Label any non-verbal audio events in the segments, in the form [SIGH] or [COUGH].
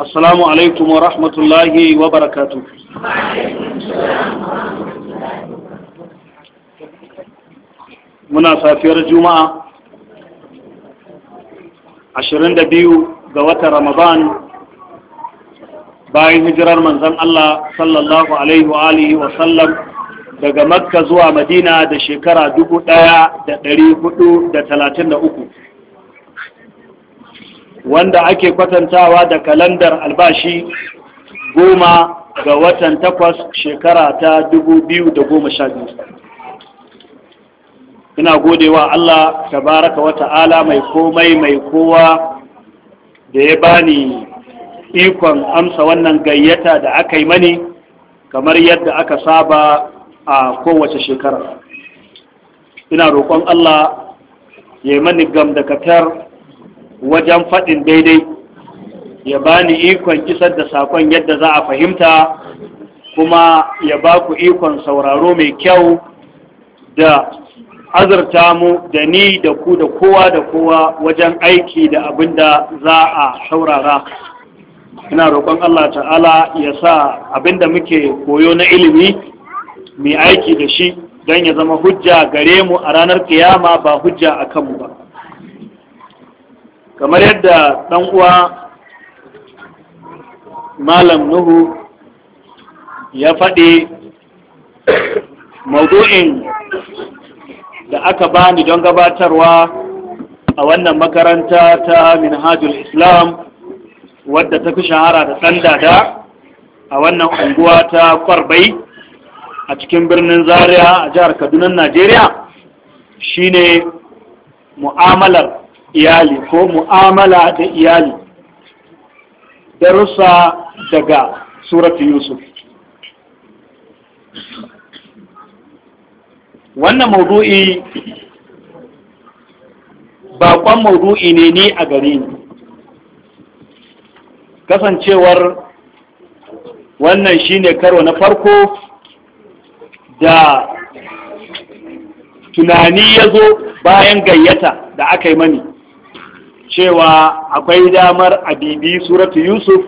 assalamu alaikum wa rahmatullahi wa barakatu muna safiyar juma'a 22 ga wata ramadan bayan hijirar manzon Allah sallallahu alaihi wa alihi wa sallam daga makka zuwa madina da shekara uku. wanda ake kwatantawa da kalandar albashi goma ga watan takwas shekara ta biyu. ina godewa Allah tabaraka wa ta'ala mai komai mai kowa da ya bani ikon amsa wannan gayyata da aka yi mani kamar yadda aka saba a kowace shekara ina roƙon Allah ya yi mani gamdakatar wajen faɗin daidai ya bani ikon kisar da sakon yadda za a fahimta kuma ya ba ku ikon sauraro mai kyau da azurta mu da ni da ku da kowa da kowa wajen aiki da abin da za a saurara ina roƙon Allah ta'ala ya sa abin da muke koyo na ilimi mai aiki da shi don ya zama hujja gare mu a ranar kiyama ba hujja a kanmu ba kamar yadda ɗan uwa malam nuhu ya faɗi maudu'in da aka bani don gabatarwa a wannan makaranta ta minhajul islam wadda ta fi shahara da ɗan dada a wannan unguwa ta kwarbai a cikin birnin zaria a jihar kaduna najeriya shine mu'amalar iyali ko mu'amala da iyali darussa daga suratu yusuf wannan maudu'i bakon maudu'i ne ni a gare ni kasancewar wannan shine karo na farko da tunani ya zo bayan gayyata da aka yi mani cewa akwai damar a bibi suratu yusuf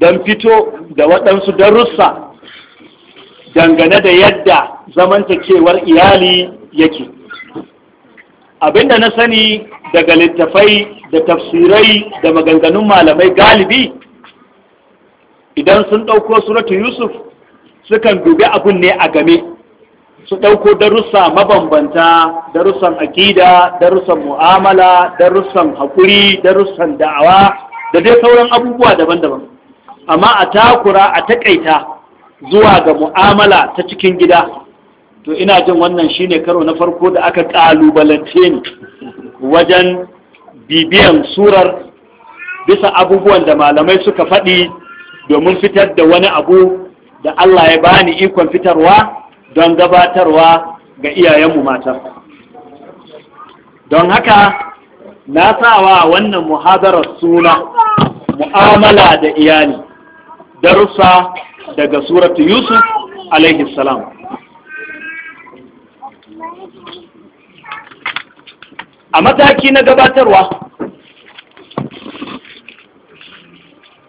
don fito da waɗansu darussa dangane da yadda zamantakewar iyali yake abinda na sani daga littafai da tafsirai da maganganun malamai galibi idan sun ɗauko suratu yusuf sukan dubi abin ne a game su ɗauko darussa mabambanta darussan aƙida darussan mu'amala darussan haƙuri darussan da'awa da dai sauran abubuwa daban-daban amma a takura a takaita zuwa ga mu'amala ta cikin gida to ina jin wannan shine karo na farko da aka ƙalubalance ni wajen bibiyan surar bisa abubuwan da malamai suka faɗi domin fitar da wani abu da Allah ya bani ikon fitarwa don gabatarwa ga iyayenmu mata don haka na sawa wannan muhadarar suna mu'amala da iyali darussa daga suratu yusuf alaihi salam a mataki na gabatarwa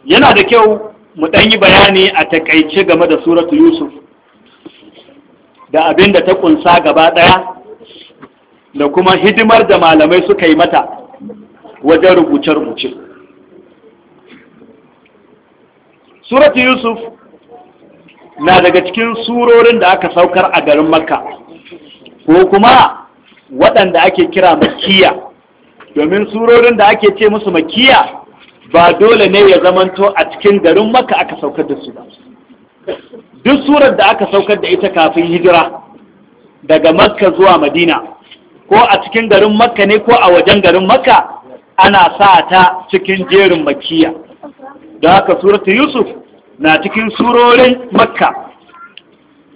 yana da kyau mu ɗanyi bayani a takaice game da suratu yusuf da abin da ta kunsa gaba ɗaya da kuma hidimar da malamai suka yi mata wajen rubuce-rubuce suratu yusuf na daga cikin surorin da aka saukar a garin makka ko kuma waɗanda ake kira makiya domin surorin da ake ce musu makiya ba dole ne ya zamanto a cikin garin makka aka saukar da su ba duk surar da aka saukar da ita kafin hijira daga makka zuwa madina ko a cikin garin makka ne ko a wajen garin makka ana sa ta cikin jerin makiya Da haka surata yusuf na cikin surorin makka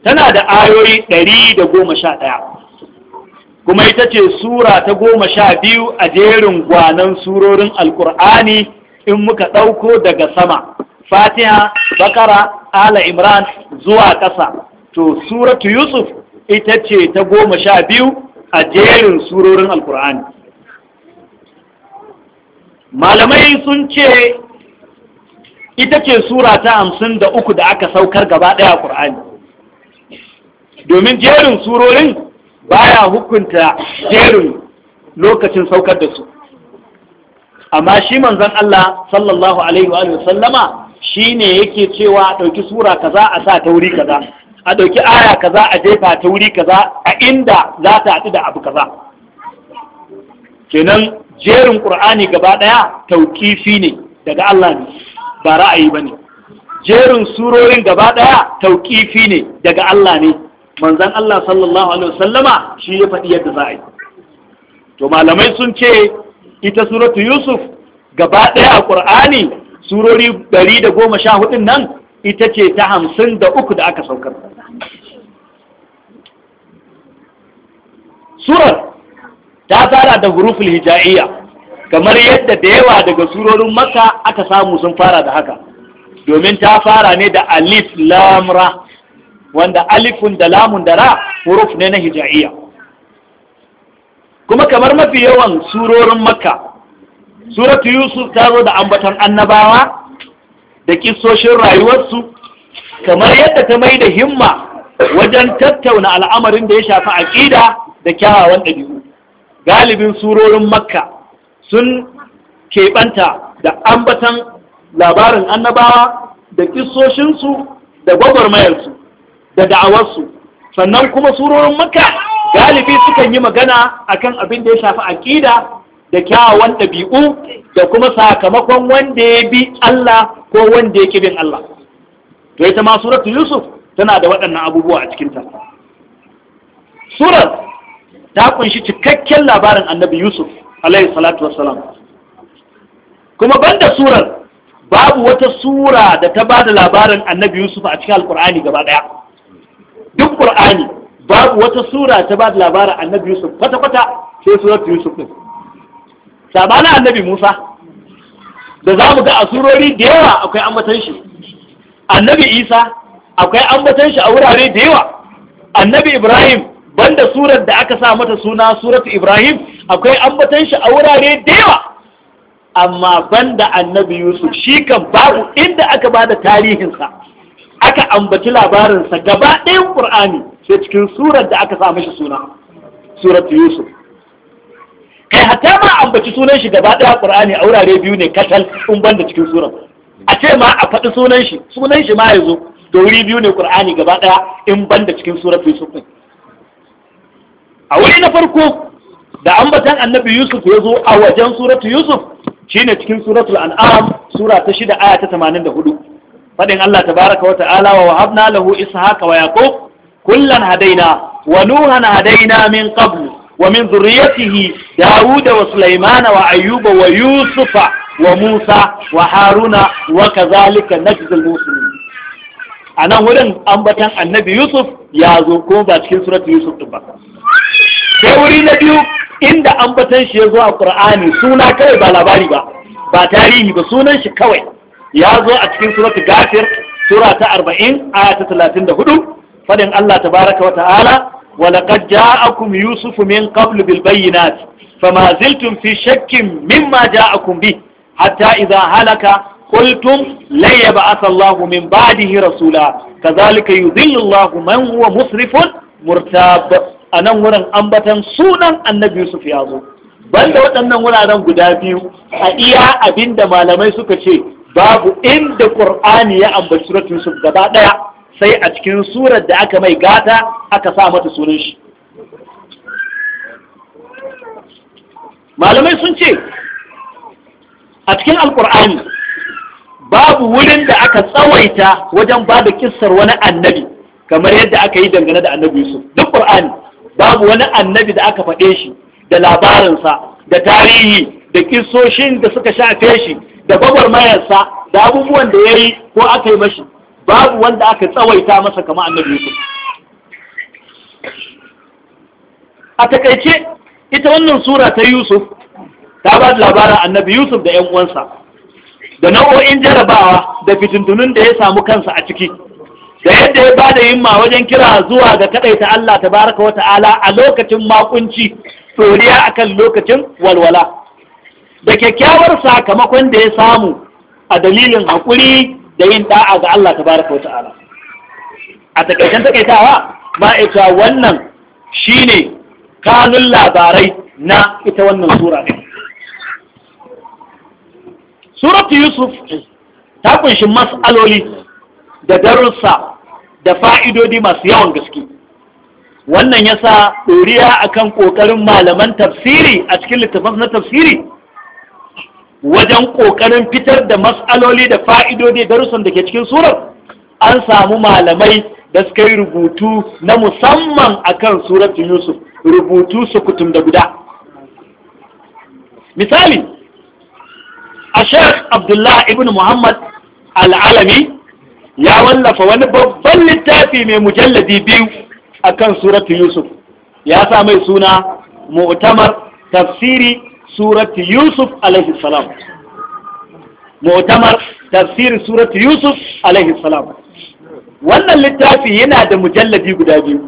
tana da ayoyi ɗari da goma sha ɗaya. kuma ita ce sura ta goma sha biyu a jerin gwanan surorin alkur'ani in muka ɗauko daga sama fatiha bakara ala imran zuwa ƙasa to suratu yusuf ita ce ta goma sha biyu a jerin surorin alkur'ani malamai sun ce ita ce sura ta hamsin da uku da aka saukar gaba ɗaya ƙur'ani domin jerin surorin baya hukunta jerin lokacin saukar da su amma shi manzon Allah sallallahu alaihi wa sallama shine yake cewa a ɗauki sura kaza a sa ta wuri kaza a ɗauki aya kaza a jefa ta wuri kaza a inda za ta haɗu da abu kaza kenan jerin ƙur'ani gaba ɗaya tauƙifi ne daga Allah ne ba ra'ayi ba ne jerin surorin gaba ɗaya tauƙifi ne daga Allah ne manzan Allah sallallahu alaihi wasallama shi ya faɗi yadda za a yi to malamai sun ce ita suratu yusuf gaba ɗaya a ƙur'ani surori ɗari da sha hudun nan ita ce ta hamsin da uku da aka saukar surar ta tara da huruful hija'iyya kamar yadda da yawa daga surorin maka aka samu sun fara da haka domin ta fara ne da alif lamra wanda alifun da lamun da ra huruf ne na hija'iyya kuma kamar mafi yawan surorin makka suratu yusuf ta zo da ambatan annabawa da kisoshin rayuwarsu kamar yadda ta mai da himma wajen tattauna al'amarin da ya shafi aƙida da kyawawan ɗabi'u galibin surorin makka sun keɓanta da ambatan labarin annabawa da kisoshinsu da gwagwarmayarsu da da'awarsu sannan kuma surorin makka galibi sukan yi magana akan abin da ya shafi aƙida da kyawawan ɗabi'u da kuma sakamakon wanda ya bi Allah ko wanda ya bin Allah to ita ma suratu Yusuf tana da waɗannan abubuwa a cikinta surar ta kunshi cikakken labarin annabi Yusuf alaihi salatu wassalam kuma banda surar babu wata sura da ta ba da labarin annabi Yusuf a cikin alkur'ani gaba ɗaya duk ƙur'ani babu wata sura ta ba da labarin annabi Yusuf kwata-kwata sai suratu Yusuf ɗin sabanin annabi Musa da za mu ga asurori surori da yawa akwai ambatan shi annabi Isa akwai ambatan shi a wurare da yawa annabi Ibrahim banda surar da aka sa mata suna suratu Ibrahim akwai ambatan shi a wurare da yawa amma banda annabi Yusuf shi kan babu inda aka bada tarihinsa aka ambaci labarinsa gaba ɗayan Qur'ani sai cikin surar da aka sa mishi suna suratu Yusuf kai hatta ma ambaci sunan shi gaba daya qur'ani a wurare biyu ne katal in banda cikin suran a ce ma a faɗi sunan shi sunan shi ma yazo da wuri biyu ne qur'ani gaba daya in banda cikin surar yusuf din a wuri na farko da ambatan annabi yusuf ya zo a wajen suratu yusuf shine cikin suratul an'am sura ta shida aya ta tamanin da hudu faɗin Allah tabaraka wa ta'ala wa wahabna lahu ishaqa wa yaqub kullan hadaina wa nuhana hadaina min qablu ومن ذريته داود وسليمان وأيوب ويوسف وموسى وهارون وكذلك نجزي المسلمين أنا ولن أنبتا النبي يوسف يازوكم باتكين سورة يوسف تبقى سيوري نبيو عند أنبتا شيزوا القرآن سونا كوي بالاباري با با تاريخي بسونا شكوي يازوا أتكين سورة غافر سورة 40 آية 34 فدن الله تبارك وتعالى ولقد جاءكم يوسف من قبل بالبينات فما زلتم في شك مما جاءكم به حتى إذا هلك قلتم لن يبعث الله من بعده رسولا كذلك يذل الله من هو مسرف مرتاب أنا ورن أنبتا سونا النبي يوسف يازو banda waɗannan wuraren guda biyu a iya abinda malamai suka ce babu inda ƙur'ani ya ambaci suratul yusuf gaba ɗaya sai a cikin surar da aka mai gata aka sa mata sunan shi malamai sun ce a cikin alkur'ani babu wurin da aka tsawaita wajen ba da kissar wani annabi kamar yadda aka yi dangane da annabi yusuf duk ƙur'ani babu wani annabi da aka faɗe shi da labarinsa da tarihi da kisoshin da suka shafe shi da babar mayarsa da abubuwan da ya yi ko aka yi mashi babu wanda aka tsawaita masa kama annabi Yusuf a takaice ita wannan sura ta Yusuf ta ba da labarin annabi Yusuf da ‘yan uwansa da nau'o'in jarabawa da fitintunun da ya samu kansa a ciki da yadda ya ba da yimma wajen kira zuwa ga kaɗaita Allah ta baraka wa ta'ala a lokacin makunci soriya akan lokacin walwala da kyakkyawar sakamakon da ya samu a dalilin haƙuri da yin da'a ga Allah wata wata'ala a takaitan takaitawa ba ita wannan shine kanun labarai na ita wannan sura ne suratu yusuf ta kunshi mas'aloli da darussa da fa'idodi masu yawan gaske wannan ya sa ɗoriya akan ƙoƙarin malaman tafsiri a cikin littafin na tafsiri wajen ƙoƙarin fitar da matsaloli da fa'idodi darussan da ke cikin surar an samu malamai da suka yi rubutu na musamman akan suratu yusuf rubutu su kutum da guda misali a sheikh abdullah ibn muhammad al'alami ya wallafa wani babban littafi mai mujalladi biyu akan suratu yusuf ya sa mai suna mu'tamar tafsiri surati yusuf alaihi salam mu'tamar yusuf alaihi salam wannan littafi yana da mujallabi guda biyu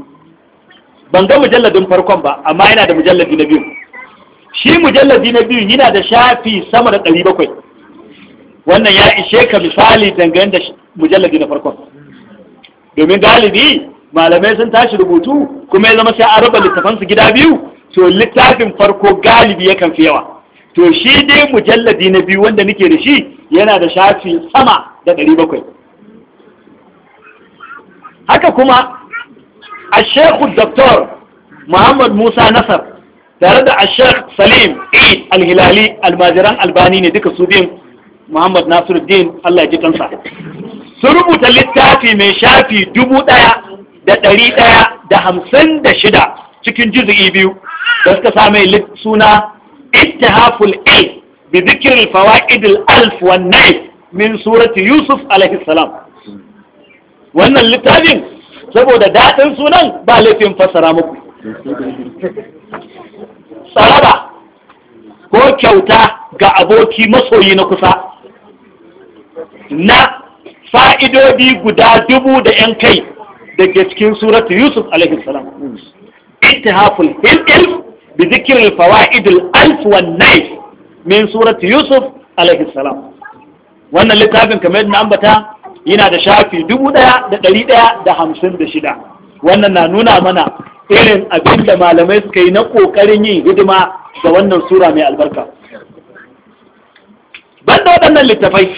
ban ga mujalladin farkon ba amma yana da mujallabi na biyu shi mujallabi na biyu yana da shafi sama da ɗari bakwai wannan ya ishe ka misali dangane da mujallabi na farkon domin galibi malamai sun tashi rubutu kuma ya zama sai a raba littafansu gida biyu to littafin farko galibi yakan fi yawa to shi dai mujalladi na biyu wanda nake da shi yana da shafi sama da ɗari haka kuma a shekhu doktor muhammad musa nasar tare da a shekh salim eid alhilali almajiran albani ne duka su biyun muhammad nasiruddin allah ji kansa sun rubuta littafi mai shafi dubu ɗaya da ɗari ɗaya da hamsin da shida cikin juzu'i biyu da suka sa suna ittihaful A, bi dhikri fawaid alf wan min surati yusuf alaihi salam wannan littafin saboda daɗin sunan ba laifin fasara muku tsaraba ko kyauta ga aboki masoyi na kusa na fa'idodi guda dubu da ‘yan kai daga cikin suratu yusuf alaihi salam ittihaful hilkil bi zikirin fawa'idul alf wan nai min yusuf alaihi salam wannan littafin kamar yadda ambata yana da shafi dubu ɗaya da ɗari ɗaya da hamsin da shida wannan na nuna mana irin abin da malamai suka yi na ƙoƙarin yin hidima ga wannan sura mai albarka da waɗannan littafai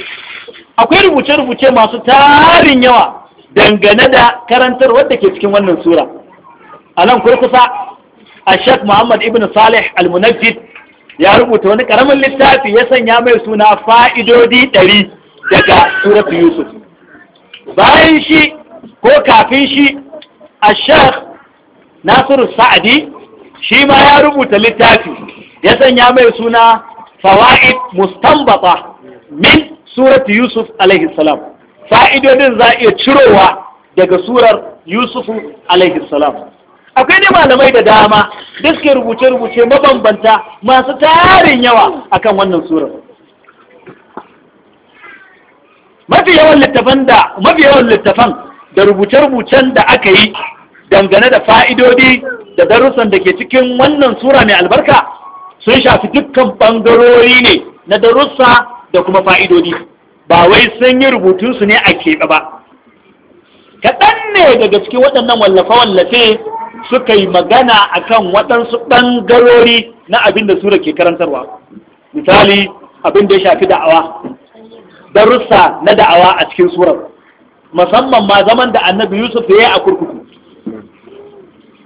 akwai rubuce-rubuce masu tarin yawa dangane da karantar wadda ke cikin wannan sura a nan kurkusa a shek muhammad ibn salih al-munajjid ya rubuta wani karamin littafi ya sanya mai suna fa'idodi ɗari daga suratu yusuf bayan shi ko kafin shi a shek nasiru sa'adi shi ma ya rubuta littafi ya sanya mai suna fawa'id mustambata min suratu yusuf alaihi salam fa'idodin za a iya cirowa daga surar yusufu alaihi salam akwai ne malamai da dama da suke rubuce-rubuce mabambanta masu tarin yawa akan wannan surar mafi yawan littafan da mafi yawan littafan da rubuce-rubucen da aka yi dangane da fa'idodi da darussan da ke cikin wannan sura mai albarka sun shafi dukkan ɓangarori ne na darussa da kuma fa'idodi ba wai sun yi rubutunsu ne a keɓe ba kaɗan ne daga cikin waɗannan wallafe-wallafe suka yi magana a kan waɗansu ɓangarori na abin da sura ke karantarwa misali abin da ya shafi da'awa darussa na da'awa a cikin surar musamman ma zaman da annabi yusuf ya yi a kurkuku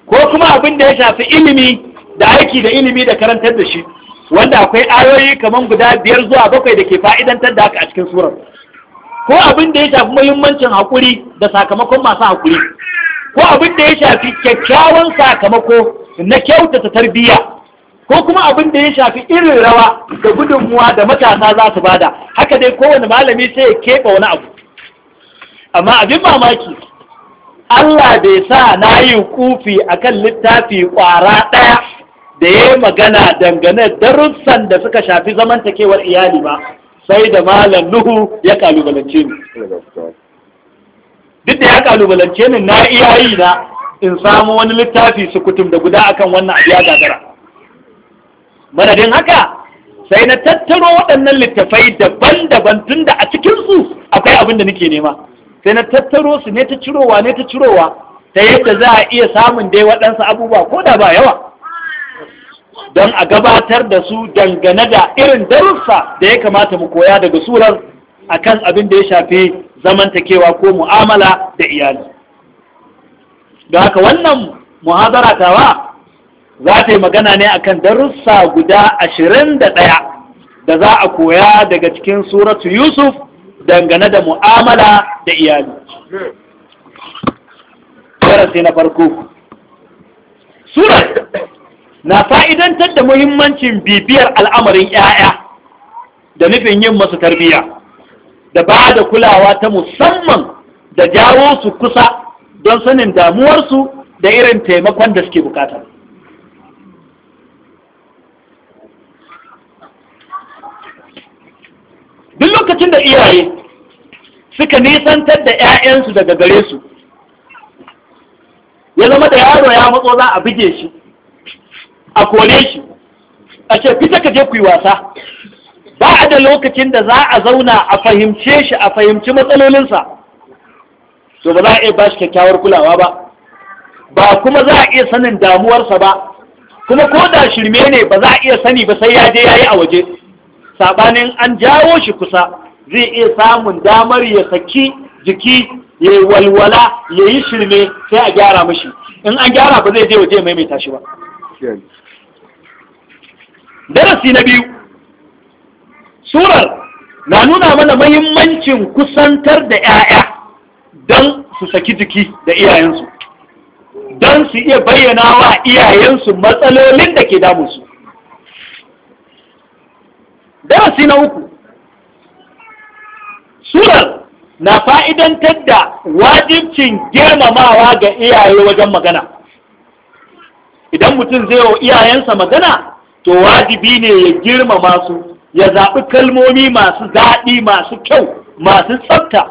ko kuma abin da ya shafi ilimi da aiki da ilimi da karantar da shi wanda akwai ayoyi kamar guda biyar zuwa bakwai da ke fa'idantar da haka a cikin surar ko abin da ya shafi muhimmancin haƙuri da sakamakon masu haƙuri ko abin da ya shafi kyakkyawan sakamako na kyautata tarbiyya ko kuma abin da ya shafi irin rawa da gudunmuwa da matasa za su bada haka dai kowane malami sai ya keɓe wani abu amma abin mamaki Allah bai sa na yi kufi kan littafi ƙwara ɗaya da ya yi magana dangane darussan da suka shafi zamantakewar iyali ba sai da malam nuhu ya kalubalance ni. duk da ya kalubalance ni na iya yi na in samu wani littafi su kutum da guda akan wannan abiya gagara madadin haka sai na tattaro waɗannan littafai daban-daban tun da a cikinsu akwai abin da nake nema sai na tattaro su ne ta cirowa ne ta cirowa ta yadda za a iya samun dai waɗansu abubuwa ko da ba yawa don a gabatar da su dangane da irin darussa da ya kamata mu koya daga surar akan abin da ya shafi zamantakewa ko mu'amala da iyali da haka wannan muhadara tawa za ta yi magana ne akan darussa guda ashirin da ɗaya da za a koya daga cikin suratu yusuf dangane da mu'amala da iyali darasi na farko Surat na fa'idantar da muhimmancin bibiyar al'amarin ‘ya'ya da nufin yin masu tarbiyya da ba da kulawa ta musamman da jawo su kusa don sanin damuwarsu da irin taimakon da suke bukata duk lokacin da iyaye suka nisantar da 'ya'yansu daga gare su ya zama da yaro ya matso za a buge shi a kone shi a ce fita ka je ku yi wasa ba da lokacin da za a zauna a fahimce shi a fahimci matsalolinsa to ba za a iya ba shi kyakkyawar kulawa ba ba kuma za a iya sanin damuwarsa ba kuma ko da shirme ne ba za a iya sani ba sai ya je ya yi a waje sabanin an jawo shi kusa zai iya samun damar ya saki jiki ya walwala ya yi shirme sai a gyara mashi in an gyara ba zai je waje maimaita shi ba darasi na biyu surar na nuna mana mahimmancin kusantar da 'ya'ya don su saki jiki da iyayensu don su iya bayyana wa iyayensu matsalolin da ke damunsu darasi na uku surar na fa'idantar da wajibcin girmamawa ga iyaye wajen magana idan mutum zai wa iyayensa magana to wajibi ne ya girmama su ya zaɓi kalmomi masu daɗi masu kyau masu tsafta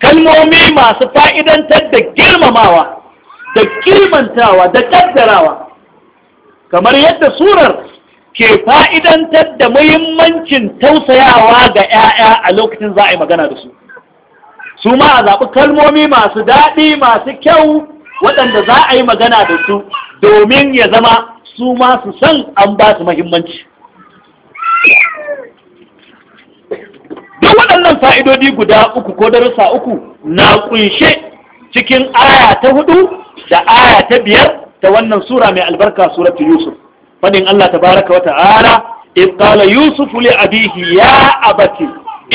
kalmomi masu fa'idantar da girmamawa da kirmantawa da ƙaddarawa kamar yadda surar ke fa'idantar da muhimmancin tausayawa ga ‘ya'ya a lokacin za a yi magana da su su ma a zaɓi kalmomi masu daɗi masu kyau waɗanda za a yi magana da su domin ya zama su ma su san an ba su muhimmanci duk waɗannan fa'idodi guda uku ko darussa uku na kunshe cikin aya ta hudu da aya ta biyar ta wannan sura mai albarka suratu yusuf fadin Allah baraka wa ta'ala in qala yusuf li abihi ya abati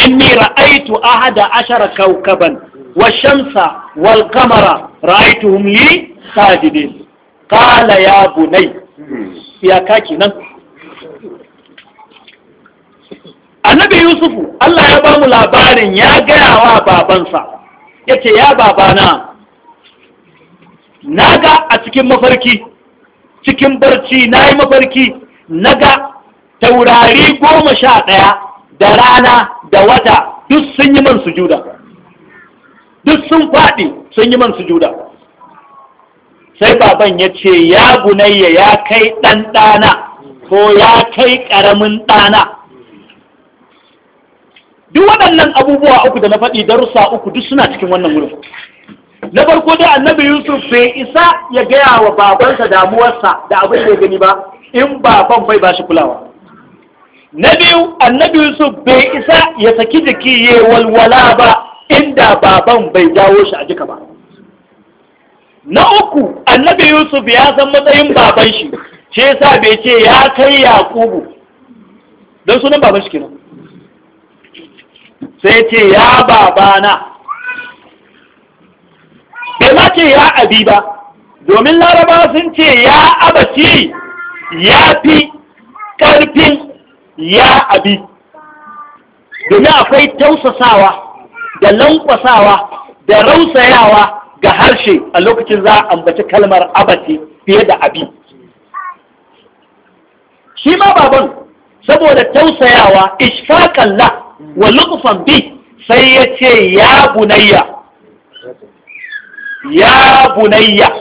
inni ra'aytu ahada ashara kaukaban wa shamsa wal kamara ra'aytuhum li sajidin qala ya bunay ya kaki nan annabi yusufu Allah ya ba mu labarin ya gaya wa babansa ya ce ya babana na ga a cikin mafarki cikin barci na yi mafarki na ga taurari goma sha ɗaya da rana da wata duk sun yi man sujuda duk sun faɗi sun yi man sujuda sai baban ya ce ya gunayya ya kai ɗan ɗana ko ya kai ƙaramin ɗana duk waɗannan abubuwa uku da na faɗi darussa uku duk suna cikin wannan wurin na farko dai annabi yusuf bai isa ya gaya wa babansa damuwarsa da abin da ya gani ba in baban bai ba shi kulawa na biyu annabi yusuf bai isa ya saki jiki ya walwala ba inda baban bai jawo shi a jika ba na uku annabi yusuf ya san matsayin baban shi shi yasa bai ce ya kai yakubu don sunan baban shi kenan sai ce ya babana bai ma ce ya abi ba domin laraba sun ce ya abaci ya fi ƙarfin ya abi domin akwai tausasawa da lankwasawa da rausayawa ga harshe a lokacin za a ambaci kalmar Abaci fiye da abi shi ma baban saboda tausayawa ishfaƙalla wa lutufan bi sai ya ce ya bunayya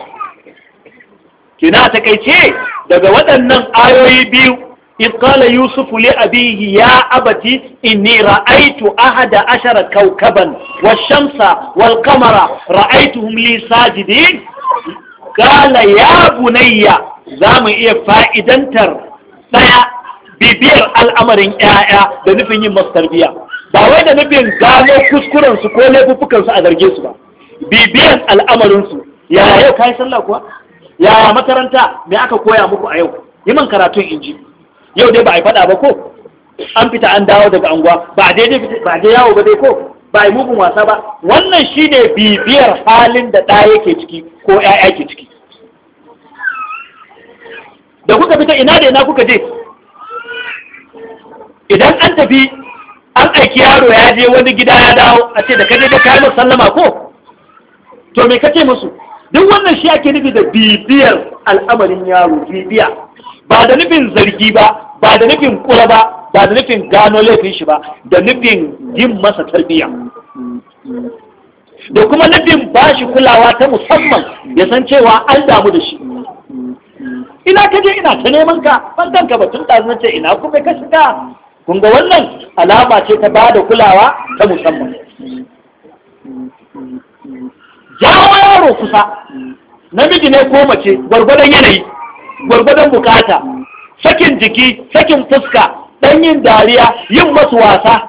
kina ta kaice daga waɗannan ayoyi biyu in Yusuf yusufu li ya abati inni ra'aitu ahada ashara kaukaban wa shamsa wal kamara ra'aituhum li sajidin kala ya bunayya za mu iya fa'idantar ɗaya. bibiyar al'amarin 'ya'ya da nufin yin masu tarbiya ba wai da nufin gano kuskuren su ko laifukan su a zarge su ba bibiyar al'amarin su ya yau kai sallah kuwa ya makaranta me aka koya muku a yau yi man karatun inji yau dai ba a faɗa ba ko an fita an dawo daga anguwa ba daidai ba dai yawo ba dai ko ba a yi mugun wasa ba wannan shi ne bibiyar halin da ɗa yake ciki ko ‘ya'ya ke ciki da kuka fita ina da ina kuka je idan an tafi an aiki yaro ya je wani gida ya dawo a ce da kaje da kayan sallama ko to me kace musu duk wannan shi ake nufi da bibiyar al'amarin yaro bibiya ba da nufin zargi ba ba da nufin kura ba ba da nufin gano laifin shi ba da nufin yin masa tarbiyya da kuma nufin ba shi kulawa ta musamman ya san cewa an damu da shi ina kaje ina ta neman ka ban kanka batun ɗazu na ce ina kuma ka shiga Kunga wannan alama ce ta ba da kulawa ta musamman jawo yaro kusa namiji ne ko mace gwargwadon yanayi gwargwadon bukata sakin jiki sakin fuska ɗanyin dariya yin masu wasa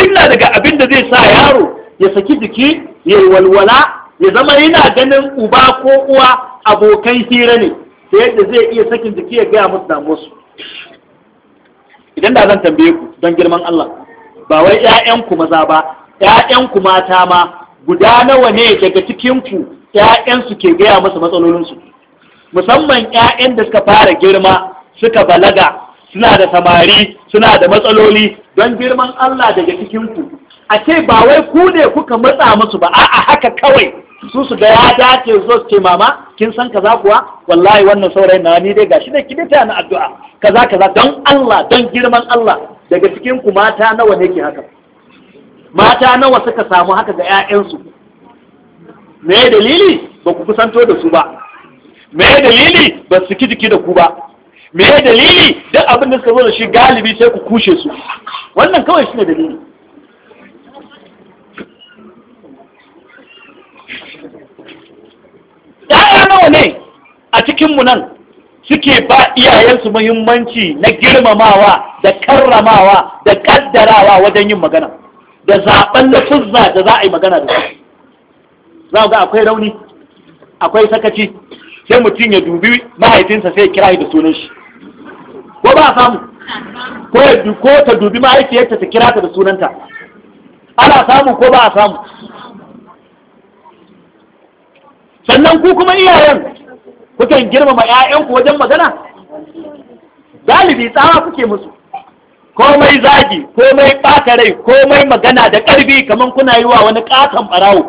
duk na daga abin da zai sa yaro ya saki jiki ya yi walwala ya zama yana ganin uba ko uwa abokan hira ne ta yadda zai iya sakin jiki ya gaya musu damuwarsu idan da zan tambaye ku don girman Allah ba wai ƴaƴanku maza ba 'ya'yanku mata ma guda nawa ne daga cikin ku ƴaƴansu ke gaya musu matsalolinsu musamman 'ya'yan da suka fara girma suka balaga suna da samari suna da matsaloli don girman Allah daga cikin ku a ce ba wai ku ne kuka matsa musu ba a'a haka kawai su su ga ya dace zo su ce mama kin san kaza kuwa wallahi wannan saurayin na ni dai gashi dai kidi ta na addu'a kaza kaza don Allah don girman Allah daga cikin ku mata nawa ne ke haka mata nawa suka samu haka ga 'ya'yansu? me dalili ba ku kusanto da su ba me dalili ba su ki jiki da ku ba me dalili duk abin da suka zo da shi galibi sai ku kushe su wannan kawai shine dalili ya'ya nawa ne a cikinmu nan suke ba iyayensu muhimmanci na girmamawa da karramawa da kaddarawa wajen yin magana da zaben lafuzza da za a yi magana da su za ga akwai rauni akwai sakaci sai mutum ya dubi mahaifinsa sai kira yi da sunan shi ko ba samu ko ta dubi mahaifiyarta ta kira ta da sunanta ana samu ko ba a samu sannan ku kuma iyayen kukan girmama 'ya'yanku wajen magana galibi tsawa kuke musu komai zagi komai ɓatarai, rai komai magana da ƙarfi kamar kuna yi wa wani ƙaton ɓarawo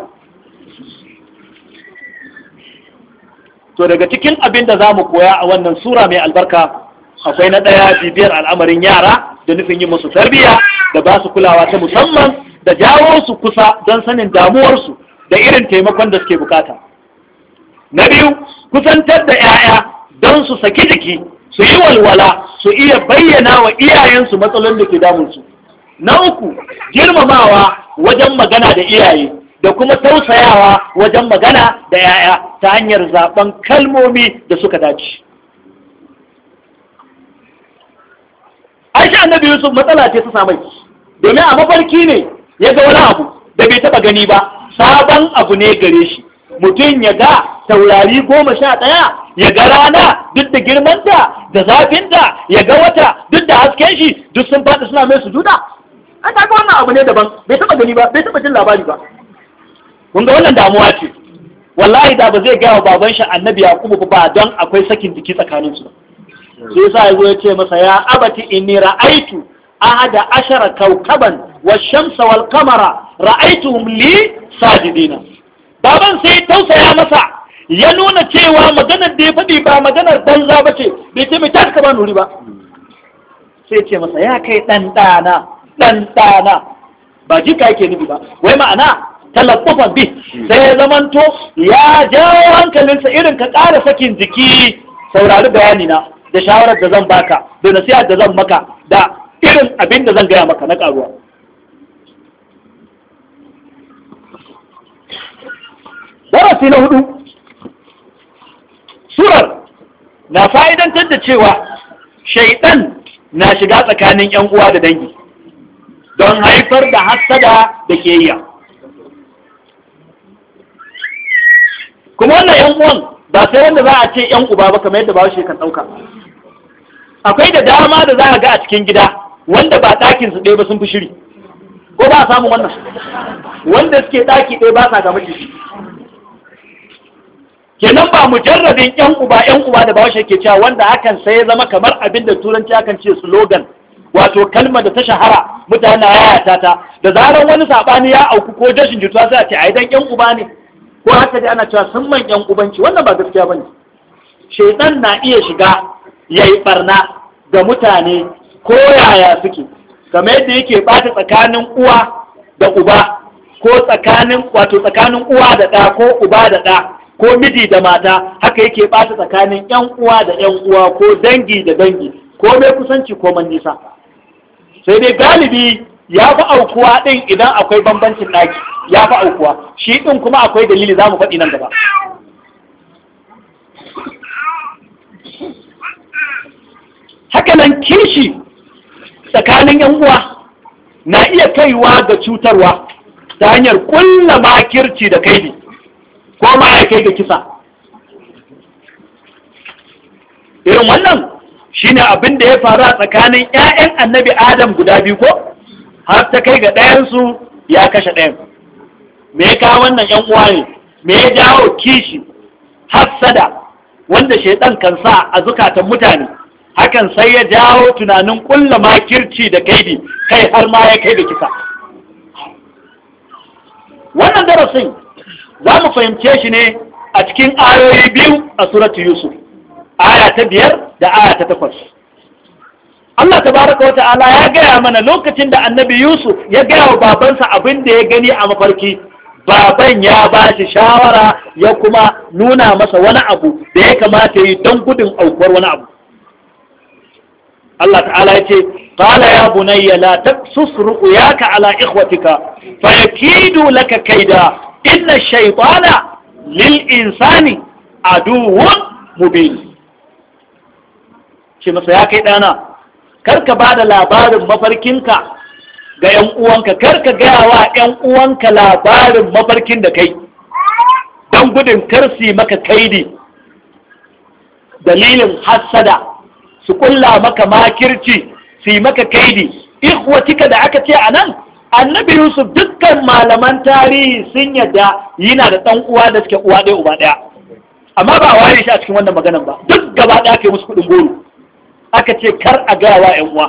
to daga cikin abin da za mu koya a wannan sura mai albarka akwai na ɗaya bibiyar al'amarin yara da nufin yi musu tarbiyya da ba su kulawa ta musamman da jawo su kusa don sanin damuwarsu da irin taimakon da suke bukata na biyu kusantar da 'ya'ya don su saki jiki su yi walwala su iya bayyana wa iyayensu matsalolin da ke damunsu na uku girmamawa wajen magana da iyaye da kuma tausayawa wajen magana da 'ya'ya ta hanyar zaben kalmomi da suka dace aisha annabi yusuf matsala ce ta samai domin a mafarki ne ya ga wani abu da bai taba gani ba sabon abu ne gare shi mutum ya ga taurari goma sha ɗaya ya ga rana duk da girmanta da zafinta ya ga wata duk da hasken shi duk sun faɗi suna mai sujuda an ta wannan abu ne daban bai taɓa gani ba bai taɓa jin labari ba kun ga wannan damuwa ce wallahi da ba zai gaya wa baban shi annabi yaqubu ba don akwai sakin jiki tsakanin su sai sa ya ce masa ya abati inni ra'aitu ahada ashara kaukaban wa shamsa wal kamara ra'aituhum li sajidina baban sai tausaya masa ya nuna cewa maganar da ya faɗi ba maganar banza ba ce bai ce mai tashi ba nuri ba sai ce masa ya kai ɗanɗana ɗana ba ɗana ba yake nufi ba wai ma'ana talakufan bi sai ya zamanto ya jawo hankalinsa irin ka ƙara sakin jiki saurari bayani na da shawarar da zan baka da nasiha da zan maka da irin abin da zan gaya maka na ƙaruwa darasi na hudu surar na fa'idantar da cewa shaidan na shiga tsakanin ‘yan uwa da dangi don haifar da hassada da ke yi kuma wannan ‘yan uwan ba sai wanda za a ce ‘yan uba ba kamar yadda ba shi kan ɗauka akwai da dama da za a ga a cikin gida wanda ba ɗakin su ɗaya ba sun fi shiri ko ba a samu wannan wanda suke ɗaki ɗaya ba sa ga mace kenan ba mujarrabin yan uba yan uba da ba washe ke cewa wanda hakan sai ya zama kamar abin da turanci akan ce slogan wato kalma da ta shahara mutane yayata ta da zarar wani sabani ya auku ko dashin jituwa sai a ce ai dan yan uba ne ko haka dai ana cewa sun man yan ubanci wannan ba gaskiya bane shaitan na iya shiga yayi barna ga mutane ko yaya suke kamar yadda yake bata tsakanin uwa da uba ko tsakanin wato tsakanin uwa da ɗa ko uba da ɗa ko miji da mata haka yake ɓata tsakanin yan uwa da yan uwa ko dangi da dangi ko mai kusanci ko man nisa sai dai galibi ya fi aukuwa ɗin idan akwai bambancin ɗaki ya fi aukuwa shi ɗin kuma akwai dalili za mu faɗi nan gaba haka nan kishi tsakanin yan uwa na iya kaiwa ga cutarwa ta hanyar kulla makirci da kaidi ko ma ya kai ga kisa irin wannan shine abin da ya faru a tsakanin 'ya'yan annabi adam guda biyu ko har ta kai ga ɗayansu ya kashe ɗayan me ya kawo wannan 'yan uwa ne me ya jawo kishi Hafsada, wanda shaidan kan sa a zukatan mutane hakan sai ya jawo tunanin kulla makirci da kaidi kai har ma ya kai da kisa wannan darasin za mu fahimce shi ne a cikin ayoyi biyu a suratu yusuf aya ta biyar da aya ta takwas Allah tabaraka wa ta'ala ya gaya mana lokacin da annabi yusuf ya gaya wa babansa abin da ya gani a mafarki baban ya ba shi shawara ya kuma nuna masa wani abu da ya kamata yi don gudun aukuwar wani abu Allah ta'ala ya ce qala ya bunayya la taqsus ru'yaka ala ikhwatika fayakidu laka kaida inna shaitana lil insani aduwwun mubin ce masa ya kai dana karka ba da labarin mafarkinka ga ‘yan uwanka karka gaya wa ‘yan uwanka labarin mafarkin da kai don gudun karsi maka kaidi dalilin hassada su kulla maka makirci su yi maka kaidi cika da aka ce a nan annabi yusuf dukkan malaman tarihi sun yadda yana da ɗan uwa da suke uwa ɗaya uba ɗaya amma ba a shi a cikin wannan maganan ba duk gaba ɗaya ke musu kuɗin goro aka ce kar a gaya wa ‘yan uwa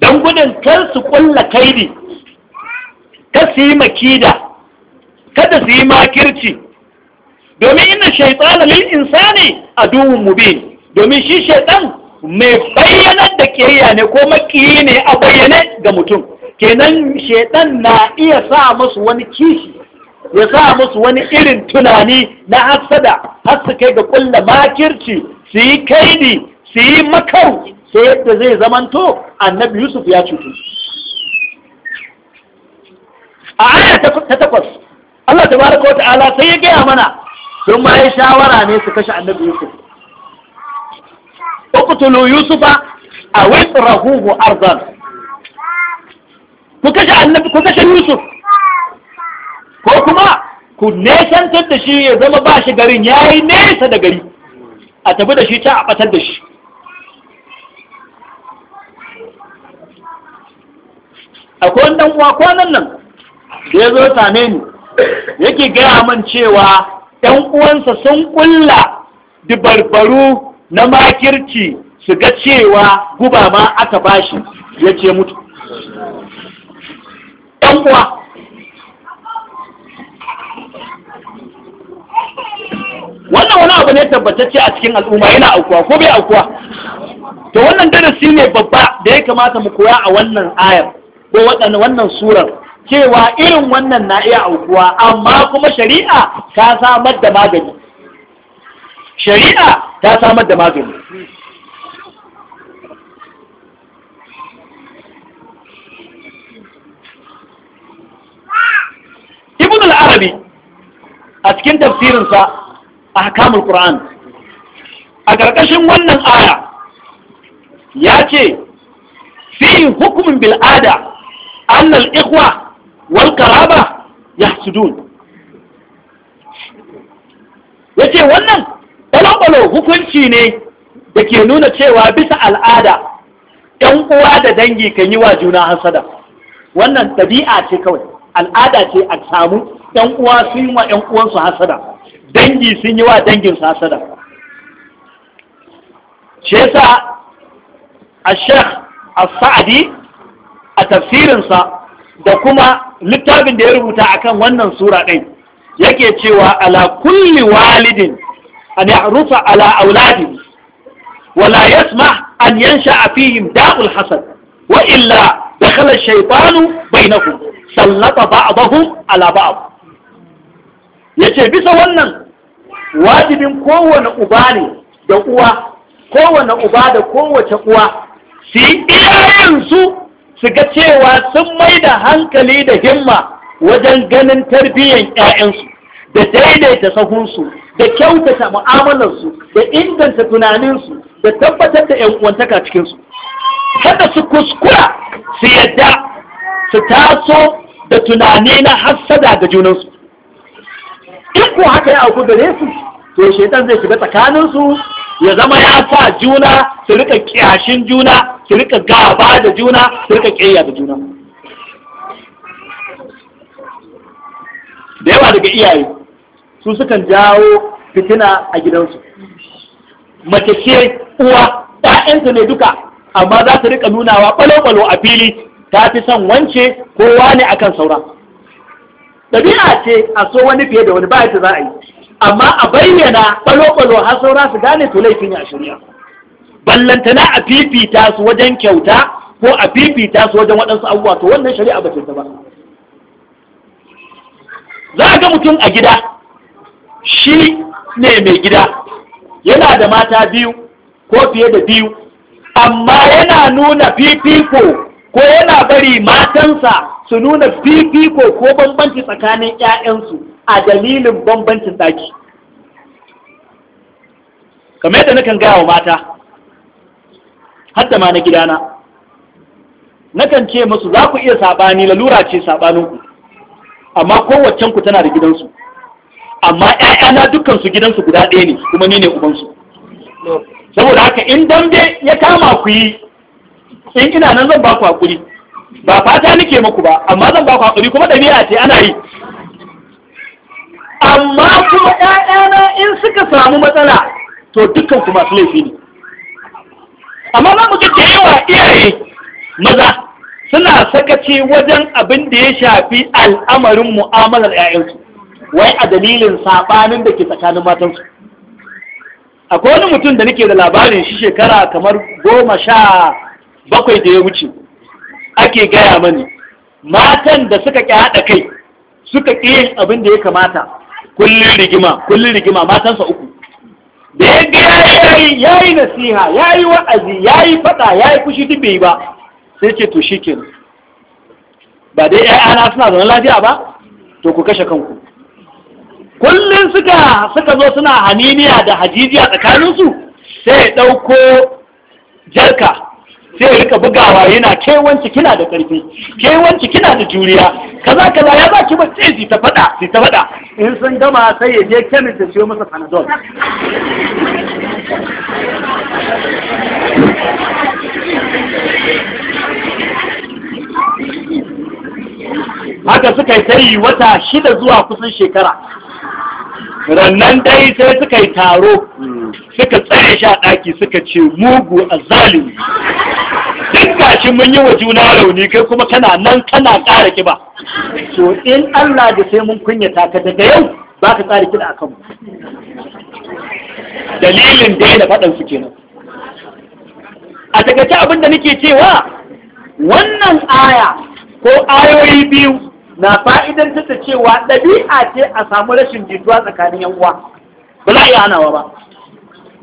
don gudun kar su ƙulla kaidi ka su yi makida kada su yi makirci domin ina shaitana lil insani aduwwun mubin domin shi shaitan mai bayyanar da kiyayya ne ko makiyi ne a bayyane ga mutum kenan shaidan na iya sa musu wani kishi ya sa musu wani irin tunani na hasada har su kai ga kulla makirci su yi kaidi su yi makau sai yadda zai zamanto annabi yusuf ya cutu a aya ta takwas Allah Ta tabaraka wa ta'ala sai ya gaya mana sun ma yi shawara ne su kashe annabi yusuf uqtulu yusufa a itrahuhu ardan ku kashe ku kashe yusuf ko kuma ku nesantar da shi ya zama ba shi garin ya yi nesa da gari a tafi da shi ta a ɓatar da shi akwai wani uwa kwanan nan nan? ya zo same ni yake gaya man cewa ‘yan uwansa sun ƙulla dubarbaru. na makirci su ga cewa guba ma aka bashi ya ce mutu ɗan uwa wannan wani abu ne tabbatacce a cikin al'umma yana aukuwa ko bai aukuwa to wannan darasi ne babba da ya kamata mu koya a wannan ayar ko wannan surar cewa irin wannan na iya aukuwa amma kuma shari'a ta samar da magani shari'a ta samar da magani ibn al-arabi a cikin tafsirinsa a hakamul qur'an a ƙarƙashin wannan aya ya ce fi hukumin bil'ada annal ikwa wal karaba ya sudun ya ce wannan balabalo hukunci ne da ke nuna cewa bisa al'ada ‘yan uwa da dangi kan yi wa juna hasada wannan ɗabi'a ce kawai al'ada ce a samu ‘yan uwa sun yi wa ‘yan uwansu hasada dangi sun yi wa danginsu hasada ce sa a sheikh a saadi a tafsirinsa da kuma littafin da ya rubuta akan wannan sura ɗin yake cewa ala kulli walidin an ya'rufa ala auladihi ولا يسمح أن ينشأ فيهم داء الحسد وإلا دخل الشيطان بينهم سلط بعضهم على بعض yace bisa wannan wajibin kowane uba ne da uwa kowane uba da kowace uwa su yi iyayensu su ga cewa sun mai da hankali da himma wajen ganin tarbiyyar 'ya'yansu da daidaita sahunsu da kyautata mu'amalarsu da inganta tunaninsu da tabbatar da 'yan uwantaka cikinsu kada su kuskura su yadda su taso da tunani na hassada ga junansu in ko haka ya auku gare su to shaitan zai shiga tsakaninsu ya zama ya sa juna su rika kiyashin juna su rika gaba da juna su rika kiyaya da juna da yawa daga iyaye su sukan jawo fitina a gidansu mace ce uwa ɗa'yanta ne duka amma za ta rika nunawa ɓalo-ɓalo a fili ta fi son wance kowa akan saura ɗabi'a ce a so wani fiye da wani ba ta za a yi amma a bayyana ɓalo-ɓalo har saura su gane to laifin a shirya ballantana a fifita su wajen kyauta ko a fifita su wajen waɗansu abubuwa to wannan shari'a ba ce ta ba za a ga mutum a gida shi ne mai gida yana da mata biyu ko fiye da biyu amma yana nuna fifiko ko yana bari matansa su nuna fifiko ko bambanci tsakanin 'ya'yansu a dalilin bambancin ɗaki kamar yadda nakan gaya wa mata hatta ma na gidana nakan ce musu za ku iya saɓani lalura ce saɓaninku amma kowaccenku tana da gidansu amma ƴaƴana dukkan su gidansu guda ɗaya ne kuma ni ne ubansu saboda haka in dambe ya kama ku yi in ina nan zan ba ku haƙuri. ba fata nake maku ba amma zan ba ku haƙuri kuma ɗabi'a ce ana yi amma kuma ƴaƴana in suka samu matsala to dukkan masu laifi ne amma za mu da yawa iyaye maza suna sakaci wajen abin da ya shafi al'amarin mu'amalar 'ya'yansu wai a dalilin saɓanin da ke tsakanin matansu akwai wani mutum da nake da labarin shi shekara kamar goma sha bakwai da ya wuce ake gaya mani matan da suka ƙi haɗa kai suka ƙi yin abin da ya kamata kullum rigima kullum rigima matansa uku da ya ga ya yi nasiha ya yi wa'azi ya yi faɗa ya yi fushi duk bai ba sai ce to shi ba dai 'ya'yana suna zaman lafiya ba to ku kashe kanku kullum suka suka zo suna haniniya da hajiji a tsakaninsu sai ya ɗauko jarka sai ya rika bugawa yana kewanci kina da ƙarfi kewanci kina da juriya kaza kaza ya ba ki bace ji ta faɗa ji ta faɗa in sun gama sai ya je kemis da siyo masa panadol haka suka yi wata shida zuwa kusan shekara rannan dai sai suka yi taro hmm. suka tsaye sha ɗaki suka ce mugu a zalimi duk gashi mun yi wa juna rauni kai kuma kana nan kana ƙara kiba to in Allah da sai mun kunya ka daga yau ba ka tsara kiɗa a kanmu dalilin daina faɗansu kenan a takaice abin da nake cewa wannan aya ko ayoyi biyu na fa'idan ta cewa ɗabi'a ce a samu rashin jituwa tsakanin yan uwa ba za a iya hanawa ba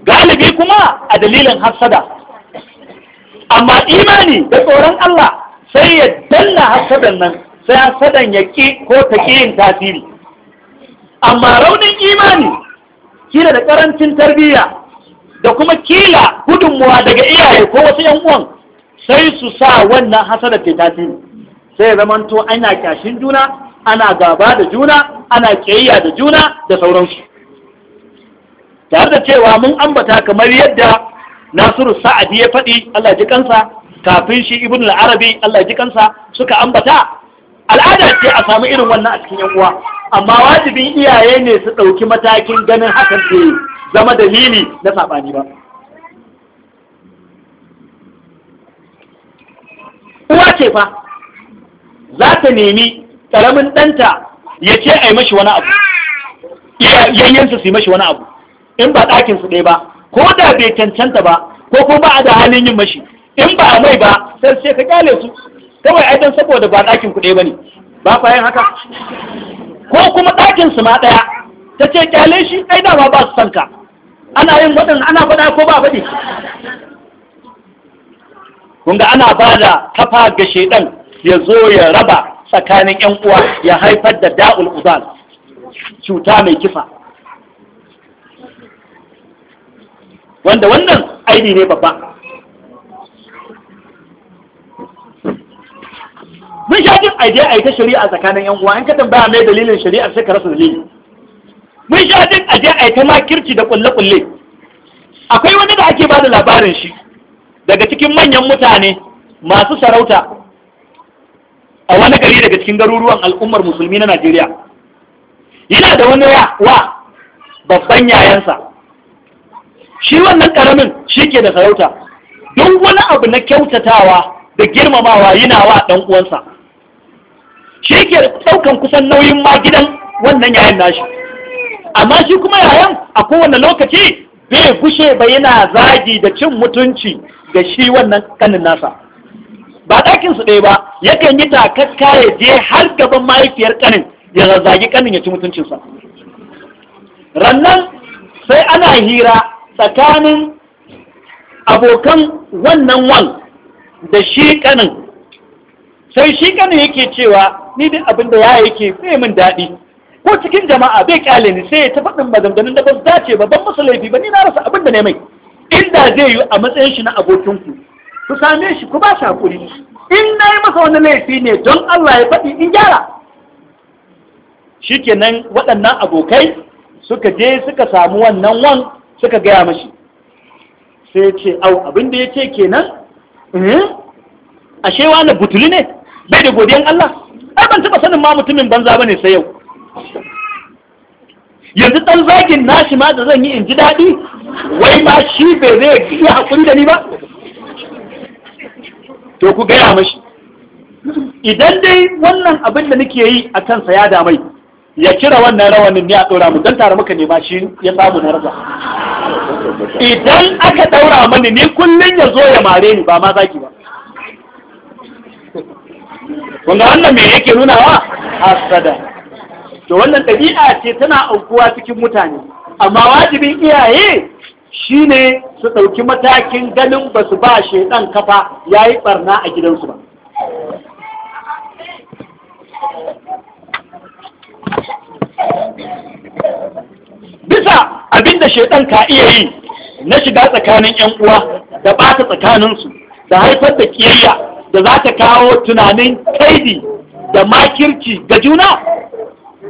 galibi kuma a dalilin hassada amma imani da tsoron Allah sai ya danna hassadan nan sai hassadan ya ƙi ko ta ƙi yin tasiri amma raunin imani kila da ƙarancin tarbiyya da kuma kila gudunmuwa daga iyaye ko wasu 'yan uwan sai su sa wannan hassada ta tasiri Zai zamanto ana kyashin juna ana gaba da juna ana kiyayya da juna da sauransu tare da cewa mun ambata kamar yadda nasiru sa'adi ya faɗi Allah ji kansa kafin shi ibn al Allah ji kansa suka ambata al'ada ce a samu irin wannan a cikin yan uwa amma wajibin iyaye ne su ɗauki matakin ganin hakan ke zama dalili na saɓani ba uwa ce fa za ta nemi ƙaramin ɗanta ya ce a yi mashi wani abu yayyansa su yi mashi wani abu in ba ɗakin su ɗaya ba ko da bai cancanta ba ko ko ba a da halin yin mashi in ba a mai ba sai sai ka kyale su kawai ai dan saboda ba ɗakin ku ba ne, ba fa yin haka ko kuma ɗakin su ma ɗaya ta ce kyale shi ai dama ba su sanka ana yin waɗin ana faɗa ko ba faɗi kun ga ana ba da kafa ga shaidan ya zo ya raba tsakanin yan uwa ya haifar da da'ul uzal cuta mai kifa wanda wannan aini ne babba mun sha jin aje a ita shari'a tsakanin yan uwa in ka tambaya mai dalilin shari'a sai ka rasa dalili mun sha jin aje a ma makirci da kulle-kulle akwai wani da ake ba da labarin shi daga cikin manyan mutane masu sarauta a wani gari daga cikin garuruwan al'ummar musulmi na Najeriya yana da wani wa babban yayansa shi wannan karamin shi ke da sarauta don wani abu na kyautatawa da girmamawa yana wa ɗan uwansa shi ke ɗaukan kusan nauyin ma gidan wannan yayan nashi amma shi kuma yayan a kowane lokaci bai gushe ba yana zagi da cin mutunci da shi wannan kanin nasa ba ɗakin su ɗaya ba yakan yi takakka ya je har gaban mahaifiyar ƙanin ya zazzagi ƙanin ya ci mutuncinsa rannan sai ana hira tsakanin abokan wannan wan da shi ƙanin sai shi ƙanin yake cewa ni duk abin da yaya yake bai min daɗi ko cikin jama'a bai ƙyale ni sai ya ta faɗin maganganun da ba su dace ba ban masa laifi ba ni na rasa abin da ne mai inda zai yi a matsayin shi na abokinku ku same shi ku ba shi hakuri in na yi masa wani laifi ne don Allah ya faɗi in gyara shikenan waɗannan abokai suka je suka samu wannan wan suka gaya mashi sai ce au abin ya ce kenan eh, shewa na butuli ne bai da godiyan Allah ai ban taɓa sanin ma mutumin banza ba ne sai yau yanzu ɗan zagin nashi ma da zan yi in ji daɗi wai ma shi bai zai iya haƙuri da ni ba to ku gaya mashi idan dai wannan abin da nake yi a kansa ya damai ya kira wannan rawanin ne a ɗora mu don tare muka nema shi ya samu na raza idan aka ɗaura mani ni kullum ya zo ya mare ni ba ma zaki ba wanda wannan me yake nunawa hasada to wannan ɗabi'a ce tana aukuwa cikin mutane amma wajibin iyaye shi ne su ɗauki matakin ganin ba su ba shaidan kafa ya yi ɓarna a gidansu ba bisa abinda shaidan ka iya yi na shiga tsakanin 'yan uwa da ɓata tsakaninsu da haifar da ƙiyayya da za ta kawo tunanin kaidi da makirci ga juna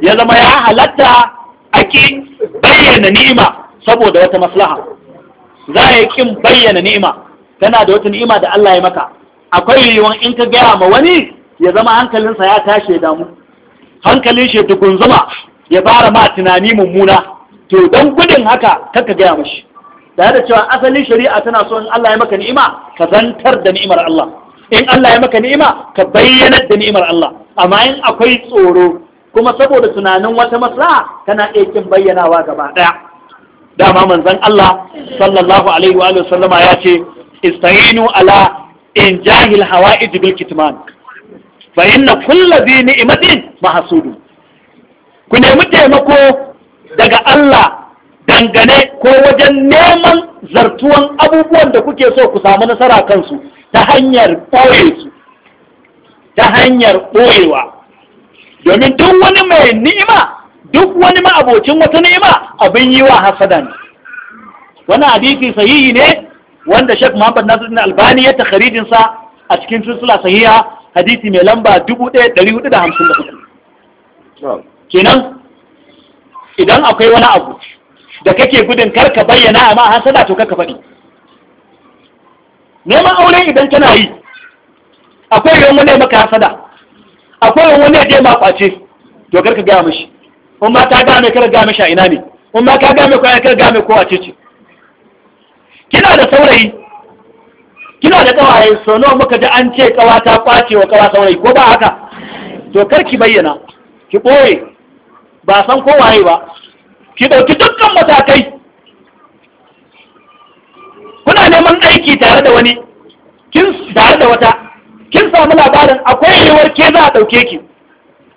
ya zama ya halatta ake bayyana ni'ima saboda wata maslaha za a yi kin bayyana ni'ima tana da wata ni'ima da Allah ya maka akwai yiwuwan in ka gaya ma wani ya zama hankalinsa ya tashi damu hankalin shi tukunzuma ya fara ma tunani mummuna to don gudun haka kaka gaya mashi da da cewa asalin shari'a tana so in Allah ya maka ni'ima ka zantar da ni'imar Allah in Allah ya maka ni'ima ka bayyana da ni'imar Allah amma in akwai tsoro kuma saboda tunanin wata maslaha kana iya kin bayyanawa gaba daya dama manzon Allah sallallahu alaihi wa sallama ya ce istainu ala in jahil hawa'id bil kitman fa inna kullu dhi ni'matin mahsudu ku nemi taimako daga Allah dangane ko wajen neman zartuwan abubuwan da kuke so ku samu nasara kansu ta hanyar ɓoye su ta hanyar ɓoyewa domin duk wani mai ni'ima duk wani ma'abocin wata ni'ima abin yi wa hasada ne wannan hadisi sahihi ne wanda Sheikh Muhammad Nasiruddin Albani ya takharijin sa a cikin silsila sahiha hadisi mai lamba 1454 kenan idan akwai wani abu da kake gudun kar ka bayyana amma hasada to kaka faɗi neman aure idan kana yi akwai yawan wani maka hasada akwai yawan wani ya je ma kwace to kar ka gaya mashi in ma ta game kar game sha ina ne in ma ka game kwaya kar game ko a ce kina da saurayi kina da kawaye so nawa muka ji an ce kawa ta kwace wa kawa saurayi ko ba haka to kar ki bayyana ki boye ba san ko waye ba ki dauki dukkan matakai kuna neman aiki tare da wani kin tare da wata kin samu labarin akwai yiwuwar ke za a dauke ki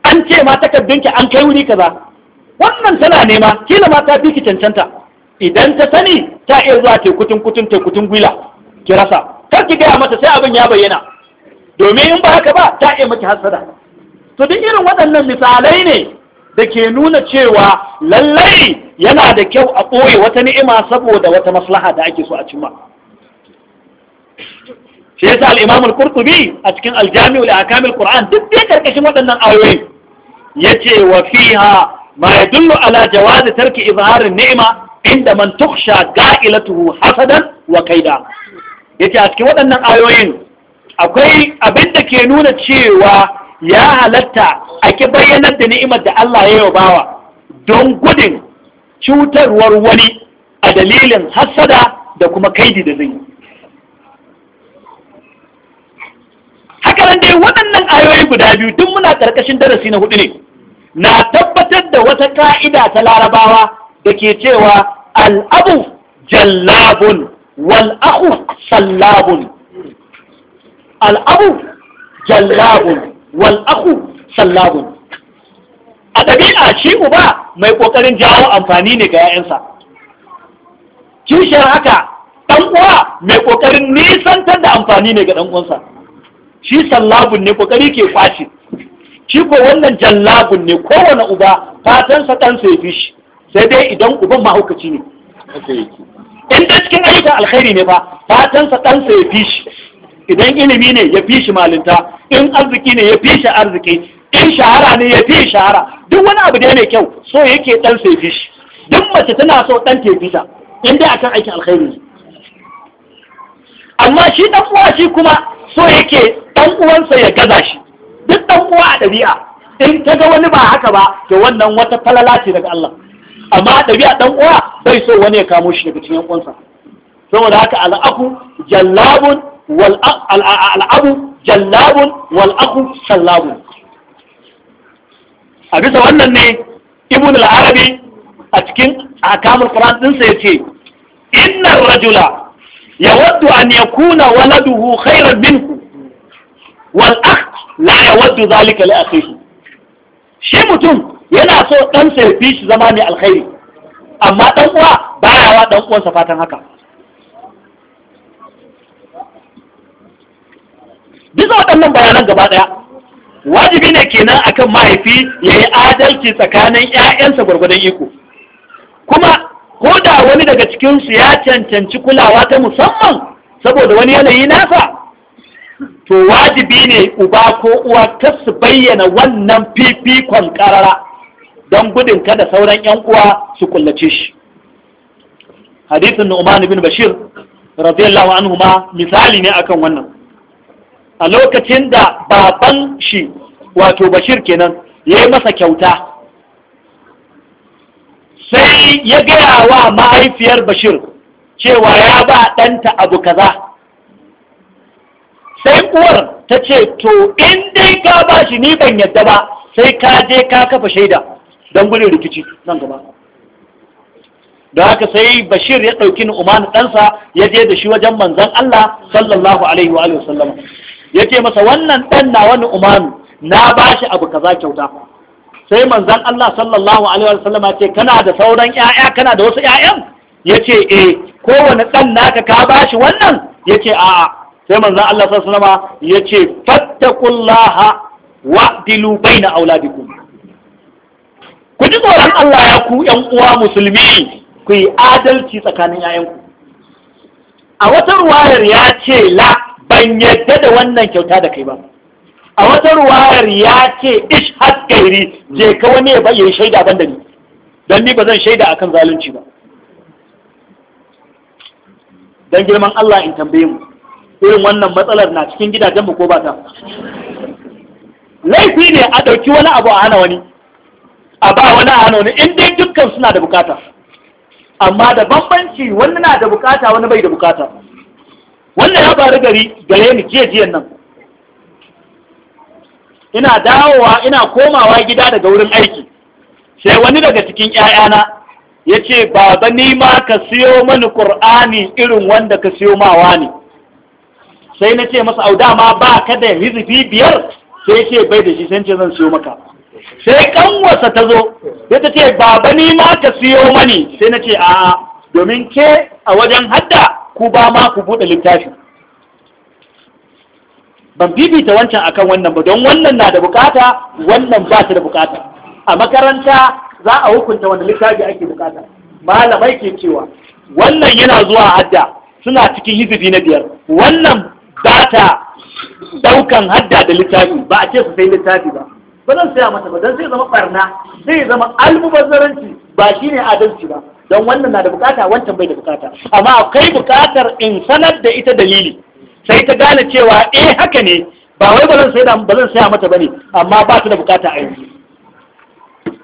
an ce ma takardunki an kai wuri kaza wannan tana nema kila ma ta fi ki cancanta idan ta sani ta iya zuwa tekutun kutun tekutun gwila ki rasa kar ki gaya mata sai abin ya bayyana domin in ba haka ba ta iya miki hasada to duk irin waɗannan misalai ne da ke nuna cewa lallai yana da kyau a ɓoye wata ni'ima saboda wata maslaha da ake so a cimma shi yasa al-Imam al-Qurtubi a cikin al da li Ahkam al-Qur'an duk dai karkashin waɗannan ayoyi yace wa fiha ma yadullu ala jawazi tarki izharin ni'ima inda man tukhsha ga'ilatuhu hasadan wa kaida yace a cikin waɗannan ayoyin akwai abin da ke nuna cewa ya halatta ake bayyanar da ni'imar da Allah ya yi bawa don gudun cutarwar wani a dalilin hasada da kuma kaidi da zai haka nan waɗannan ayoyi guda biyu duk muna ƙarƙashin darasi na hudu ne na tabbatar da wata ka'ida ta larabawa da ke cewa al'abu jallabun wal’ahu sallabun al'abu jallabun wal sallabun a ɗabi'a shi uba mai ƙoƙarin jawo amfani ne ga 'ya'yansa kishiyar haka ɗan uwa mai ƙoƙarin nisantar da amfani ne ga ɗan uwansa shi sallabun ne ƙoƙari ke kwace shi ko wannan jallabun ne kowane uba fatansa ɗansa ya fi shi sai dai idan uban mahaukaci ne in da cikin ayyukan alkhairi ne ba fatansa ɗansa ya fi shi idan ilimi ne ya fi shi malinta in arziki ne ya fi shi arziki in shahara ne ya fi shahara duk wani abu da mai kyau so yake ɗansa ya fi shi duk mace tana so ɗan ta fi in dai akan aikin alkhairi ne amma shi dan uwa shi kuma so yake dan uwansa ya gaza shi dan uwa a ɗabi'a in ta ga wani ba haka ba to wannan wata falala ce daga Allah amma a ɗabi'a dan uwa bai so wani ya kamo shi daga cikin uwansa saboda haka al'aku jallabun al'abu jallabun wal aku a bisa wannan ne ibn al a cikin akamul quran din yace innar rajula yawaddu an yakuna waladuhu khayran minhu wal akh la yawaddu zalika li akhihi shi mutum yana so dan sai shi zama mai alkhairi amma dan uwa ba ya wa ɗan uwansa fatan haka Bisa waɗannan bayanan gaba ɗaya wajibi ne kenan akan mahaifi ya yi adalci tsakanin 'ya'yansa gwargwadon iko kuma ko da wani daga cikinsu ya cancanci kulawa ta musamman saboda wani yanayi nasa to wajibi ne uba ko uwa ta su bayyana wannan fifikon karara don gudun kada sauran 'yan uwa su kullace shi hadisin Nu'man bin Bashir radiyallahu anhu ma misali ne akan wannan a lokacin da baban shi wato Bashir kenan ya yi masa kyauta sai ya gaya wa mahaifiyar Bashir cewa ya ba ɗanta abu kaza sai uwar ta ce to in dai ka ba shi ni ban yadda ba sai ka je ka kafa shaida don gudun rikici nan gaba da haka sai bashir ya ɗauki nu'uman ɗansa ya je da shi wajen manzan Allah sallallahu alaihi wa sallama ya ce masa wannan ɗan na wani umanu na ba shi abu kaza kyauta sai manzan Allah sallallahu alaihi wa sallama ce kana da sauran 'ya'ya kana da wasu 'ya'yan ya ce eh kowane ɗan naka ka ba shi wannan ya ce a'a sai manzan Allah sallallahu alaihi yace fattakullaha wa dilu na auladikum ku ji tsoron Allah ya ku yan uwa musulmi ku yi adalci tsakanin yayanku a wata ruwayar ya ce la ban yadda da wannan kyauta da kai ba a wata ruwayar ya ce ish had gairi je ka wani ya bayyana shaida ban da ni dan ni ba zan shaida akan zalunci ba dan girman Allah in tambaye mu irin wannan matsalar na cikin gidajenmu ko ba ta laifi ne a ɗauki wani abu a hana wani a ba wani a hana wani inda dukkan suna da bukata amma da bambanci wani na da bukata wani bai da bukata wannan ya faru gari gare ni jiya jiyan nan ina dawowa ina komawa gida daga wurin aiki sai wani daga cikin 'ya'yana ya ce baba ni ma ka siyo mani ƙur'ani irin wanda ka siyo mawa ne sai na ce masa auda ma ba ka da rizifi biyar sai ce bai da shi sai ce zan siyo maka sai kanwarsa ta zo ya ta ce ba ni ma ka siyo mani sai na ce a domin ke a wajen hadda ku ba ma ku buɗe littafi ban bibita wancan akan wannan ba don wannan na da bukata wannan ba ta da bukata a makaranta za a hukunta wanda littafi ake bukata malamai ke cewa wannan yana zuwa hadda suna cikin hizibi na biyar wannan ba ta ɗaukan hadda da littafi ba a ce su sai littafi ba ba zan saya mata ba don sai zama barna sai zama almubazzaranci ba shi ne adalci ba don wannan na da bukata wancan bai da bukata amma akwai bukatar in sanar da ita dalili sai ta gane cewa eh haka ne ba wai ba zan saya mata ba ne amma ba ta da bukata a yanzu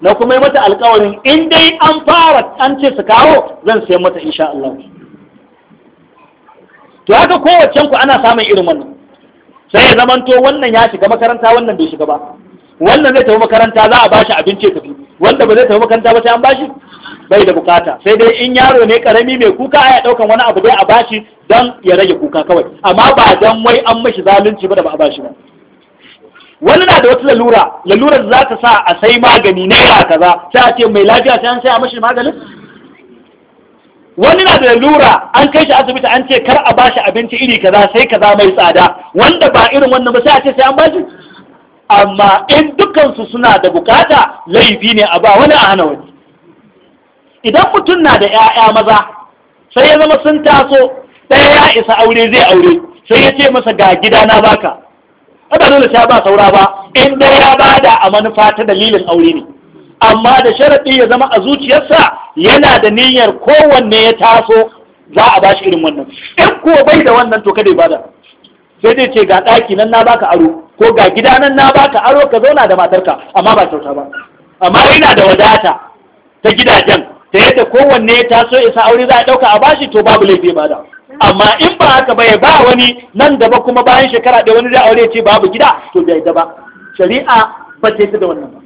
na kuma yi mata alkawarin in dai an fara an ce su kawo zan sayan mata insha Allah to haka kowace ku ana samun irin wannan sai ya zamanto wannan ya shiga makaranta wannan bai shiga ba wannan zai tafi makaranta za a bashi abinci ya tafi wanda ba zai tafi makaranta ba sai an bashi bai da bukata sai dai in yaro ne karami mai kuka ya daukan wani abu dai a bashi dan ya rage kuka kawai amma ba dan wai an mashi zalunci ba da ba a bashi ba wani na da wata lalura lalurar za ta sa a sai magani naira kaza sai a ce mai lafiya sai an sai a mashi maganin wani na da lura an kai shi asibiti an ce kar a bashi abinci iri kaza sai kaza mai tsada wanda ba irin wannan ba sai a ce sai an bashi amma in dukansu suna da bukata laifi ne a ba wani a hana wani idan mutum na da 'ya'ya maza sai ya zama sun taso ɗaya ya isa aure zai aure sai ya ce masa ga gida na baka ba dole sai ba saura ba in dai ya bada a manufa ta dalilin aure ne amma da sharaɗi ya zama a zuciyarsa yana da niyyar kowanne ya taso za a bashi irin wannan in ko bai da wannan to kada bada sai dai ce ga ɗaki nan na baka aro ko ga gida nan na baka aro ka zauna da matarka amma ba kyauta ba amma yana da wadata ta gidajen ta yadda kowanne ya taso isa aure za a ɗauka a bashi to babu laifi bada amma in ba haka ba ya ba wani nan gaba kuma bayan shekara ɗaya wani da aure ce babu gida to bai da ba shari'a ba ta da wannan ba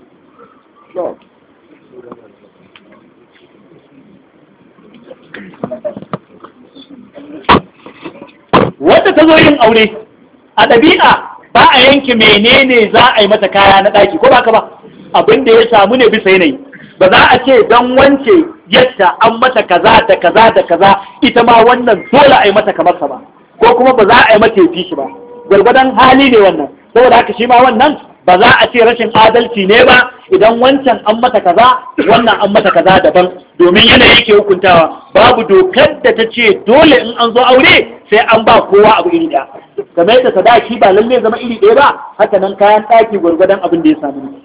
wanda ta zo yin aure a ɗabi'a ba a yanke menene za a yi mata kaya na ɗaki ko ba ka ba abin da ya samu ne bisa yanayi ba za a ce don wance yadda an mata kaza da kaza da kaza ita ma wannan dole a yi mata kamar sa ba ko kuma ba za a yi mata yafi shi ba gwargwadon hali ne wannan saboda haka shi ma wannan ba za a ce rashin adalci ne ba idan wancan an mata kaza wannan an mata kaza daban domin yanayi yake hukuntawa babu dokar da ta ce dole in an zo aure sai an ba kowa abu iri ɗaya game yadda sadaki ba lalle zama iri ɗaya ba haka nan kayan ɗaki gwargwadon abin da ya samu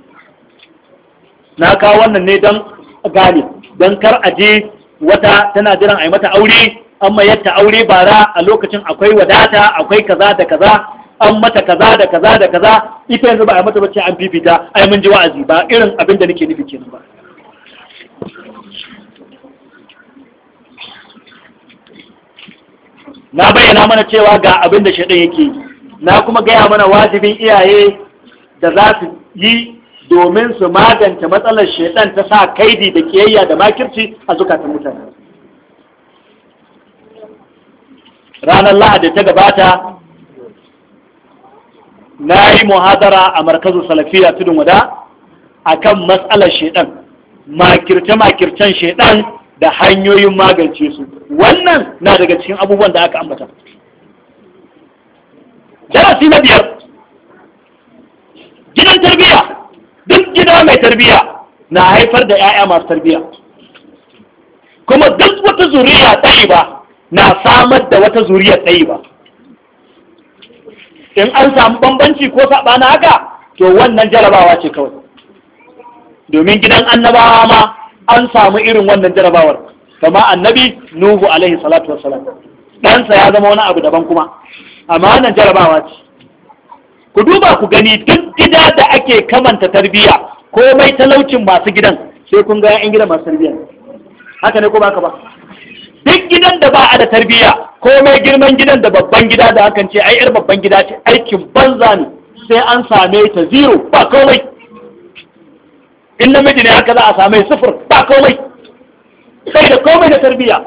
na kawo wannan ne don gane don kar a je wata tana jiran a yi mata aure amma yadda aure bara a lokacin akwai wadata akwai kaza da kaza an mata kaza da kaza da kaza ita yanzu ba a mata bacci an fifita ai mun ji wa'azi ba irin abin da nake nufi kenan ba na bayyana mana cewa ga abin da shaɗin yake na kuma gaya mana wajibin iyaye da za su yi domin su magance matsalar shaɗan ta sa kaidi da kiyayya da makirci a zukatan mutane ranar lahadi ta gabata na yi muhadara a markazin salafiya tudun wada a kan matsalar shaidan makirce-makircen shaidan da hanyoyin magance su wannan na daga cikin abubuwan da aka ambata darasi na biyar gidan tarbiyya duk gida mai tarbiyya na haifar da 'ya'ya masu tarbiyya kuma duk wata zuriya tsayi ba na samar da wata zuriya tsayi ba in an samu bambanci ko na haka to wannan jarabawa ce kawai domin gidan annabawa ma an samu irin wannan jarabawar kama annabi nuhu alaihi salatu wassalam ɗansa ya zama wani abu daban kuma amma wannan jarabawa ce ku duba ku gani duk gida da ake kamanta tarbiyya komai talaucin masu gidan sai kun ga 'yan gida masu tarbiyya haka ne ko baka ba gidan da ba a da tarbiyya komai girman gidan da babban gida da hakan ce ai yar babban gida ce aikin banza ne sai an same ta zero ba komai in namiji ne haka za a same sufur ba komai sai da komai da tarbiyya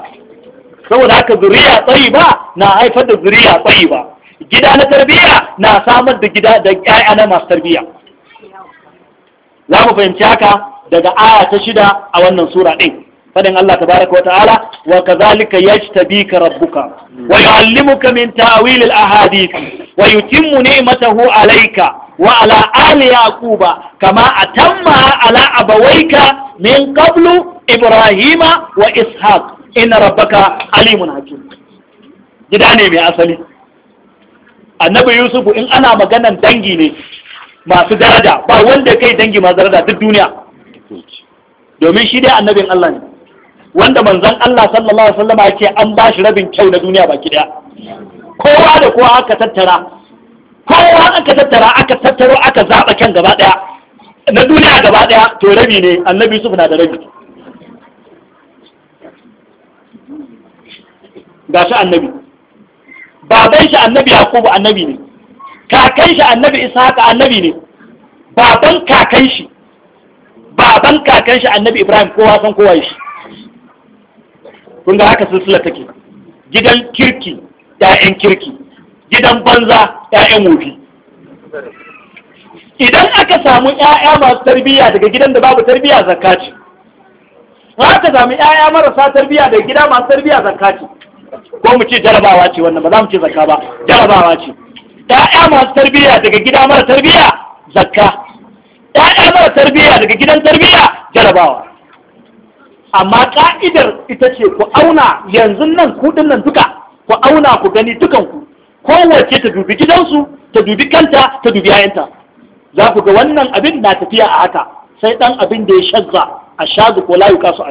saboda haka zuriya tsayi ba na haifar da zuriya tsayi ba gida na tarbiyya na samar da gida da ƴaƴa na masu tarbiyya za mu fahimci haka daga aya ta shida a wannan sura ɗin fadin Allah tabaraka wata'ala wa kadhalika yajtabika rabbuka wa yu'allimuka min ta'wil al-ahadith wa matahu ni'matahu alayka wa ala ali yaquba kama atamma ala abawayka min qablu ibrahima wa ishaq inna rabbaka alimun hakim gida ne mai asali annabi Yusuf in ana maganan dangi ne masu daraja ba wanda kai dangi masu daraja duk duniya domin shi dai annabin Allah ne wanda manzan Allah sallallahu alaihi wasallama ya an ba shi rabin kyau na duniya baki daya kowa da kowa aka tattara kowa aka tattara aka tattaro aka zaba kyan gaba daya na duniya gaba daya to rabi ne annabi Yusuf na da rabi Ga shi annabi baban shi annabi Yakubu annabi ne kakan shi annabi Ishaq annabi ne baban kakan shi baban kakan shi annabi Ibrahim kowa san kowa shi kun ga haka silsila take gidan kirki ƴaƴan kirki gidan banza ƴaƴan wofi idan aka samu ƴaƴa masu tarbiyya daga gidan da babu tarbiyya zakka ce aka samu ƴaƴa marasa tarbiyya daga gida masu tarbiyya zakka ce ko mu ce jarabawa ce wannan ba za mu ce zakka ba jarabawa ce ƴaƴa masu tarbiyya daga gida mara tarbiyya zakka ƴaƴa mara tarbiyya daga gidan tarbiyya jarabawa amma ƙa'idar ita ce ku auna yanzu nan kuɗin nan duka ku auna ku gani dukanku kowace ta dubi gidansu ta dubi kanta ta dubi yayanta za ku ga wannan abin na tafiya a haka sai ɗan abin da ya shazza a shazu ko layu kasu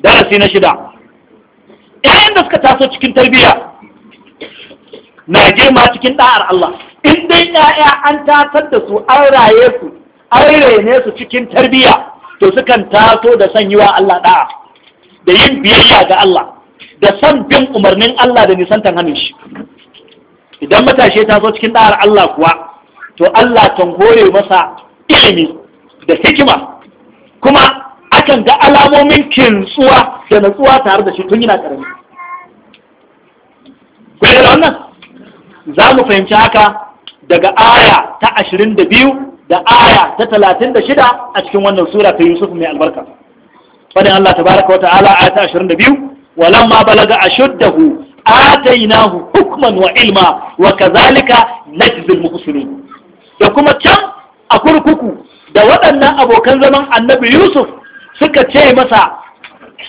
darasi na shida ƴaƴan da suka taso cikin tarbiyya na girma cikin ɗa'ar Allah in dai 'ya'ya an tatar da su an raye su an rene su cikin tarbiyya to sukan taso da son yi wa Allah ɗaya da yin biyayya ga Allah da son bin umarnin Allah da nisantan hannun shi idan matashi ta taso cikin da'ar Allah kuwa to Allah kan hore masa ilimi da hikima kuma akan ga alamomin kintsuwa da natsuwa tare da shi tun yana karami kuma da wannan za mu fahimci haka daga aya ta ashirin da biyu da aya ta talatin da shida a cikin wannan sura ta yusuf mai albarka fadin allah ta baraka wa ta'ala a ta ashirin da biyu ma balaga a ashuddahu atainahu hukman wa ilma wa kazalika najzil muhsinin da kuma can a kurkuku da waɗannan abokan zaman annabi yusuf suka ce masa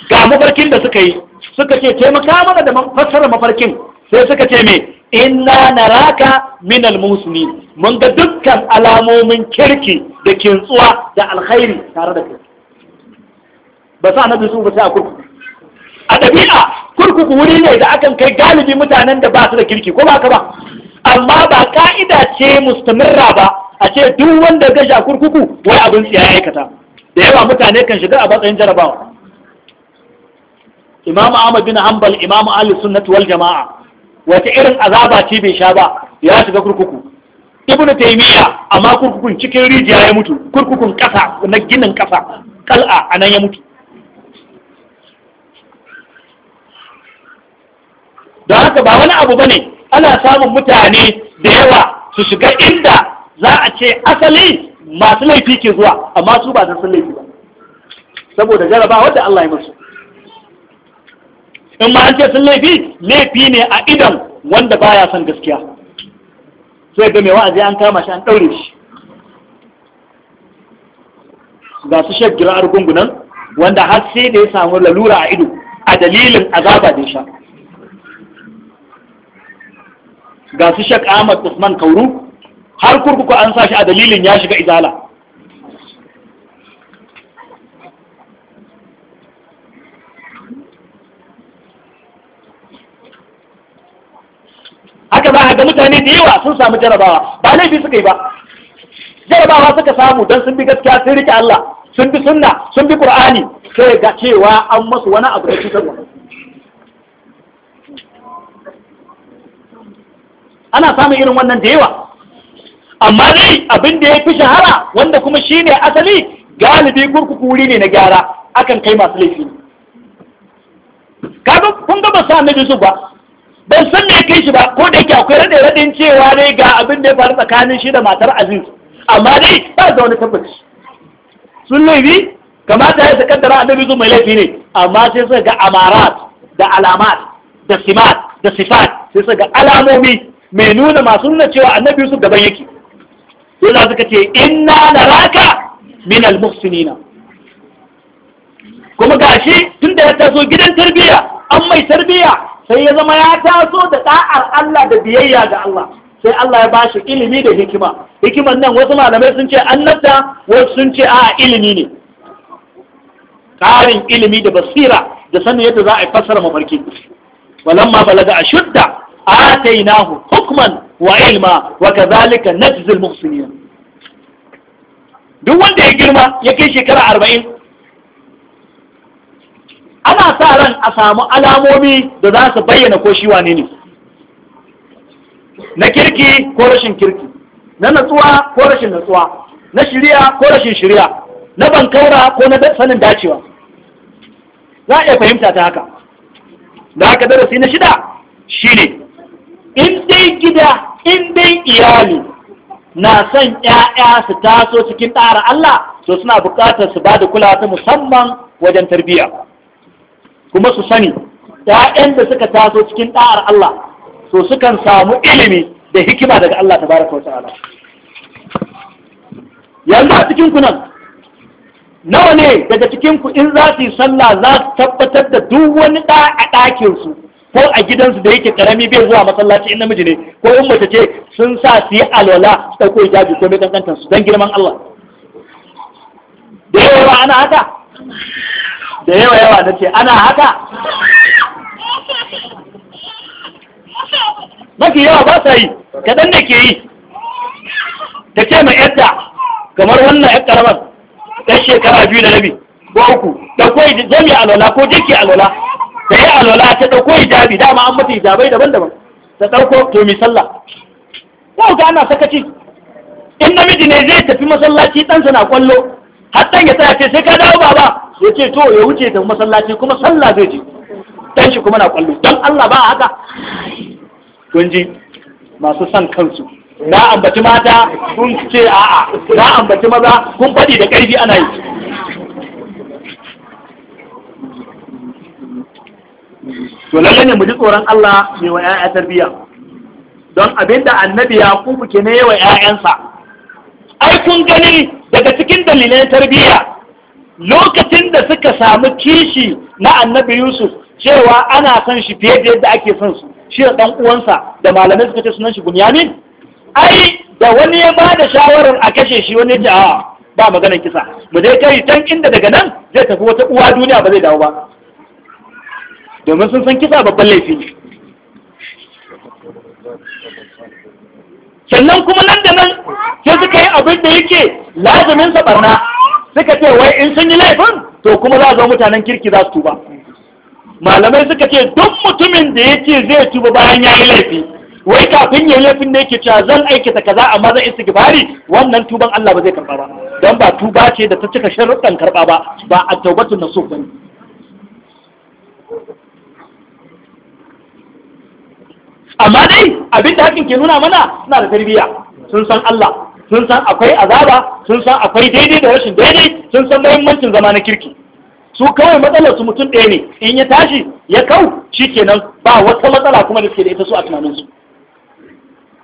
ga mafarkin da suka yi suka ce taimaka mana da fassara mafarkin sai suka ce me inna naraka minal musuni mun ga dukkan alamomin kirki da kintsuwa da alkhairi tare da kai ba sa na su ba sai a kurkuku a ɗabi'a kurkuku wuri ne da akan kai galibi mutanen da ba su da kirki ko ba ka ba amma ba ka'ida ce mustamirra ba a ce duk wanda ga sha kurkuku wai abin tsiya ya aikata da yawa mutane kan shiga a matsayin jarabawa imamu ahmad bin hanbal imamu ahli sunnati wal jama'a wace irin azaba ce bai sha ba ya shiga kurkuku ibn taymiya amma kurkukun cikin rijiya ya mutu kurkukun kasa na ginin kasa kal'a anan ya mutu don haka ba wani abu bane ana samun mutane da yawa su shiga inda za a ce asali masu laifi ke zuwa amma su ba san laifi ba saboda jaraba wadda Allah ya musu in ma an ce sun laifi laifi ne a idan wanda baya son gaskiya sai ga mai wa'azi an kama shi an ɗaure shi ga su shagira argungunan wanda har sai da ya samu lalura a ido a dalilin azaba da sha ga su shak Ahmad Usman Kauru har kurkuku an sa shi a dalilin ya shiga izala haka ba a mutane da yawa sun samu jarabawa ba laifi suka yi ba jarabawa suka samu don sun bi gaskiya sun rike Allah sun bi sunna sun bi Qur'ani sai ga cewa an masu wani abu da cutarwa ana samun irin wannan da yawa amma dai abin da ya fi shahara wanda kuma shi shine asali galibi kurkuku wuri ne na gyara akan kai masu laifi kun ga ba sa annabi su ba ban san me kai shi ba ko da yake akwai rade radin cewa dai ga abin da ya faru tsakanin shi da matar aziz amma dai ba da wani tabbaci sun laifi kamata ya takaddara annabi zo mai laifi ne amma sai suka ga amarat da alamat da simat da sifat sai suka ga alamomi mai nuna masu nuna cewa annabi yusuf daban yake sai za suka ce inna raka? min almuhsinina kuma gashi tunda ya taso gidan tarbiyya an mai tarbiyya sai ya zama ya taso da da'ar Allah da biyayya ga Allah sai Allah ya bashi ilimi da hikima hikiman nan wasu malamai sun ce annabta wasu sun ce a ilimi ne ƙarin ilimi da basira da sanin yadda za a yi fassara mafarki walamma balaga ashudda atainahu hukman wa ilma wa kadhalika najzil muhsinin duk wanda ya girma ya kai shekara arba'in ana sa ran a samu alamomi da za su bayyana ko shi wane ne na kirki ko rashin kirki na natsuwa ko rashin natsuwa na shirya ko rashin shirya na bankaura ko na sanin dacewa za a iya fahimta ta haka da haka darasi na shida shine in dai gida in dai iyali na son ‘ya'ya su taso cikin ɗara Allah to suna buƙatar su ba da kula ta musamman wajen tarbiyya. kuma su sani ‘ya'yan da suka taso cikin ɗa'ar Allah so sukan samu ilimi da hikima daga Allah ta baraka wata ala yanzu a cikin nan, nawa ne daga cikinku in za su yi sallah za su tabbatar da duk wani ɗa a ɗakinsu ko a gidansu da yake karami bai zuwa masallaci in namiji ne ko in mace ce sun sa su yi alwala su ɗauko hijabi ko mai kankantar su don girman Allah da yawa ana haka da yawa yawa na ce ana haka mafi yawa ba sa yi kaɗan da ke yi ta ce mai yadda kamar wannan yan karamar ɗan shekara biyu da rabi ko uku ɗauko zami alola ko jiki alola da yi alola ta ɗauko hijabi dama an mata hijabai daban-daban ta ɗauko to mi sallah ko ga ana sakaci in namiji ne zai tafi masallaci ɗansa na kwallo Hattan ya tsaya ce sai ka dawo baba ya ce to ya wuce da masallaci kuma sallah zai je dan shi kuma na kwallo dan Allah ba haka kun ji masu san kansu na ambaci mata kun ce a'a na ambaci maza kun faɗi da ƙarfi ana yi to lalle ne mu ji tsoron Allah ne wa 'ya'ya tarbiyya don abinda annabi ya kuku ne wa 'ya'yansa ai kun gani daga cikin dalilan tarbiyya lokacin da suka samu kishi na annabi yusuf cewa ana son shi fiye da yadda ake son su shi da dan uwansa da malamai suka ce sunan shi bunyamin ai da wani ya ba da shawarar a kashe shi wani ya ba maganar kisa mu dai kai can inda daga nan zai tafi wata uwa duniya ba zai dawo ba domin sun san kisa babban laifi ne sannan kuma nan da nan sai suka yi abin da yake lazumin sa barna suka ce wai in sun yi laifin to kuma za zo mutanen kirki za su tuba malamai suka ce duk mutumin da yake zai tuba bayan ya yi laifi wai kafin ya laifin da yake cewa zan aikata kaza amma zan isa gibari wannan tuban Allah ba zai karba ba dan ba tuba ce da ta cika sharuɗan karba ba ba a taubatun nasuh bane amma dai abin da hakan ke nuna mana suna da tarbiyya sun san Allah sun san akwai azaba sun san akwai daidai da rashin daidai sun san muhimmancin zama na kirki su kawai matsalar su mutum ɗaya ne in ya tashi ya kau shikenan ba wata matsala kuma da suke da ita su a tunaninsu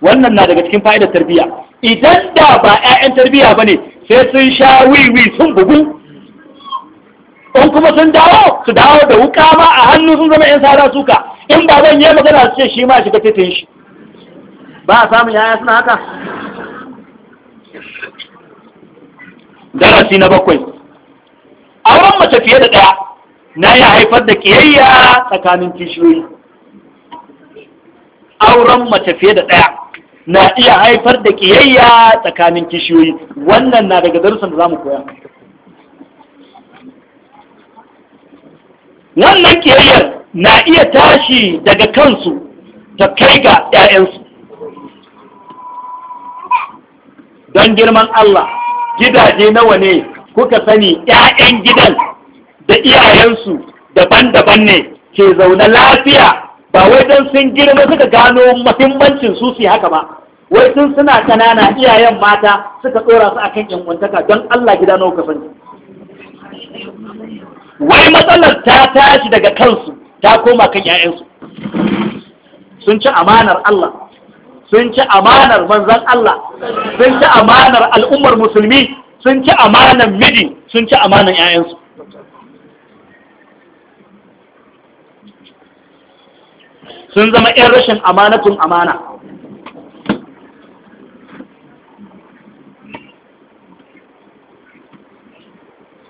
wannan na daga cikin fa'idar tarbiyya idan da ba 'ya'yan tarbiyya ba ne sai sun sha wiwi sun bugu in kuma sun dawo su dawo da wuka ma a hannu sun zama 'yan sara suka in ba zan yi magana su ce shi ma shiga tetin shi ba samun yaya suna haka darasi na bakwai auren mace fiye da ɗaya na ya haifar da ƙiyayya tsakanin kishiyoyi auren mace fiye da ɗaya na iya haifar da ƙiyayya tsakanin kishiyoyi wannan na daga darussan da za mu koya wannan ƙiyayyar na iya tashi daga kansu ta kai ga ‘ya'yansu don girman Allah gidaje nawa ne kuka sani 'ya'yan gidan da iyayensu daban-daban ne ke zaune lafiya ba wai don sun girma suka gano muhimmancin su su haka ba wai sun suna kanana iyayen mata suka tsora su akan yankuntaka don Allah gida nawa ka sani wai matsalar ta tashi daga kansu ta koma kan 'ya'yansu sun ci amanar Allah sun ci amanar manzan Allah sun ci amanar al'ummar musulmi sun ci amanar miji sun ci amanar 'ya'yansu sun zama 'yan rashin amanatun amana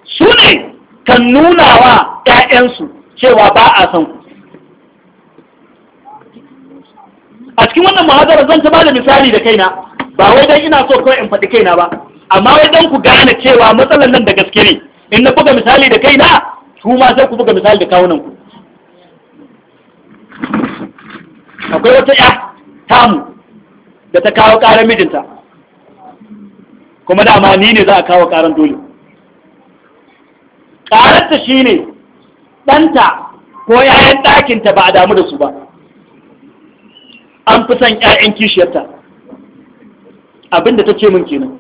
su ne kan nuna wa 'ya'yansu cewa ba a sanku a cikin wannan muhadara zan ta bada misali da kaina ba wai dan ina so kawai in faɗi kaina ba amma wai dan ku gane cewa matsalan nan da gaske ne in na buga misali da kaina su ma sai ku buga misali da kawunan ku akwai wata ya tamu da ta kawo karar mijinta kuma da amani ne za a kawo karar dole ta shi ne ɗanta ko yayan ɗakinta ba a damu da su ba an fi son 'ya'yan kishiyarta abinda ta ce min kenan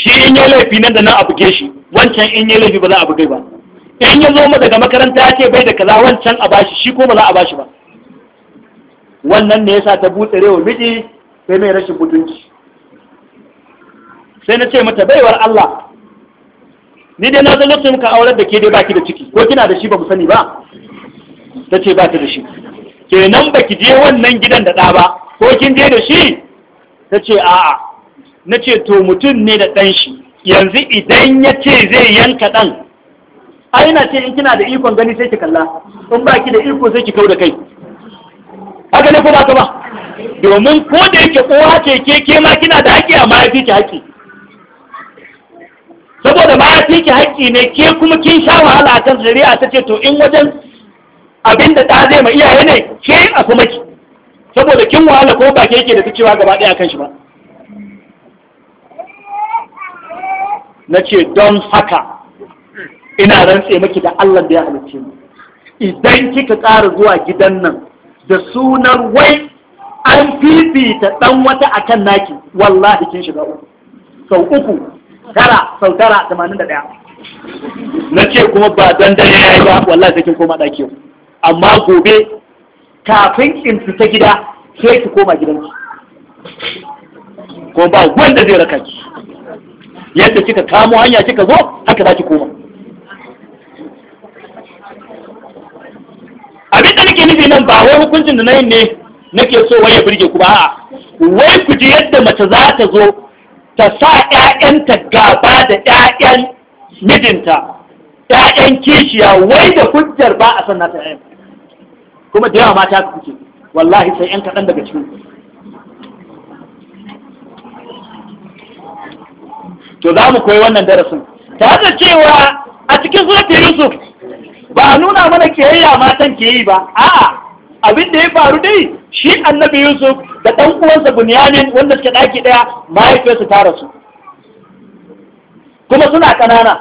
shi in yi laifi nan da nan a buge shi wancan in yi laifi ba za a buge ba in ya zo daga makaranta ya ce bai da kaza wancan a bashi shi ko ba za a bashi ba wannan ne yasa ta butsare wa miji sai mai rashin mutunci sai na ce mata baiwar Allah ni dai na zo lokacin ka aurar da ke dai baki da ciki ko kina da shi ba mu sani ba ta ce ba ta da shi kenan baki je wannan gidan da ɗa ba ko kin je da shi ta ce a'a na ce to mutum ne da ɗan shi yanzu idan ya ce zai yanka ɗan A yana ce in kina da ikon gani sai ki kalla in ba ki da iko sai ki kau da kai haka ne ko ba ka ba domin ko da yake kowa ce ke ke ma kina da haƙƙi a ya ki haƙƙi saboda ma ki haƙƙi ne ke kuma kin sha wahala kan shari'a ta ce to in wajen abinda da zai ma iyaye ne ke a kuma ki saboda kin wahala ko ba ke yake da ficewa gaba ɗaya kan shi ba na ce don haka ina rantse maki da Allah da ya halicce mu idan kika ƙara zuwa gidan nan da sunan wai an fifita ɗan wata akan naki wallahi kin shiga uku sau uku tara sau tara tamanin da ɗaya na ce kuma ba don dare ya yi ba wallahi sai kin koma ɗaki yau amma gobe kafin in fita gida sai ki koma gidanki ko ba wanda zai raka ki yadda kika kamo hanya kika zo haka za ki koma abin da nake nufi nan ba wai hukuncin da nayin ne nake so wai ya burge ku ba a wai ku ji yadda mace za ta zo ta sa ƴaƴanta gaba da ƴaƴan mijinta ƴaƴan kishiya wai da hujjar ba a san nata ƴaƴan kuma da yawa mata ka kuke wallahi sai yan kaɗan daga cikin to za mu koyi wannan darasin ta da cewa a cikin suratul yusuf ba a nuna mana kiyayya matan ke yi ba a'a abin da ya faru dai shi annabi yusuf da ɗan uwansa bunyamin wanda suke ɗaki ɗaya mahaifiyarsu ta rasu kuma suna ƙanana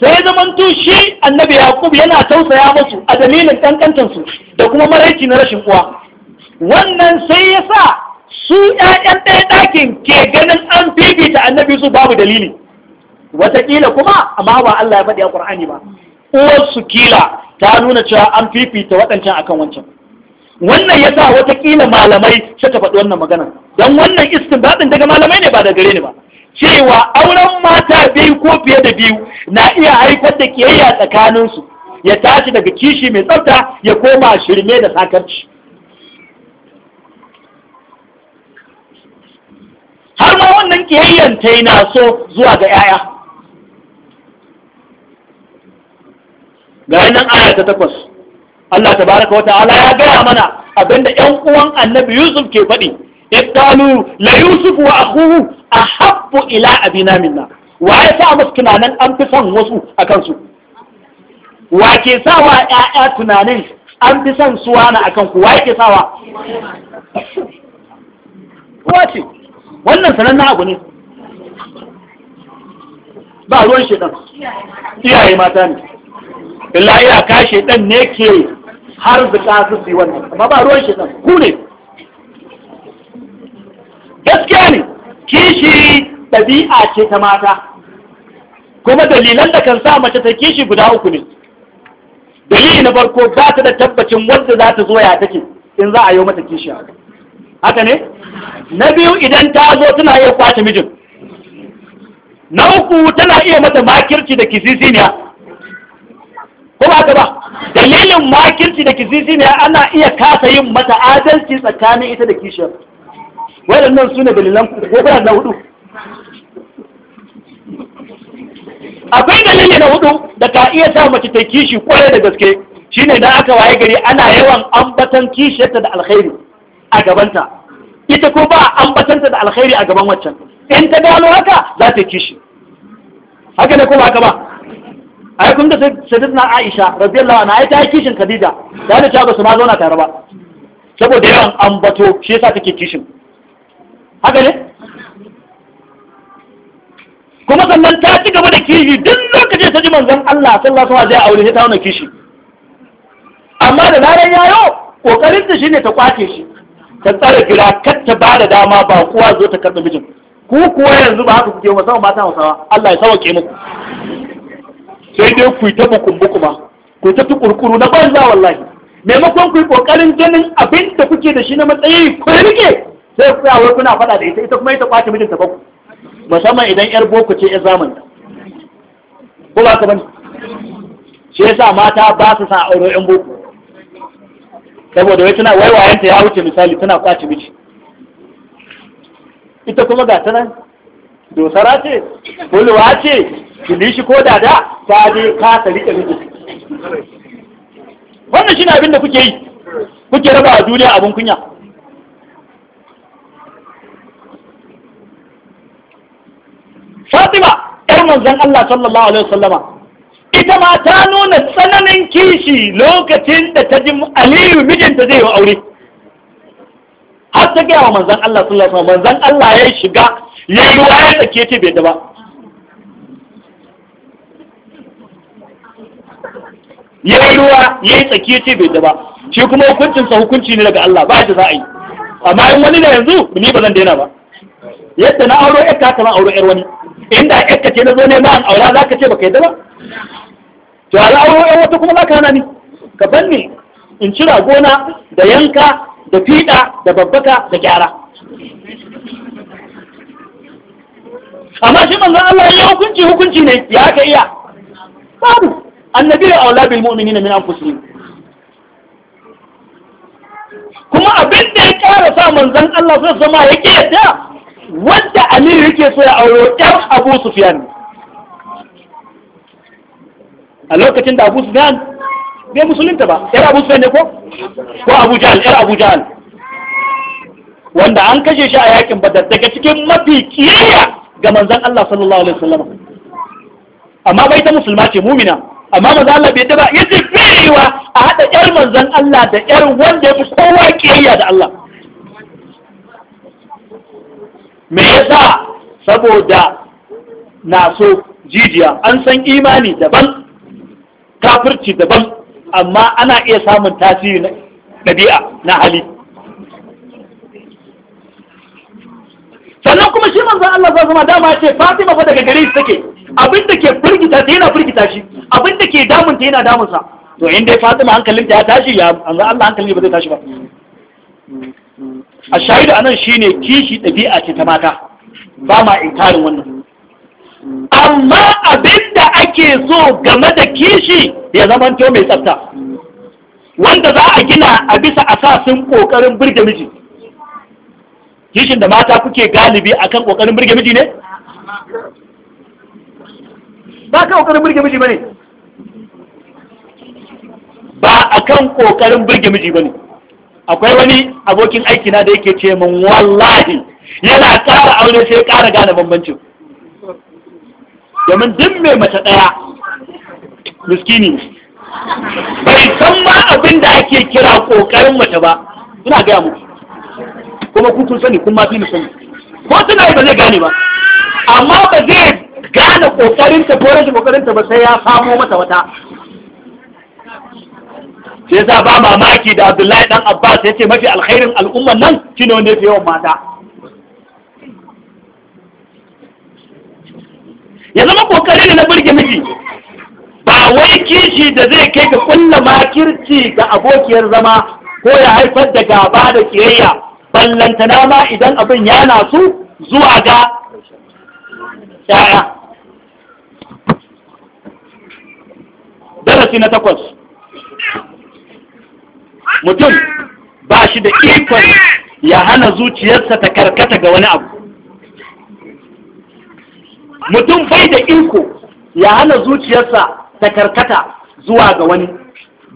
sai zaman shi annabi yaƙub yana tausaya masu a dalilin ɗanɗantansu da kuma maraici na rashin uwa wannan sai ya sa su ƴaƴan ɗaya ɗakin ke ganin an fifita annabi su babu dalili wataƙila kuma amma ba Allah ya faɗi a ƙur'ani ba su kila ta nuna cewa an fifita waɗancan akan wancan wannan ya sa watakila malamai suka faɗi wannan magana don wannan istinbadin daga malamai ne ba da gare ni ba cewa auren mata biyu ko fiye da biyu na iya haifar da kiyayya tsakaninsu ya tashi daga kishi mai tsafta ya koma shirme da sakarci har ma wannan kiyayyan ta yi so zuwa ga 'ya'ya ga nan aya ta takwas Allah Ta baraka wata ala ya gaya mana abinda 'yan uwan annabi Yusuf ke faɗi Ibtalu la Yusuf wa akuhu A habbu ila abina minna wa ya sa musu tunanin an fi son wasu a kansu wa ke sa wa ƴaƴa tunanin an fi son su wani a kanku wa ke sa wa kowa ce wannan sanannen abu ne ba ruwan shedan iyaye mata ne illa ya ka ne ke har zuka su wannan amma ba ruwan shedan ku ne gaskiya ne kishi ɗabi'a ce ta mata kuma dalilan da kan sa mace ta kishi guda uku ne dalili na farko ba ta da tabbacin wanda za ta zo ya take in za a yi mata kishi haka ne na biyu idan ta zo tana iya kwace mijin na uku tana iya mata makirci da kisisiniya Kuma haka ta ba dalilin makirci da kisisiniya ana iya kasa yin mata adalci tsakanin ita da kishiyar waɗannan su ne dalilan ko na hudu akwai dalili na hudu da ka iya sa mace ta kishi kwarai da gaske shine da aka waye gari ana yawan ambatan kishiyarta da alkhairi a gabanta ita ko ba ambatanta da alkhairi a gaban waccan in ta gano haka za ta kishi haka ne kuma haka ba ai kun ga na Aisha radiyallahu anha na aita kishin Khadija da ta ba su ma zauna tare ba saboda yawan ambato shi yasa take kishin haka ne kuma sannan ta ci gaba da kishi duk lokacin ta ji manzan Allah sallallahu alaihi wasallam zai aure ta wannan kishi amma da ranar yayo kokarin ta shine ta kwace shi ta tsare gida kar ta bada dama ba kowa zo ta karɓi mijin ku kuwa yanzu ba haka kuke musamman mata musawa Allah ya sauke muku sai dai ku yi ta bukun bukuma ku ta tukurkuru na banza wallahi maimakon ku yi kokarin ganin abin da kuke da shi na matsayi ku rike sai ku wai kuna faɗa da ita ita kuma ita kwace mijinta ba ku musamman idan yar boko ce yar zamanta ko ba ka bane shi yasa mata ba su sa aure yan boko saboda wai tana wayanta ya wuce misali tana kwace miji ita kuma ga ta nan dosara ce bulwa ce shi ko dada ta je kasa rike miji wannan shi ne abin da kuke yi kuke raba duniya abin kunya fatima yar manzan Allah sallallahu alaihi wasallama ita ma ta nuna tsananin kishi lokacin da ta ji aliyu mijinta zai yi aure har ta gaya wa manzan Allah sallallahu alaihi wasallam manzan Allah ya shiga ya yi ruwa ya tsake ce bai daba. ba ya yi ruwa ya yi tsake ce bai daba. ba shi kuma hukuncinsa hukunci ne daga Allah ba shi za a yi amma in wani da yanzu ni ba zan daina ba yadda na auro ƴar ta ma auro ƴar wani inda aka ce na zo ne an aura za ka ce baka yadda ba to ala auro yan wata kuma za ka hana ni ka ni in cira gona da yanka da fiɗa da babbaka da gyara amma shi manzon Allah ya hukunci hukunci ne ya ka iya babu annabi ya aula bil mu'minina min anfusihim kuma abin da ya ƙara sa manzon Allah sai zama yake yadda wadda amir yake so ya auro ɗan abu sufiyan a lokacin da abu sufiyan bai musulunta ba ɗan abu sufiyan ne ko ko abu jahal ɗan abu jahal wanda an kashe shi a yakin badar daga cikin mafi kiyayya ga manzan Allah sallallahu alaihi wasallam amma bai ta musulma ce mumina amma manzan Allah bai taba yace fiyewa a haɗa ƴar manzan Allah da ƴar wanda ya fi kowa kiyayya da Allah me yasa saboda na so jijiya an san imani daban kafirci daban amma ana iya samun tasiri na ɗabi'a na hali sannan kuma shi manzan Allah zai zama dama ce Fatima fa daga gare shi take abin da ke firgita ta yana firgita shi abin da ke ta yana damunsa to in dai hankalin ta ya tashi ya manzan Allah hankalin ba zai tashi ba a shahidu anan shine kishi ɗabi'a ce ta mata ba ma inkarin wannan amma abinda ake so game da kishi ya to mai tsafta wanda za a gina a bisa asasin ƙoƙarin birge miji kishin da mata kuke galibi akan ƙoƙarin birge miji ne ba kan ƙoƙarin birge miji ne ba kan ƙoƙarin birge miji bane akwai wani abokin aiki na da yake ce min wallahi yana tsara aure sai ƙara gane bambancin domin duk mai mace ɗaya miskini bai san ma abin da ake kira ƙoƙarin mace ba ina gaya mu kuma ku kun sani kun ma fi ni sani ko tana ba zai gane ba amma ba zai gane ƙoƙarinta ko rashin ƙoƙarinta ba sai ya samo mata wata sai za ba mamaki da Abdullahi dan Abbas ce mafi alkhairin al'umman nan shine wanda yake yawan mata ya zama kokari ne na burge miji ba wai kishi da zai kai ka kulla makirci ga abokiyar zama ko ya haifar da gaba da kiyayya ballantana ma idan abin ya na su zuwa ga ya'ya darasi na takwas mutum ba shi da ikon ya hana zuciyarsa ta karkata ga wani abu mutum bai da iko ya hana zuciyarsa ta karkata zuwa ga wani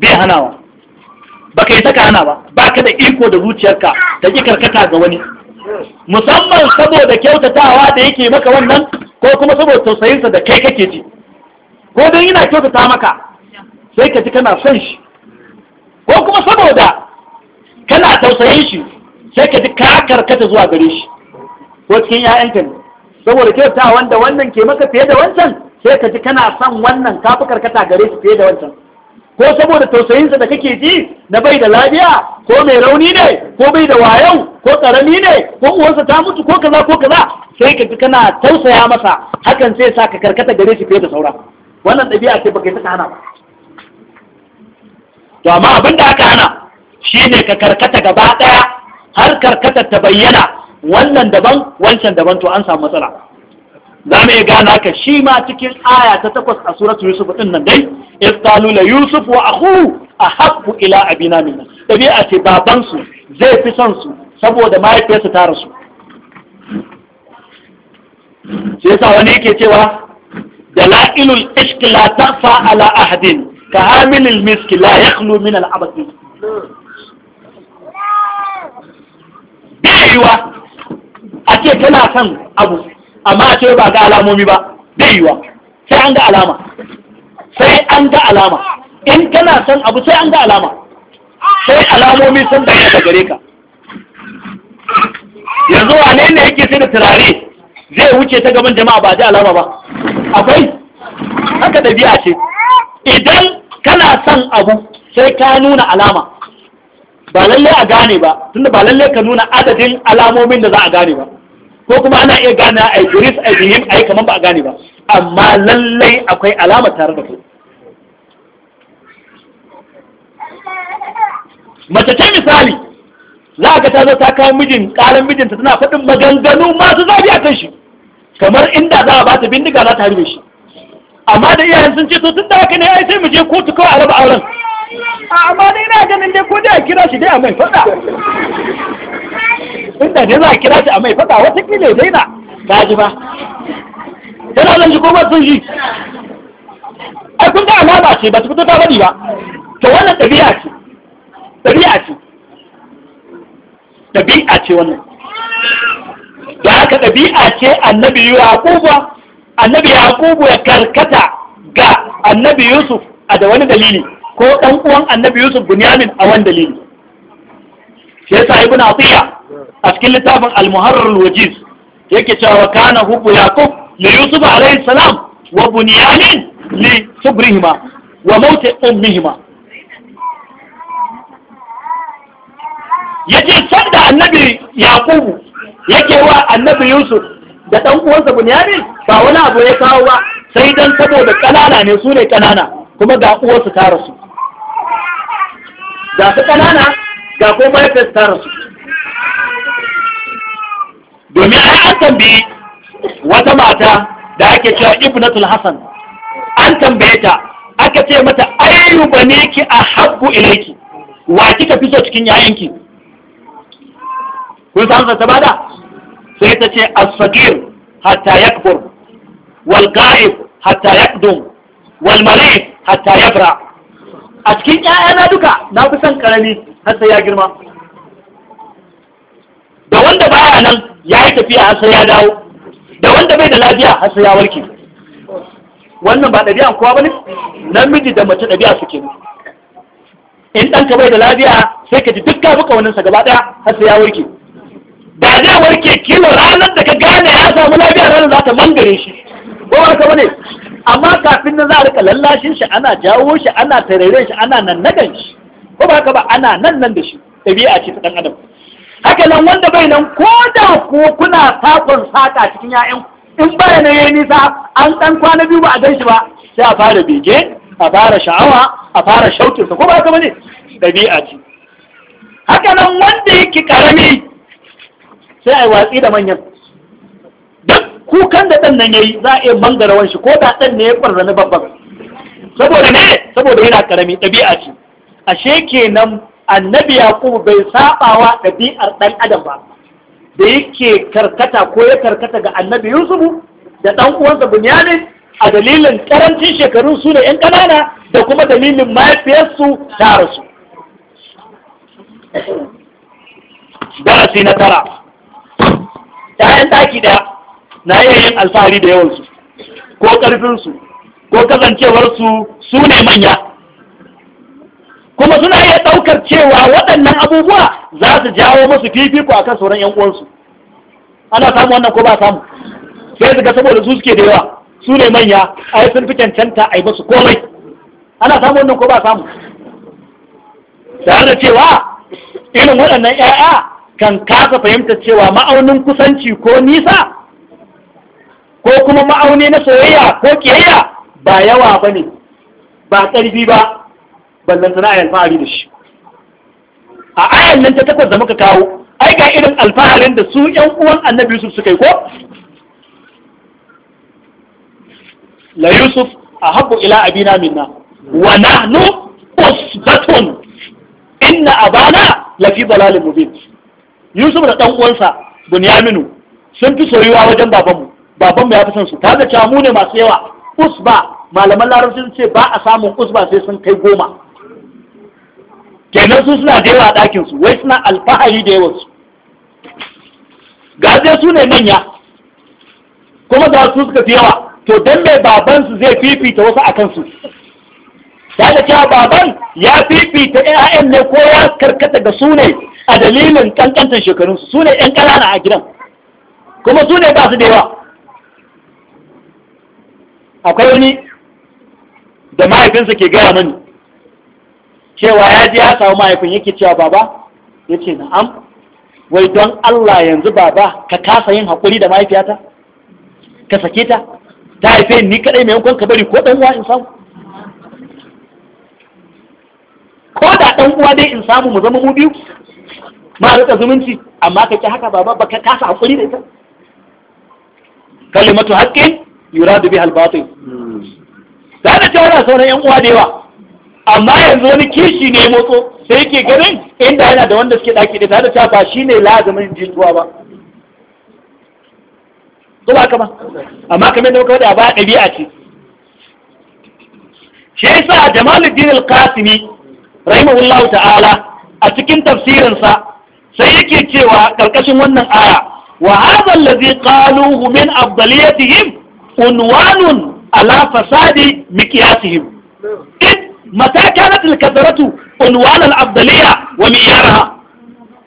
bai hanawa ba ka yi saka hana ba ba ka da iko da zuciyarka ta ƙi karkata ga wani musamman saboda kyautatawa da yake maka wannan ko kuma saboda tausayinsa da kai kake ji ko don yana kyautata maka sai ka ji kana son shi ko kuma saboda kana tausayin shi sai ka ji ka karkata zuwa gare shi ko cikin ƴaƴanka ne saboda kyauta wanda wannan ke maka fiye da wancan sai ka ji kana son wannan ka fi karkata gare shi fiye da wancan ko saboda tausayin sa da kake ji na bai da lafiya ko mai rauni ne ko bai da wayau, ko karami ne ko uwansa ta mutu ko kaza ko kaza sai ka ji kana tausaya masa hakan sai sa ka karkata gare shi fiye da saura wannan ɗabi'a ce baka yi ta hana ba to amma abin da aka hana shine ka karkata gaba ɗaya har karkatar ta bayyana wannan daban wancan daban to an samu matsala za mu iya gane haka shi ma cikin aya ta takwas a suratu yusuf din nan dai istalu la yusuf wa akhu ahabbu ila abina minna dabi'a ce baban su zai fi son su saboda mahaifiyarsa ta rasu sai yasa wani yake cewa dalailul ishq la ta'fa ala ahadin ka hamilil miski la yakhlu min al abadi yiwa a ce tana son abu amma a ba ga alamomi ba bai sai an ga alama sai an ga alama in tana son abu sai an ga alama sai alamomi sun bayyana da gare ka yanzu wane ne yake sai da turare zai wuce ta gaban jama'a ba ji alama ba akwai haka ɗabi'a ce idan kana son abu sai ka nuna alama ba lalle a gane ba tunda ba lalle ka nuna adadin alamomin da za a gane ba ko kuma ana iya gane a idris a yi a yi kamar ba a gane ba amma lalle akwai alama tare da ku mace ce misali za ka ta zo ta kawo mijin kalan mijinta tana faɗin maganganu masu zafi a kan shi kamar inda za a ba ta bindiga za ta harbe shi amma da iyayen sun ce to tun da haka ne ai sai mu je kotu kawai a raba auren amma dai ina ganin dai ko dai a kira shi dai a mai faɗa inda dai za a kira shi a mai faɗa watakila ya daina ta ji ba tana zan ji ko ba sun ji ai kun ga alama ce ba su fito ta bari ba to wannan ɗabi'a ce ɗabi'a ce ɗabi'a ce wannan da haka ɗabi'a ce annabi yi ko ba annabi Yakubu ya karkata ga annabi yusuf a da wani dalili ko ɗan uwan annabi yusuf bunyamin a wani dalili shi yasa ibn atiya a cikin littafin al-muharrar wajiz yake cewa kana hubbu Yakub li yusuf alayhi salam wa bunyamin li subrihima wa mauti ummihima yace sanda annabi yaqubu yake wa annabi yusuf da ɗan uwansa bunyamin ba wani abu ya kawo ba sai dan saboda ƙanana ne su ne ƙanana kuma ga uwarsu ta rasu ga su ƙanana ga kuma ta rasu domin ai an tambayi wata mata da ake cewa ibnatul hasan an tambaye ta aka ce mata ayyuba ne ki a habbu ilaiki wa kika fi so cikin yayanki kun san ta bada sai ta ce as-sagir hatta yakbur wal ga'ib hatta yakdum wal marid hatta yabra a cikin ƴaƴana duka na fi son ƙarami har sai ya girma da wanda baya nan ya yi tafiya har sai ya dawo da wanda bai da lafiya har sai ya warke wannan ba ɗabi'an kowa bane miji da mace ɗabi'a suke ne in ɗanka bai da lafiya sai ka ji duk gafi sa gaba ɗaya har sai ya warke ba zai warke kilo ranar da ka gane ya samu lafiya ranar za ta mangare shi ko ba ka ne amma kafin nan za a rika lallashin shi ana jawo shi ana tarere shi ana nan nagan shi ko ba ka ba ana nan nan da shi ɗabi'a ce ta ɗan adam haka nan wanda bai nan ko da ko kuna sakon saka cikin ya'yan in baya ya yayi nisa an ɗan kwana biyu ba a gan shi ba sai a fara bege a fara sha'awa a fara shautin sa ko ba ka ne ɗabi'a ce haka nan wanda yake karami sai a yi watsi da manyan duk kukan da ɗan nan ya yi za a iya mangarawan shi ko da ɗan ne ya ƙwarzani babban saboda ne saboda yana ƙarami ɗabi'a ce ashe kenan annabi Yaqub bai saɓawa ɗabi'ar ɗan adam ba da yake karkata ko ya karkata ga annabi yusufu da ɗan uwansa bunyamin a dalilin ƙarancin shekarun su ne 'yan ƙanana da kuma dalilin mahaifiyarsu ta rasu darasi na tara ‘ya’yan taki da na iya yin alfahari da yawansu ko ƙarfinsu ko kasancewarsu su ne manya kuma suna iya ɗaukar cewa waɗannan abubuwa za su jawo musu fifiko kan sauran ‘yan’uwansu uwansu ana samu wannan ko ba samu sai su ga saboda su suke da yawa su ne manya a yi sun fi cancanta yi basu komai ana samu wannan ko ba samu da cewa irin waɗannan 'ya'ya kan kasa fahimta cewa ma'aunin kusanci ko nisa ko kuma ma'auni na soyayya ko kiyayya ba yawa ba ne ba ƙarfi ba ballan sana alfahari da shi a ayan nan ta takwas da muka kawo ai ga irin alfaharin da su ƴan uwan annabi yusuf suka yi ko la yusuf a haɓu ila abina minna wa nahnu usbatun inna abana lafi dalalin mubin yusuf da ɗan uwansa bunyaminu sun fi soyuwa wajen babanmu babanmu ya fi son su ta ga ne masu yawa usba malaman larabci sun ce ba a samun usba sai sun kai goma kenan su suna da yawa a ɗakinsu. wai suna alfahari da yawa su gaje su ne manya kuma za su suka fi yawa to don mai babansu zai fifita wasu a kansu? ya da cewa baban ya fifita ƴaƴan ne ko ya karkata ga su ne a dalilin kankantar shekarunsu su ne ƴan ƙanana a gidan kuma su ne ba su da yawa akwai wani da mahaifinsa ke gaya mani cewa ya ji ya samu mahaifin yake cewa baba ya ce na'am wai don Allah yanzu baba ka kasa yin haƙuri da mahaifiyata ka sake ta ta haife ni kaɗai mai yankon ka bari ko ɗan uwa in samu ko da ɗan uwa dai in samu mu zama mu biyu ma rika zumunci amma ka ki haka baba baka kasa hakuri da ita kalimatu haqqin yuradu biha al-batil da da cewa sauran yan uwa da yawa amma yanzu wani kishi ne motso sai yake ganin inda yana da wanda suke daki da ta da cewa ba shine lazimin jituwa ba ko ba kama amma kamar da muka da ba ɗabi'a ce shi yasa Jamaluddin Al-Qasimi rahimahullahu ta'ala a cikin tafsirinsa sai yake cewa karkashin wannan aya wa hadha allazi qaluhu min afdaliyatihim unwanun ala fasadi miqyasihim id mata kanat al-kathratu unwan al-afdaliyya wa miyaraha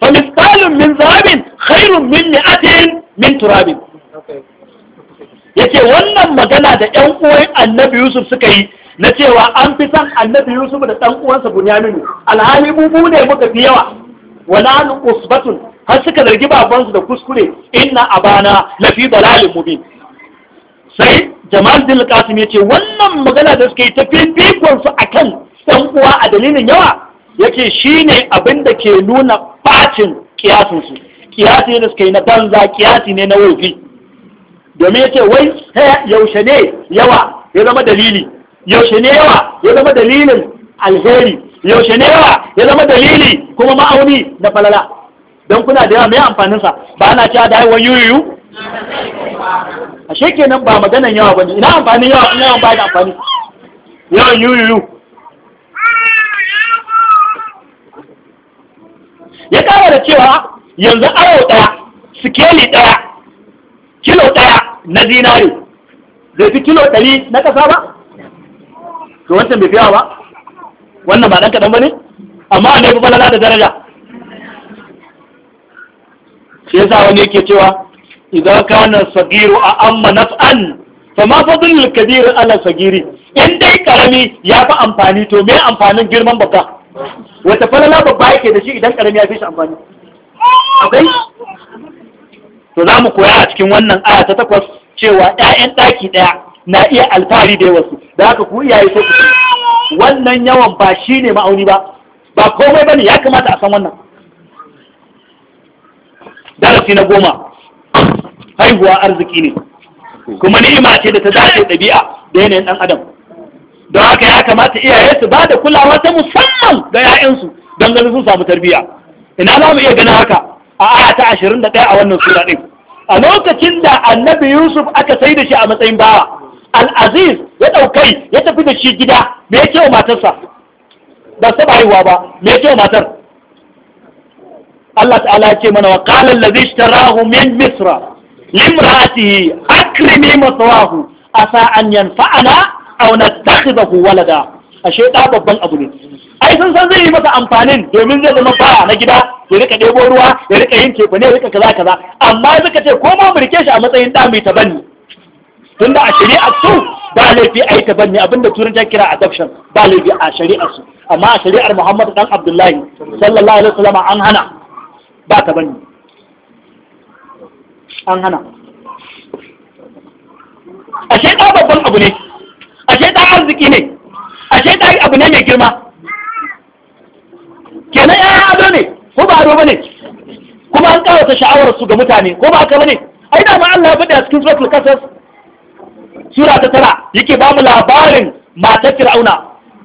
fa mithqalun min dhahabin khairun min mi'atin min turabin yace wannan magana da ƴan uwan annabi Yusuf suka yi na cewa an fi san annabi yusuf da ɗan uwansa bunyaminu alhali bubu ne muka fi yawa wala usbatun har suka zargi babansu da kuskure inna abana fi dalalin mubin sai jamal bin qasim yace wannan magana da suka yi ta fifikon su akan ɗan uwa a dalilin yawa yake shine abin da ke nuna bacin kiyasin su kiyasi ne da suka yi na banza kiyasi ne na wofi domin yace wai yaushe ne yawa ya zama dalili yaushe ne yawa ya zama dalilin alheri yaushe ne yawa ya zama dalili kuma ma'auni na falala don kuna da yawa mai amfaninsa ba ana cewa da haihuwar yuyu a shekenan ba maganan yawa ba ne, ina amfanin yawa ina yawan bayan amfani yawan yuyu ya kara da cewa yanzu awo ɗaya sikeli ɗaya kilo ɗaya na zinari zai fi kilo ɗari na ƙasa ba to wancan bai fiyawa ba wannan ba dan kadan bane amma wanda yafi falala da daraja shi yasa wani yake cewa idan kana sagiru a amma naf'an fa fadlul kabir ala sagiri in dai karami ya fi amfani to me amfanin girman babba wata falala babba yake da shi idan karami ya fi shi amfani akwai to za mu koya a cikin wannan aya ta takwas cewa 'ya'yan ɗaki ɗaya na iya alfahari da wasu. da haka ku iyaye ko wannan yawan ba shi ne ma'auni ba ba komai ba ne ya kamata a san wannan darasi na goma haihuwa arziki ne kuma ni'ima ce da ta dace ɗabi'a da yanayin ɗan adam don haka ya kamata iyaye su ba da kulawa ta musamman ga 'ya'yansu don ganin sun samu tarbiyya ina za mu iya ganin haka a aya ta ashirin da ɗaya a wannan sura ɗin a lokacin da annabi yusuf aka sai da shi a matsayin bawa al'aziz ya ɗaukai ya tafi da shi gida me ya ce wa matarsa ba taɓa haihuwa ba me ya ce wa matar Allah ta'ala ya ce mana wa qala ta rahu min misra limra'atihi akrimi mathwahu asa an yanfa'ana aw nattakhidahu walada ashe ɗa babban abu ne ai sun san zai yi masa amfanin domin zai zama ba na gida ya rika ɗebo ruwa ya rika yin tefa ne ya rika kaza kaza amma suka ce ko ma mu rike shi a matsayin ɗa mai tabanni tun da a shari'ar su ba laifi a yi tabanni abinda turanci kira adoption ba laifi a shari'ar su amma a shari'ar muhammadu dan abdullahi sallallahu alaihi wasallam an hana ba tabanni an hana a shaita babban abu ne A shaita arziki ne A ɗa abu ne mai girma kenan ya ado ne ko ba ado ba ne kuma an ƙawata sha'awar su ga mutane ko ba haka ba ne ai da ma Allah ya bada a cikin suratul kasas sura ta tara yake ba mu labarin matar fir'auna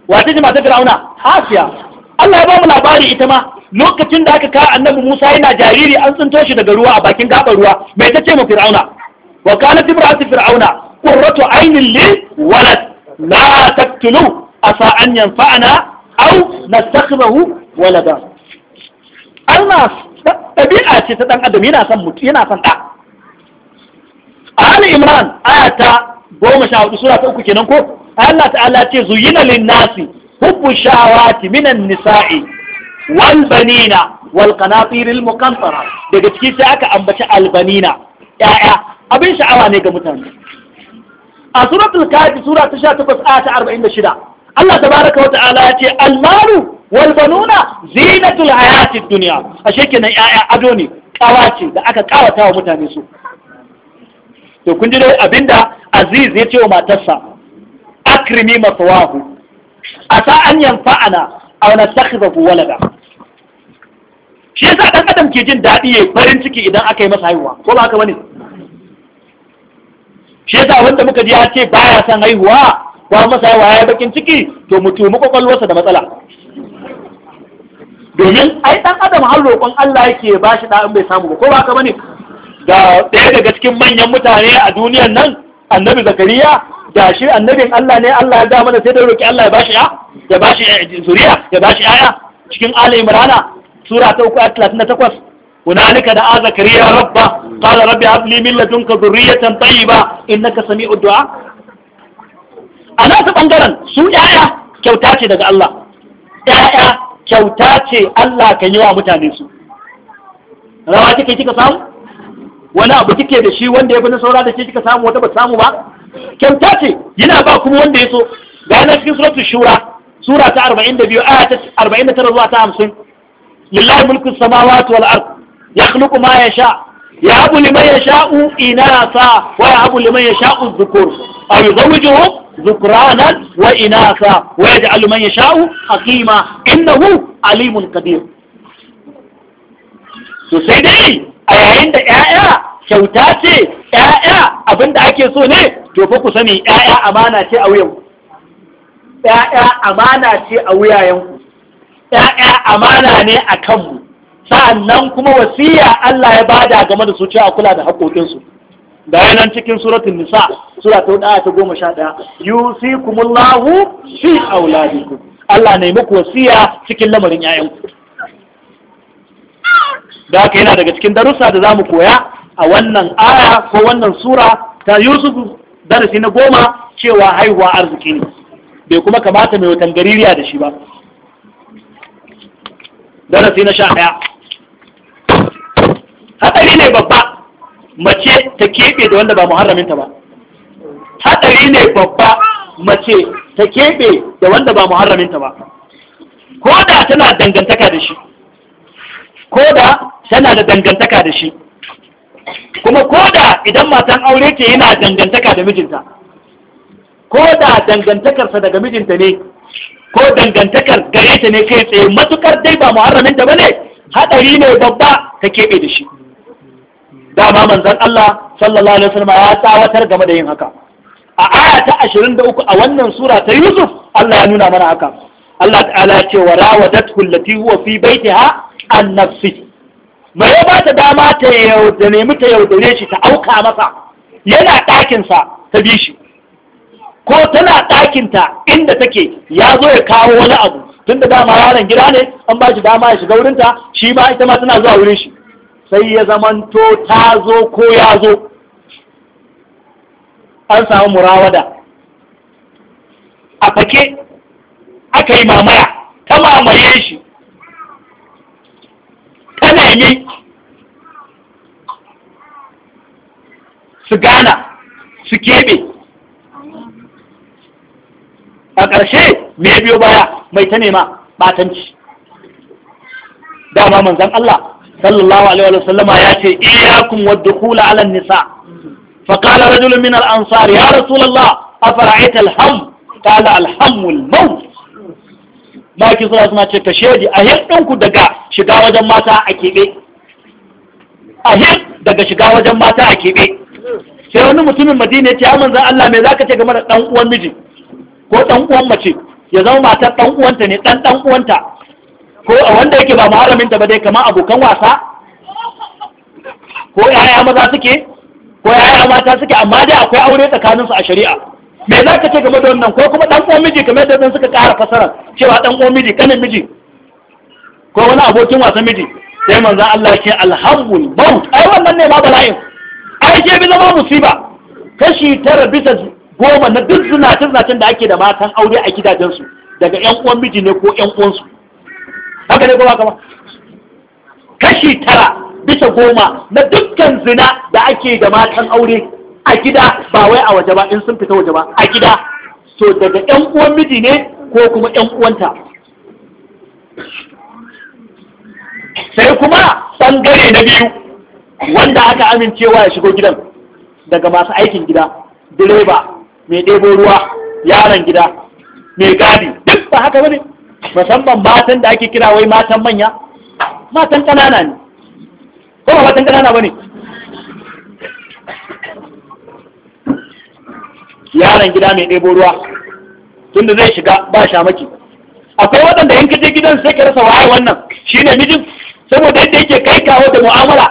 wata ce matar fir'auna hasiya Allah ya ba mu labari ita ma lokacin da aka ka annabi Musa yana jariri an tsinto shi daga ruwa a bakin gabar ruwa mai ta ce mu fir'auna wa kanat imra'atu fir'auna qurratu aynin li walad la taqtulu asa an yanfa'ana aw nastakhdahu walada Allah ɗabi'a ce ta ɗan adam yana son mutu yana son ɗa Ali Imran aya ta goma sha hudu sura ta uku kenan ko Allah ta'ala ce zuyina linnasi hubbu shawati minan nisa'i wal banina wal qanatiril muqantara daga ciki sai aka ambaci albanina ya'ya abin sha'awa ne ga mutane a suratul kafi sura ta 18 aya ta 46 Allah tabaraka wa ta'ala ya ce almaru wal banuna zinatul hayatid dunya ashe kenan ya'ya ado ne kawace da aka kawata wa mutane su to kun ji dai abinda aziz ya ce wa matarsa akrimi masawahu a sa an fa'ana, a wani sakhizahu walada shi yasa dan adam ke jin daɗi ya farin ciki idan aka yi masa haihuwa ko ba haka bane shi yasa wanda muka ji ya ce baya son haihuwa ba masa haihuwa ya bakin ciki to mu tumi kwakwalwarsa da matsala domin ai dan adam har roƙon Allah yake ba shi da bai samu ba ko ba haka bane ga ɗaya daga cikin manyan mutane a duniyar nan annabi zakariya da shi annabin Allah ne Allah ya da mana sai da roki Allah ya bashi ya ya bashi zuriya ya bashi yaya cikin Ali Imrana sura ta 338 hunalika da zakariya rabba qala rabbi hab li min ladunka ba, tayyiba innaka sami'ud du'a ana ta bangaren su yaya kyauta ce daga Allah yaya kyauta ce Allah kan yi wa mutane su rawa kike kika samu wani abu kike da shi wanda ya fi na saura da shi kika samu wata ba samu ba kyauta ce yana ba kuma wanda ya so ga yana cikin suratul shura sura ta 42 aya ta 49 zuwa ta 50 lillahi mulku samawati wal ard yakhluqu ma yasha yahabu liman yasha'u inasa wa yahabu liman yasha'u dhukur aw yuzawwijuhum dhukranan wa inasa wa yaj'alu man yasha'u aqima innahu alimun qadir to sai dai a yayin da 'ya'ya kyauta ce 'ya'ya abin da ake so ne to fa ku sani 'ya'ya amana ce a wuyanku ‘ya'ya amana ce a wuyayenku, ‘ya'ya amana ne a kanmu, sa'an nan kuma wasiya Allah ya bada game da su cewa kula da haƙoƙinsu. Da nan cikin suratun nisa, sura ta ɗaya ta goma sha ɗaya, yusi kumullahu fi auladikum. Allah ne muku wasiya cikin lamarin ‘ya'yanku. da haka yana daga cikin darussa da za mu koya a wannan aya ko wannan sura ta Yusuf darasi na goma cewa haihuwa arziki ne bai kuma kamata mai watan gaririya da shi ba darasi na sha ɗaya haɗari ne babba mace ta keɓe da wanda ba muharraminta ba hatsari ne babba mace ta keɓe da wanda ba muharraminta ba ko da tana dangantaka da shi ko da tana da dangantaka da shi kuma koda idan matan aure ke yana dangantaka da mijinta ko da dangantakarsa daga mijinta ne ko dangantakar gare ta ne kai tsaye matukar dai ba muharraminta ba ne haɗari ne babba ta keɓe da shi dama manzon Allah sallallahu alaihi wasallam ya tsawatar game da yin haka a aya ta 23 a wannan sura ta Yusuf Allah ya nuna mana haka Allah ta'ala ce wa rawadathu allati huwa fi baitiha an nafsi Mai ya ba ta dama ta yauda nemi ta yaudare shi ta auka masa yana ɗakinsa ta bi shi ko tana ɗakinta inda take ya zo ya kawo wani abu tun da dama yaron gida ne an ba shi dama ya shiga wurinta shi ma ita ma tana zuwa wurin shi sai ya zamanto ta zo ko ya zo an samu murawada a fake aka yi mamaya ta mamaye shi hana ne su gana su keɓe a ƙarshe mai biyo baya mai ta nema ɓatanci dama manzan Allah sallallahu alaihi wa sallama ya ce iyakum waddukhula ala nisa fa qala rajulun min ansar ya rasulullah afara'aita al-ham qala al-hamu al suna ce ka shedi a hirdinku daga shiga wajen mata a keɓe ahir daga shiga wajen mata a keɓe sai wani mutumin madina ce ya manzan Allah mai zaka ce game da ɗan'uwan uwan miji ko ɗan'uwan uwan mace ya zama matar ɗan'uwanta uwanta ne ɗan ɗan'uwanta? uwanta ko a wanda yake ba maharaminta ba dai kamar abokan wasa ko yaya maza suke ko yaya mata suke amma dai akwai aure tsakaninsu a shari'a me za ka ce game da wannan ko kuma ɗan'uwan uwan miji kamar yadda suka ƙara fasara cewa ɗan'uwan uwan miji kanin miji ko wani abokin wasan miji sai manzan Allah ke alhabbul baut ai wannan ne ma bala'in ai ke bi zama musiba kashi tara bisa goma na duk zinace da ake da matan aure a gidajensu daga yan uwan miji ne ko yan su haka ne kama kashi tara bisa goma na dukkan zina da ake da matan aure a gida ba wai a waje ba in sun fita waje ba a gida So daga yan uwan miji ne ko kuma yan uwanta sai kuma bangare na biyu wanda aka amincewa ya shigo gidan daga masu aikin gida direba mai ɗebo ruwa yaron gida mai gadi duk ba haka bane musamman matan da ake kira wai matan manya matan ƙanana ne ko ba matan ƙanana bane yaron gida mai ɗebo ruwa tunda zai shiga ba shamaki akwai waɗanda in kaje gidan sai ka rasa waye wannan shine mijin saboda yadda yake kai kawo da mu'amala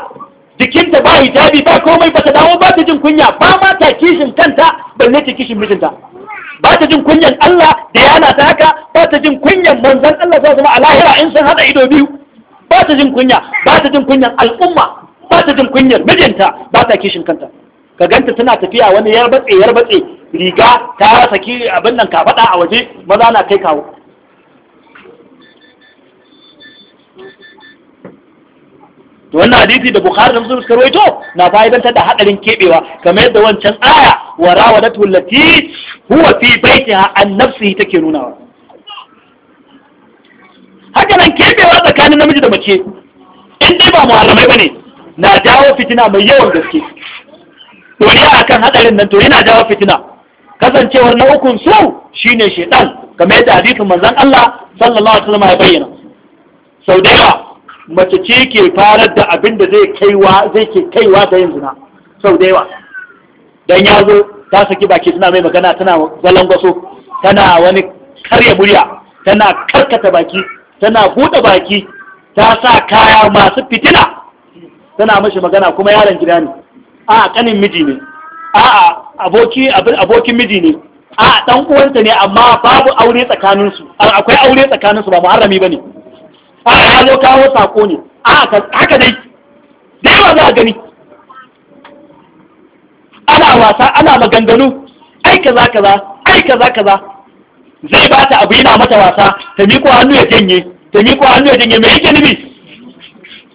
jikinta ba hijabi ba komai ba ta dawo ba ta jin kunya ba ma ta kishin kanta balle ta kishin mijinta ba ta jin kunyan Allah da yana ta haka ba ta jin kunyan manzon Allah sai kuma alahira in sun hada ido biyu ba ta jin kunya ba ta jin kunyan al'umma ba ta jin kunyan mijinta ba ta kishin kanta ka ganta tana tafiya wani yarbatse yarbatse riga ta saki abin nan ka faɗa a waje maza na kai kawo Da wannan hadisi da bukhari da muslim suka rawaito na fa'idantar da hadarin kebewa kamar yadda wancan aya wa rawadatu allati huwa fi baitiha an nafsihi take nunawa haka nan kebewa tsakanin namiji da mace in dai ba muharramai bane na jawo fitina mai yawan gaske doriya akan hadarin nan to yana jawo fitina kasancewar na ukun su shine shedan kamar yadda hadisin manzon Allah sallallahu alaihi wasallam ya bayyana sau da yawa mace ce ke farar da abin da zai kaiwa zai ke kaiwa da yin zina sau da yawa dan ya zo ta saki baki suna mai magana tana gwalangwaso tana wani karya murya tana karkata baki tana buɗe baki ta sa kaya masu fitina tana mashi magana kuma yaron gida ne a kanin miji ne a abokin miji ne a dan uwanta ne amma babu aure tsakaninsu akwai aure tsakaninsu ba muharrami ne. a halo kawo sako ne a haka dai da yawa za a gani ana wasa ana maganganu ai kaza kaza ai kaza kaza zai ba ta abu yana mata wasa ta miko hannu ya janye ta miko hannu ya janye mai yake nufi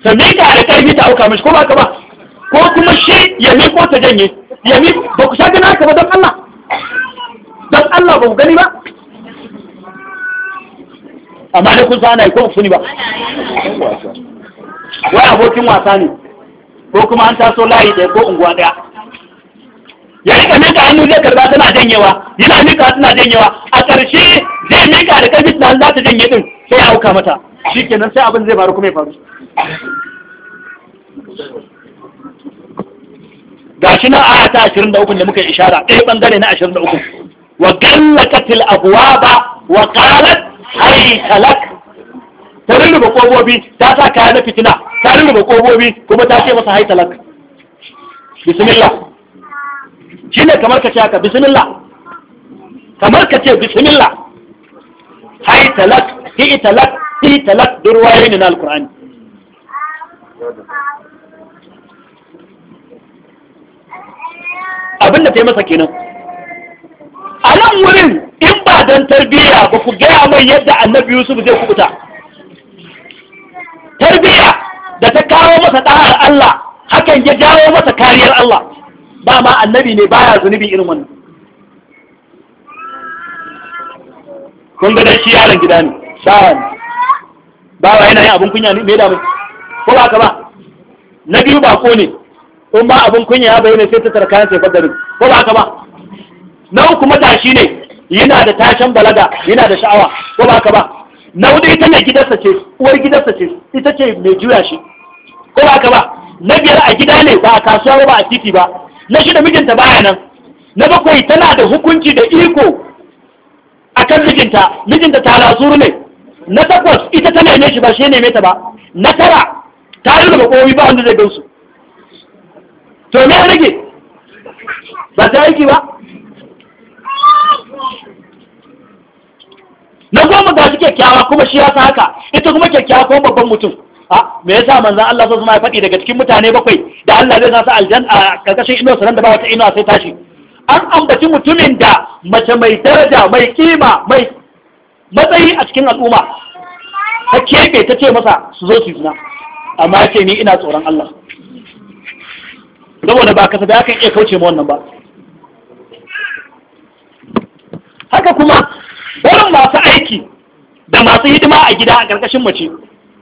ta mika da karfi ta auka mishi ko ba ka ba ko kuma shi ya miko ta janye ya miko ba ku sha gani haka ba don Allah don Allah ba ku gani ba amma da kusa ana yi ko suni ba wai abokin wasa ne ko kuma an taso layi da ko unguwa daya. ya rika nika hannu zai karba tana janyewa yana nika tana janyewa a ƙarshe zai nika da ƙarfi suna za ta janye ɗin sai ya hauka mata shi kenan sai abin zai faru kuma ya faru ga shi nan aya ta ashirin da ukun da muka ishara ɗaya ɓangare na ashirin da ukun wa gallakatil abuwa ba wa ƙalat ai talak ta rinruba kobobi ta sa kaya na fitina ta rinruba kobobi kuma ta ce masa hai talak bismillah shi ne kamar ka ce haka bismillah kamar ka ce bismillah hai talak hi talak hi talak durwaye ne na alkur'ani abin da ta yi masa kenan a nan wurin in ba don tarbiyya ba ku gaya mai yadda annabi yusuf zai kubuta tarbiyya da ta kawo masa ɗa'ar Allah hakan ya jawo masa kariyar Allah ba ma annabi ne ba ya zunubi irin wannan kun ga shi yaron gida ne sa'an ba wa yana yin abin kunya ne me da ko ba ka ba na biyu ba ko ne kun ba abin kunya ya bayyana sai ta tarkayan sai fadarin ko ba ka ba na uku matashi ne yana da tashin balaga yana da sha'awa ko ba ka ba na hudu ita ne gidansa ce uwar gidansa ce ita ce mai juya shi ko ba ka ba na biyar a gida ne ba a kasuwa ba a titi ba na shida mijinta baya nan na bakwai tana da hukunci da iko akan mijinta mijinta ta lazuru ne na takwas ita ta neme shi ba shi neme ta ba na tara ta yi da kowi ba wanda zai gansu to me rage ba ta aiki ba na goma ga shi kyakkyawa kuma shi ya sa haka ita kuma kyakkyawa kuma babban mutum a me yasa manzan Allah sallallahu alaihi faɗi daga cikin mutane bakwai da Allah zai sa aljanna a karkashin ino sanan da ba wata inuwa sai tashi an ambaci mutumin da mace mai daraja mai kima mai matsayi a cikin al'umma ta keɓe ta ce masa su zo su zina. amma yake ni ina tsoron Allah saboda ba kasa da akan iya kauce ma wannan ba haka kuma wurin masu aiki da masu hidima a gida a ƙarƙashin mace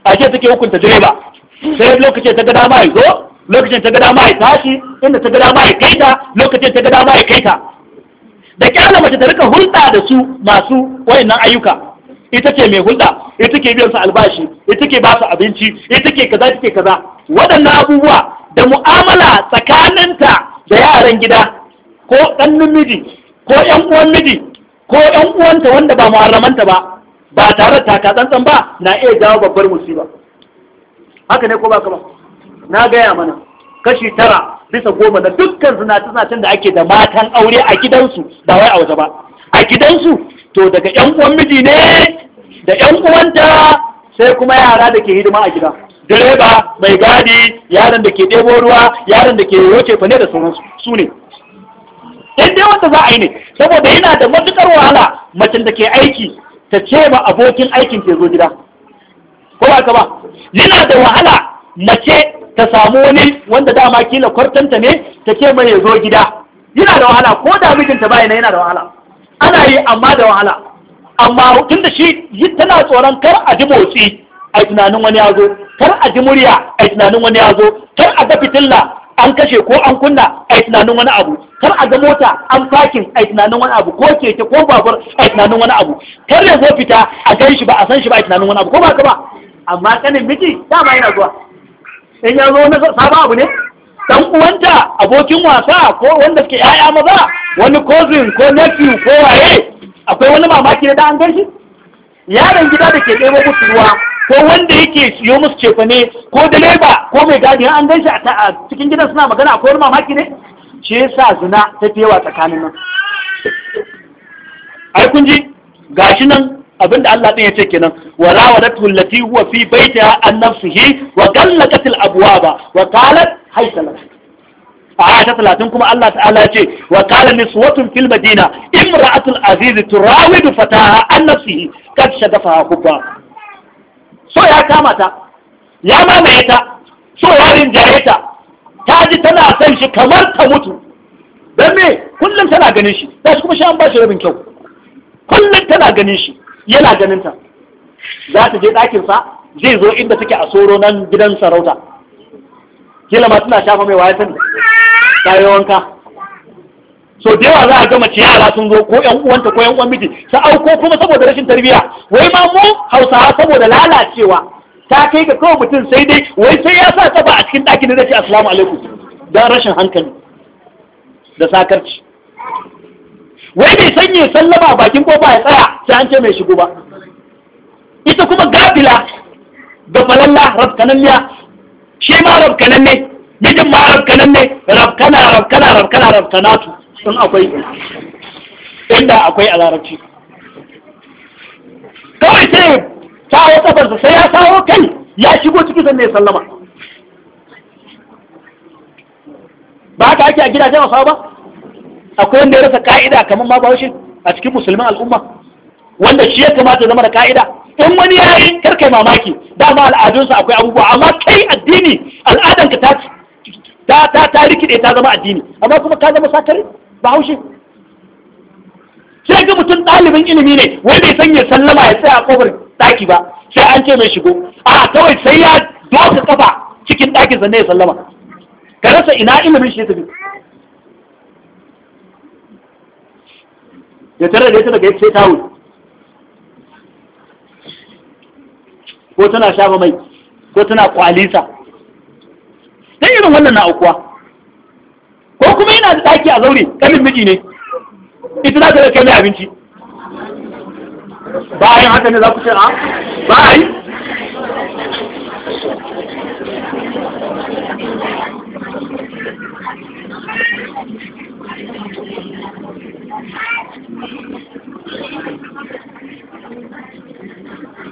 a ce take hukunta direba sai lokacin ta gada dama zo lokacin ta gada dama tashi inda ta gada dama lokacin ta gada dama da kyala mace ta rika hulɗa da su masu wayannan ayyuka ita ce mai hulɗa ita ke biyan su albashi ita ke ba su abinci ita ke kaza ita ke kaza waɗannan abubuwa da mu'amala tsakaninta da yaran gida ko ɗan miji ko ƴan uwan miji ko ɗan uwanta wanda ba muharramanta ba ba tare da tsantsan ba na iya jawo babbar musiba haka ne ko ba ba na gaya mana kashi tara bisa goma da dukkan zinace-zinacen da ake da matan aure a gidansu ba wai a waje ba a gidansu to daga ƴan uwan miji ne da ƴan uwanta sai kuma yara da ke hidima a gida direba mai gadi yaran da ke ɗebo ruwa yaran da ke wuce fane da sauransu su ne daidai wanda za a yi ne saboda yana da matukar wahala mace da ke aiki ta ce ba abokin aikin ke zo gida ko ba ka ba yana da wahala mace ta samu wani wanda dama kila kwartanta ne ta ce mai ya zo gida yana da wahala ko da mijinta bai yana da wahala ana yi amma da wahala amma tun da shi tana tsoron kar a ji motsi a tunanin wani ya zo kar a ji murya a tunanin wani ya zo kar a ga fitilla an kashe ko an kunna a tunanin wani abu kar a ga mota an fakin a tunanin wani abu ko keke ko babur a tunanin wani abu kar ya zo fita a gan shi ba a san shi ba a tunanin wani abu ko ba ka ba amma kanin miji dama yana zuwa in ya zo na sabon abu ne dan uwanta abokin wasa ko wanda suke yaya maza wani cousin ko nephew ko waye akwai wani mamaki ne da an ganshi? yaron gida da ke ɗebo musu ruwa ko wanda yake siyo musu cefane ne ko direba ko mai gadi an gan shi a cikin gidan suna magana akwai wani mamaki ne shi yasa zina ta fi yawa tsakanin nan ai kun ji gashi nan abinda Allah ya ce kenan wala walatu allati huwa fi baitiha an nafsihi wa ghallaqat al abwaba wa qalat haytala A ta 30 kuma Allah ta'ala ce wa qala niswatun fil madina imra'atul aziz turawidu fataha an nafsihi kad shadafaha hubba so ya kamata ya mamaye ta so ya rinjaye ta ta ji tana san shi kamar ta mutu don me kullum tana ganin shi ta kuma shi an ba shi rabin kyau kullum tana ganin shi yana ganin ta za ta je ɗakinsa zai zo inda take a soro nan gidan sarauta kila ma tana shafa mai wayatan ta yi wanka so da yawa za a gama ci yara sun zo ko yan uwanta ko yan uwan miji sa'au ko kuma saboda rashin tarbiyya wai ma mu hausawa saboda lalacewa ta kai ga kawai mutum sai dai wai sai ya sa saba a cikin ɗakin da ce asalamu alaikum don rashin hankali da sakarci wai bai sanya sallama bakin kofa ya tsaya sai an ce mai shigo ba ita kuma gafila da falalla rafkananniya shi ma rafkananne mijin ma rafkananne rafkana rafkana rafkana rafkanatu sun akwai inda akwai a larabci kawai sai kawo kafarsa sai ya kawo kai ya shigo ciki sannan ya sallama ba haka ake a gidajen hausawa ba akwai wanda ya rasa ka'ida kamar ma bahaushe a cikin musulman al'umma wanda shi ya kamata zama da ka'ida in wani ya yi karkai mamaki dama al'adunsa akwai abubuwa amma kai addini al'adanka ta ta ta rikide ta zama addini amma kuma ka zama sakari bahaushe sai ga mutum ɗalibin ilimi ne wai bai san ya sallama ya tsaya a kofar ɗaki ba sai an ce mai shigo a kawai sai ya dosa kafa cikin ɗakin sannan ya sallama ka rasa ina ilimin shi tafi ya tare da ita daga yadda ta wuce ko tana shafa mai ko tana kwalisa dan irin wannan na aukuwa ko kuma yana da ɗaki a zaure ƙalin miji ne ita za ta kai mai abinci ba a yi haka ne za ku ce a ah, ba a yi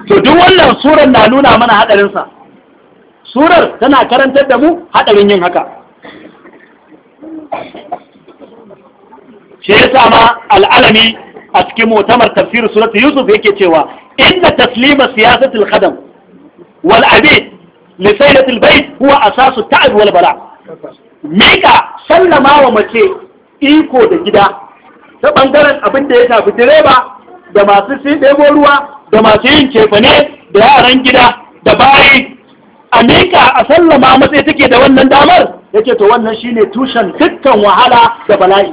to duk wannan surar na nuna mana haɗarinsa surar tana karantar da mu haɗarin yin haka shi yasa ma al'alami a cikin mutamar tafsir surat yusuf yake cewa inna taslima siyasat al-khadam wal abid li sayyidat kuwa bayt huwa asas at wal bala mika sallama wa mace iko da gida ta bangaren abin da ya shafi direba da masu sai ruwa da masu yin cefane da yaran gida da bayi a mika a sallama matsayi take da wannan damar yake to wannan shine tushen dukkan wahala da bala'i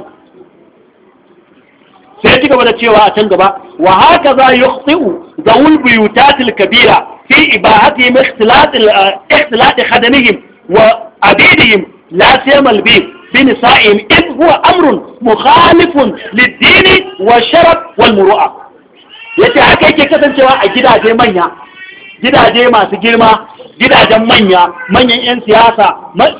sai ci gaba da cewa a can gaba wa haka za yukhti'u zawul buyutatil kabira fi ibahatihim ikhtilat eh, khadanihim wa abidihim la siyama albayt fi nisa'ihim in huwa amrun mukhalifun lid-din wa sharaf wal muru'a yace haka yake kasancewa a gidaje manya gidaje masu girma gidajen manya manyan 'yan siyasa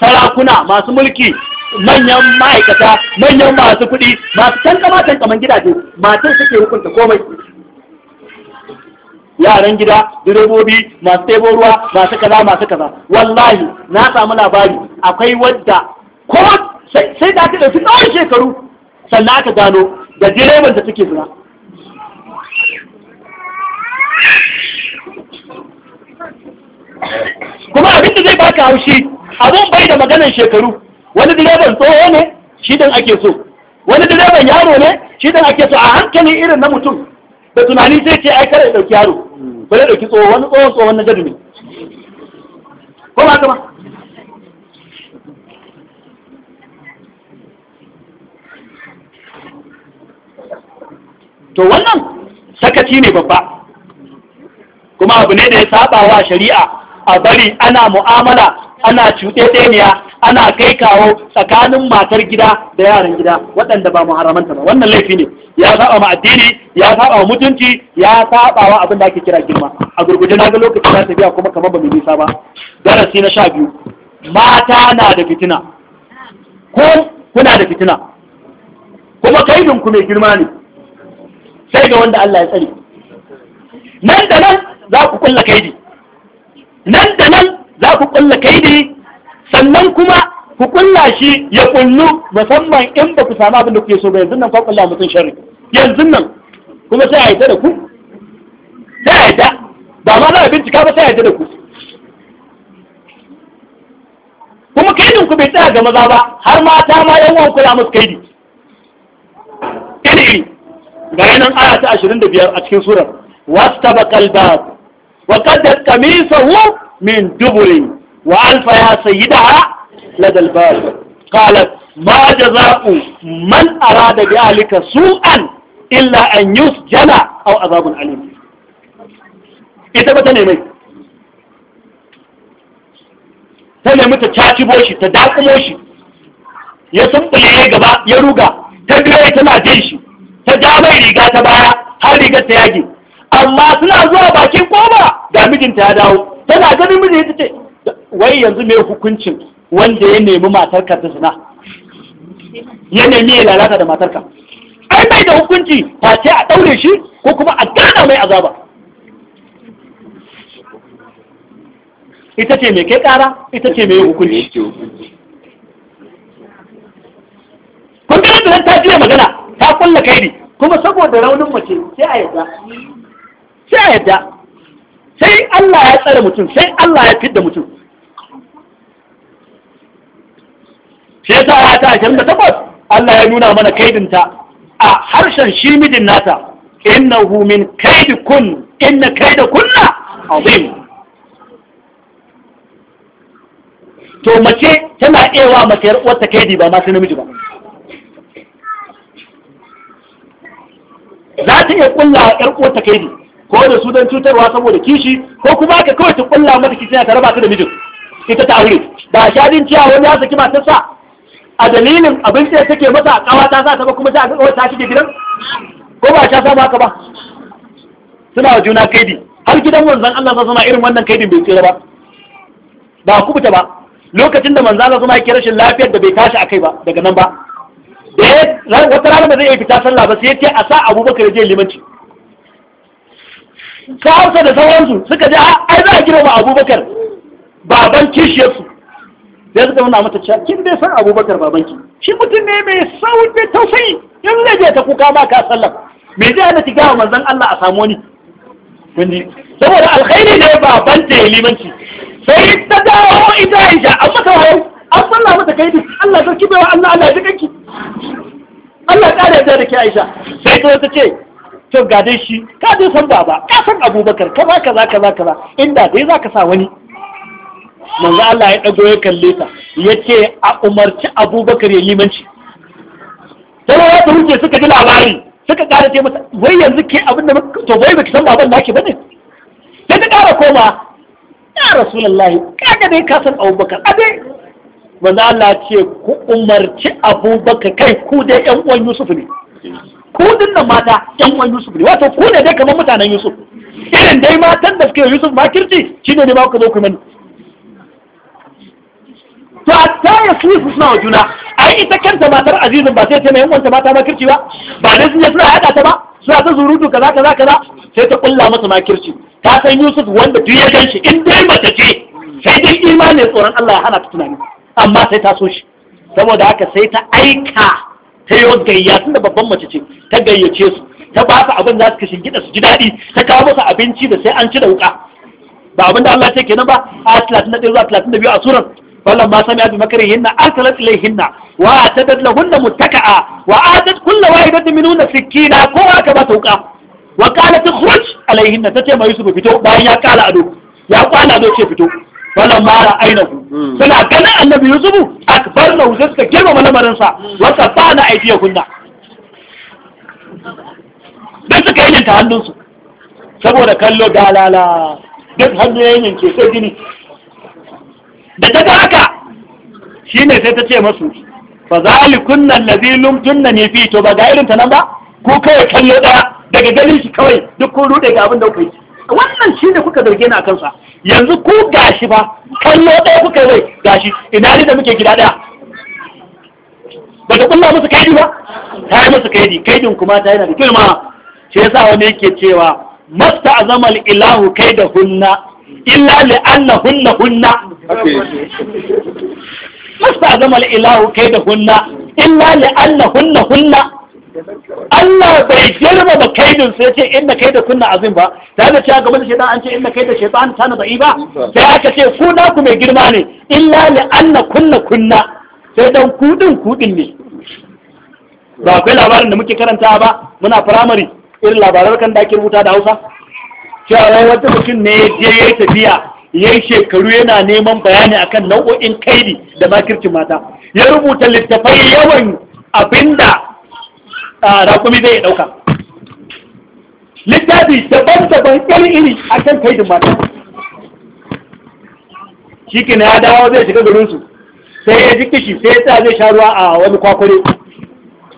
sarakuna masu mulki manyan ma'aikata manyan masu kuɗi masu tankama tankaman gidaje matar suke hukunta komai yaran gida direbobi masu tebo ruwa masu kaza masu kaza wallahi na samu labari akwai wadda ko sai ta da su tsawon shekaru sannan aka gano da direban da suke zina kuma abin da zai baka haushi abin bai da maganar shekaru wani direban tsoho ne shi din ake so wani direban yaro ne shi din ake so a hankali irin na mutum da tunani sai ce ai kare dauki yaro bare dauki tsoho wani tsohon tsohon na gadu ne ko ba kama to wannan sakaci ne babba kuma abu ne da ya saba wa shari'a a bari ana mu'amala ana ɗaya ana kai kawo tsakanin matar gida da yaran gida waɗanda ba muharramanta ba wannan laifi ne ya saba ma addini ya saba mutunci ya saba wa abin da ake kira girma a gurguje na ga lokacin na tafiya kuma kamar ba mu nisa ba darasi na sha biyu mata na da fitina ko kuna da fitina kuma kaidin ku mai girma ne sai ga wanda Allah ya tsare nan da nan za ku kulla kaidi nan da nan za ku kulla kaidi sannan kuma ku kulla shi ya kullu musamman in ba ku samu abin da kuke so ba yanzu nan ku kulla mutum sharri yanzu nan kuma sai a yi da ku sai a yi ta ba ma za a bincika ba sai a yi da ku kuma kaidin ku bai tsaya ga maza ba har mata ma yan uwan kula musu kaidi kaidi ga yanan aya ta 25 a cikin surar wasu tabakal bab wa qaddat qamisahu من دبر وألفها سيدها لدى الباب قالت ما جزاء من أراد بأهلك سوءا إلا أن يسجن أو عذاب أليم ita ba ta nemi ta nemi ta cacibo shi ta dakumo shi ya sumbule ya gaba ya ruga ta gare tana jin shi ta ja mai riga ta baya har rigar ta yage amma suna zuwa bakin koma ga mijinta ya dawo tana ganin miji ita ce wai yanzu mai hukuncin wanda ya nemi matarka ta zina ya nemi ya lalata da matarka ai mai da hukunci ba ce a daure shi ko kuma a gana mai azaba ita ce mai kai kara ita ce mai hukunci kun gana da ta jiya magana ta kulla ne kuma saboda raunin mace sai a yadda sai a yadda sai Allah ya tsare mutum sai Allah ya fidda mutum shi yasa ya ta 28 Allah ya nuna mana kaidinta a harshen shi midin nata innahu min kaidi kaidikun inna kaidakunna azim to mace tana ewa mace wata kaidi ba ma ta namiji ba za ta iya kulla yar uwarta kaidi ko da su don cutarwa saboda kishi ko kuma ka kawai ta kulla mata kishi ta raba ta da mijin ita ta aure ba shadin ciya wani ya saki sa, a dalilin abin da take masa a kawa ta sa ta ba kuma ta ga ta shige gidan ko ba sha samu haka ba suna wa juna kaidi har gidan manzon Allah sa zama irin wannan kaidin bai tsira ba ba kubuta ba lokacin da manzon Allah suna yake rashin lafiyar da bai tashi akai ba daga nan ba da wata rana ba zai iya fita sallah ba sai ya ce a sa Abubakar ya je limanci sa'arsa da sauransu suka ji ah, ai za a gina ba abubakar baban kishiyarsu ya suka nuna mata cewa kin dai san abubakar babanki shi mutum ne mai sauƙi tausayi in zai ta kuka ba ka sallam me zai ana ki gawa manzon Allah a samu wani kundi saboda alkhairi ne baban da limanci sai ta dawo ita Aisha an mata wayo an sallah mata kai da Allah sarki bai wa Allah Allah ya dukanki Allah ya kare da ke Aisha sai ta ce to shi ka je san baba ka san abubakar kaza kaza kaza kaza inda dai za ka sa wani manzo Allah ya dago ya kalle ta yace a umarci abubakar ya limanci sai ya ta wuce suka ji labari suka ƙara ce masa, wai yanzu ke abin da to bai baki san baban naki bane sai ta ƙara koma ya rasulullahi kaga dai ka san abubakar dai manzo Allah ce ku umarci abubakar kai ku dai yan uwan Yusuf ne kudin nan mata ƴan uwan Yusuf ne wato ku ne dai kamar mutanen Yusuf irin dai matan da suke Yusuf kirci shine ne ba ku zo ku mani to a ya su su suna wa juna ai ita kanta matar azizin ba sai ta mai wanta mata kirci ba ba dai sun je suna yada ta ba suna ta zurutu kaza kaza kaza sai ta kulla masa makirci ta san Yusuf wanda duk ya ganshi in dai mata ce sai dai imanin tsoron Allah ya hana ta tunani amma sai ta so shi saboda haka sai ta aika ta yi gayya tun da babban mace ce ta gayyace su ta ba su abin za su kashin gida su ji daɗi ta kawo musu abinci da sai an ci da wuka ba abin da Allah ce kenan ba a 31 zuwa 32 a surar falan ma sami abin makarin hinna arsalat ilaihinna wa atadat lahunna muttaka'a wa atat kullu wahidatin minhunna sikina ko aka ba ta wuka wa qalat khuruj alaihinna tace ma yusuf fito bayan ya kala ado ya kwana ado ce fito Wannan mara su suna ganin annabi yusufu akbar na wuce suka girmama lamarinsa wata ba na aidiya kunna don suka yi ta hannunsu saboda kallo dalala duk hannu ya yanke sai gini da ta ga haka shi ne sai ta ce masu ba fa zalikun nan lazi lumtun nan ya fi to ba ga irin ta nan ba ko kawai kallo ɗaya daga ganin shi kawai duk kun rude ga abin da kuka yi wannan shi ne kuka zarge ni a kansa yanzu ku gashi ba kallo ɗaya kuka zai gashi ina ne da muke gida ɗaya ba kulla musu kaidi ba ta yi musu kaidi kaidin kuma ta yana da girma shi yasa wani yake cewa masta azamal ilahu kai da hunna illa li anna hunna hunna masta azamal ilahu kai da hunna illa li anna hunna hunna Allah bai girmama kaidin sai ce inna kaida kunna azim ba da ya cewa gaban shaytan an ce inna kaida shaytan tana da iba sai aka ce ku na ku mai girma ne illa li anna kunna kunna sai dan kudin kudin ne ba akwai labarin da muke karanta ba muna firamare irin labaran kan da ake rubuta da Hausa cewa wai wata mutum ne je ya tafiya yayi shekaru yana neman bayani akan nau'o'in kaidi da makircin mata ya rubuta littafai yawan abinda a rakumi zai ɗauka littafi daban-daban irin iri a kan kaidin mata shi ke ya dawo zai shiga garinsu sai ya ji kishi sai ya zai sha ruwa a wani kwakwale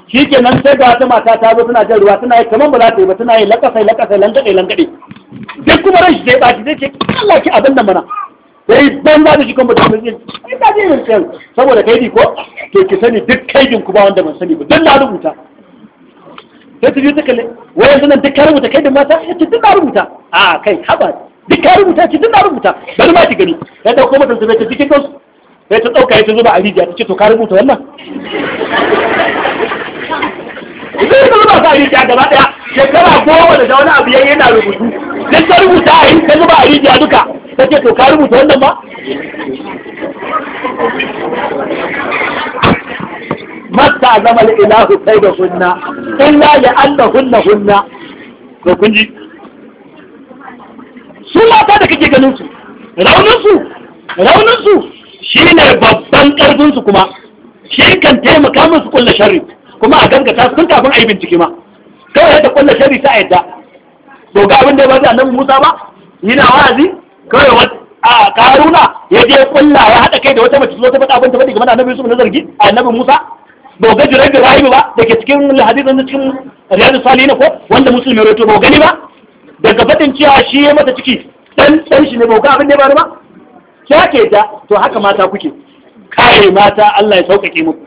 shi ke nan sai ga wata mata ta zo suna jan ruwa suna yi kamar ba za ta yi ba suna yi lakasai lakasai langaɗe langaɗe duk kuma ran shi zai ɓaci zai ce Allah ki abin da mana sai ban za da shi kuma da mun yi sai ta je yin saboda kai ko to ki sani duk kai ku ba wanda ban sani ba don na rubuta sai ta biyu ta kalle wai yanzu duk ka rubuta kai da mata ya ce duk na rubuta a kai haba duk ka rubuta ce duk na rubuta bari ma ki gani ya dauko mata zube ta cikin kansu sai ta dauka ya ta zuba a rijiya ta ce to ka rubuta wannan zai ta zuba a rijiya gaba daya shekara goma da wani abu yayi yana rubutu duk ta rubuta a yi ta zuba a rijiya duka ta ce to ka rubuta wannan ba mata zama ilahu kai da hunna la ya anna hunna hunna ko kun ji su mata da kake ganin su raunin su raunin su shine babban karfin su kuma shi kan taimaka musu kullu sharri kuma a ta sun kafin ayi bincike ma kawai yadda kullu sharri ta yadda to ga abin da ba zai annabi Musa ba yana wazi kawai wata a karuna ya je kulla ya haɗa kai da wata mace zo ta faɗa abin ta faɗi game da annabi Yusuf na zargi annabi Musa ba ga jirai da rayu ba da ke cikin hadisin da cikin riyadu na ko wanda musulmi ya roto ba gani ba daga fadin cewa shi ya mata ciki dan dan shi ne ba ga abin da ya faru ba Ki ke da to haka mata kuke kare mata Allah ya sauƙaƙe muku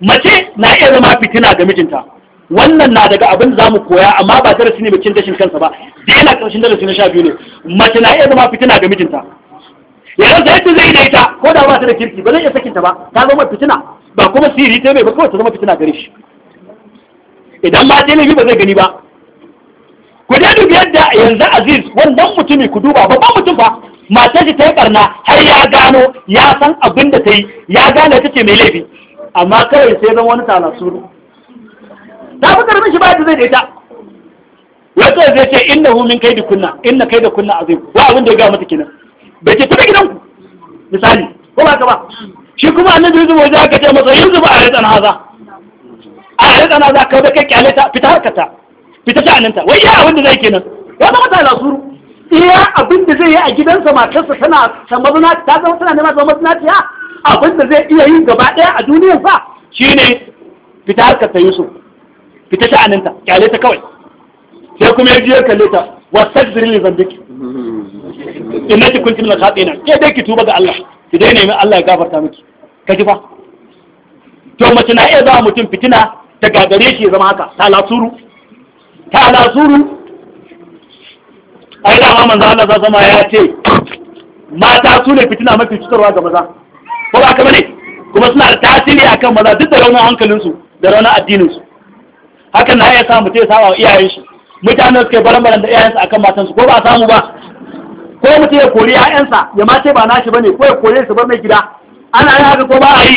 mace na iya zama fitina ga mijinta wannan na daga abin da za mu koya amma ba darasi ne mai cin dashin kansa ba da yana ƙarshen darasi na sha biyu ne mace na iya zama fitina ga mijinta ya rasa yadda zai daita ko da ba ta da kirki ba zai iya sakinta ba ta zama fitina ba kuma siri ta mai ba kawai ta zama fitina gare shi idan ba ta laifi ba zai gani ba ku da dubi yadda yanzu aziz wannan mutumi ku duba ba ba mutum ba matar shi ta yi barna har ya gano ya san abin da ta yi ya gane ta ce mai laifi amma kawai sai zan wani tana suru ta fi karfin shi ba ta zai daita wata zai ce inna hu min kai da kunna inna kai da kunna azim wa abin da ya gama mata kenan bai ke tafi gidanku misali ko ba ka ba shi kuma annabi yusuf waje aka ce masa yanzu ba a yi tsana za a yi tsana za ka da kai kyale ta fita harkata fita sha'aninta wai iya abin da zai kenan ya zama ta lasuru iya abin da zai yi a gidansa matarsa tana ta mazuna ta zama tana neman zama mazuna ta abin da zai iya yi gaba ɗaya a duniyar sa shine fita harkar ta Yusuf fita sha'aninta kyale ta kawai sai kuma ya ji ya kalle ta wasajjir li zambiki innaki kunti min al-khatina ke dai ki tuba ga Allah ki dai nemi Allah ya gafarta miki ka ji fa to mace na iya zama mutum fitina ta gagare shi zama haka ta lasuru ta lasuru ai da ma manzo Allah zama ya ce mata su ne fitina mafi cutarwa ga maza ko ba kama ne? kuma suna da tasiri akan maza duk da raunin hankalinsu da raunin addininsu hakan na iya sa mutum ya saba iyayen shi mutanen suke baran baran da iyayensu akan matansu ko ba a samu ba ko mutum ya kori 'ya'yansa, ya ma ce ba nashi ne. ko ya kore su ba mai gida ana yi haka ko ba a yi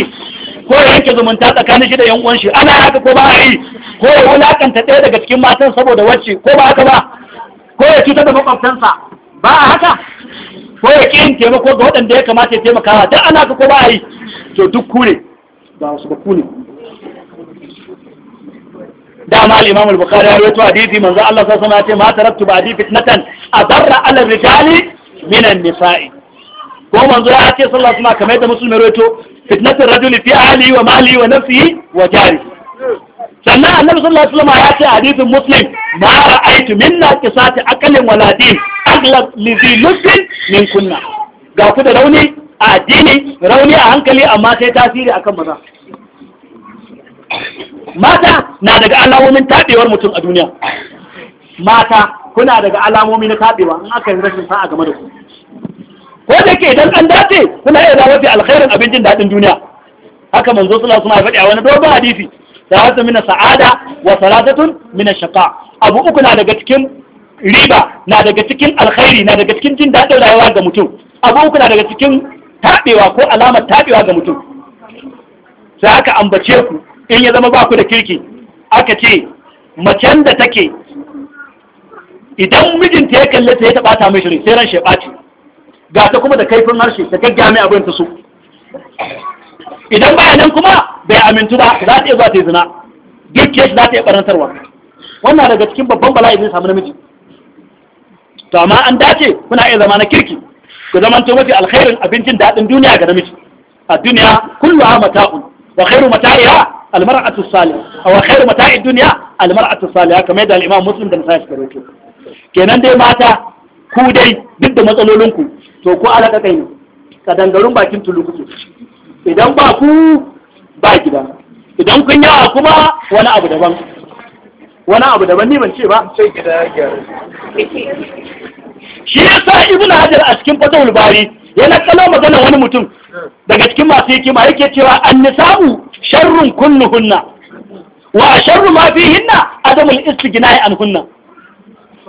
ko ya yanke zumunta tsakanin shi da yan uwan shi ana yi haka ko ba a yi ko ya wulakanta ɗaya daga cikin matan saboda wacce ko ba haka ba ko ya cutar da makwabtansa ba a haka ko ya ƙi yin taimako ga waɗanda ya kamata ya taimakawa duk ana haka ko ba a yi to duk kure, ba wasu ba kure dama al-imam al-bukhari ya rawaito hadisi manzo Allah sallallahu alaihi wasallam ya ce ma taraktu ba'di fitnatan adarra ala rijali minan nisa'i ko manzo ya ce sallallahu alaihi wasallam kamar da musulmi rawaito fitnatur rajuli fi ahli wa mali wa nafsihi wa jari sannan annabi sallallahu alaihi wasallam ya ce hadisin muslim ma ra'aytu minna qisati aqlin wala din aghlab li dhilsin min kunna ga ku da rauni a addini rauni a hankali amma sai tasiri akan maza mata na daga alamomin taɓewar mutum a duniya mata kuna daga alamomi na taɓewa in aka yi rashin sa'a game da ku ko da ke idan an dace kuna iya dawo da alkhairin abincin daɗin duniya haka manzo suna alaihi wasallam faɗi a wani dogon hadisi da hasu mina sa'ada wa salatatun mina shaqa abu uku na daga cikin riba na daga cikin alkhairi na daga cikin jin daɗin rayuwa ga mutum abu uku na daga cikin taɓewa ko alamar taɓewa ga mutum sai aka ambace ku in ya zama ba ku da kirki aka ce macen da take idan mijinta ya kalli ta ya taba ta mai sai ran sheba ce, ga ta kuma da kaifin harshe ta gaggya mai abin ta so idan bayanan kuma bai amintu ba za ta iya zuwa ta yi zina duk shi za ta iya barantarwa wannan daga cikin babban bala'i zai samu namiji to amma an dace kuna iya zama na kirki ku zamanta mafi alkhairin abincin daɗin duniya ga namiji a duniya kullu ha mata'un wa khairu mata'iha almar'atu salih wa khairu mata'id dunya almar'atu salih kamar yadda al-imam muslim da nasai suka rawaito kenan dai mata ku dai duk da matsalolin ku to ku alaka kai ne kadangarun bakin tulu idan ba ku ba gida idan kun yawa kuma wani abu daban wani abu daban ni ban ce ba sai gida gyara. shi yasa ibnu hajar a cikin fatawul bari yana kallon magana wani mutum daga cikin masu ma yake cewa an nisa'u sharrun hunna wa sharru ma fi fihinna adamul istighna'i hunna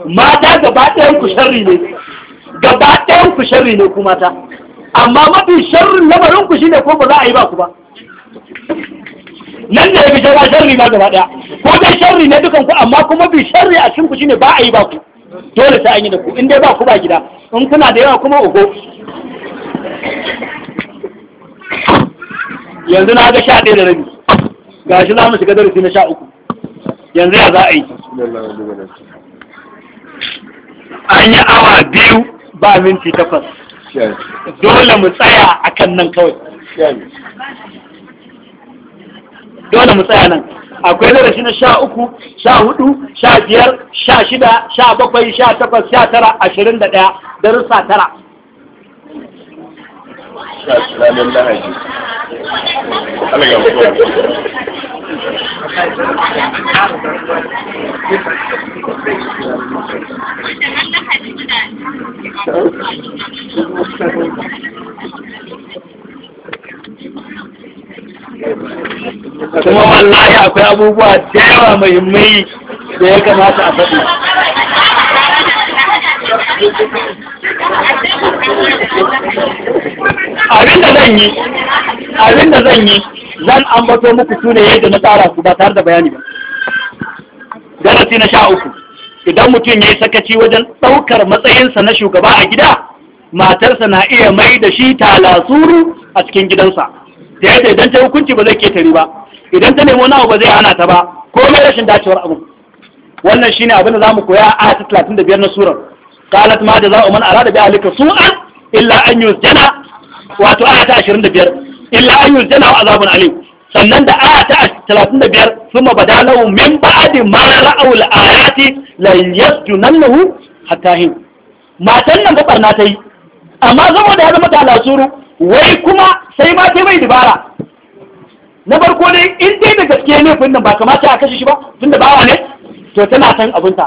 mata gaba ɗayan ku sharri ne gaba ɗayan ku sharri ne ku mata amma mafi sharrun lamarin ku shine ko ba za a yi ba ku ba nan ne bi shara sharri ma gaba ɗaya ko dai sharri ne dukan ku amma kuma bi sharri a cikin ku shine ba a yi ba ku dole sai an yi da ku in dai ba ku ba gida in kuna da yawa kuma ugo yanzu na ga sha ɗaya da rabi ga shi za mu shiga darasi na sha uku yanzu ya za a yi an yi awa biyu ba minti takwas dole mu tsaya a kan nan kawai dole mu tsaya nan akwai darasi na sha uku sha hudu sha biyar sha shida sha bakwai sha takwas sha tara ashirin da ɗaya darussa tara ranar lahaji 哎呀！什么玩意儿？别胡说，邪门歪理，谁他妈说的？abinda zan yi zan yi zan ambato muku sune yadda na tsara ku ba tare da bayani ba darasi na sha uku idan mutum ya yi sakaci wajen ɗaukar matsayinsa na shugaba a gida matarsa na iya mai da shi talasuru a cikin gidansa da yadda idan ta hukunci ba zai ketare ba idan ta nemo nawa ba zai hana ta ba ko mai rashin dacewar abu wannan ne abin da za mu koya a talatin da biyar na surar qalat ma jazaa'u man arada bi ahlika su'an illa an yusjana wato aya ta 25 illa an yusjana wa azabun alim sannan da aya ta 35 thumma badalahu min ba'di ma ra'aw al-ayati la yasjunahu hatta hin matan nan gabar na ta yi amma saboda ya zama ta talasuru wai kuma sai ma ta mai dibara na farko dai in dai da gaske ne kun nan ba kamata a kashe shi ba tunda bawa ne to tana san abunta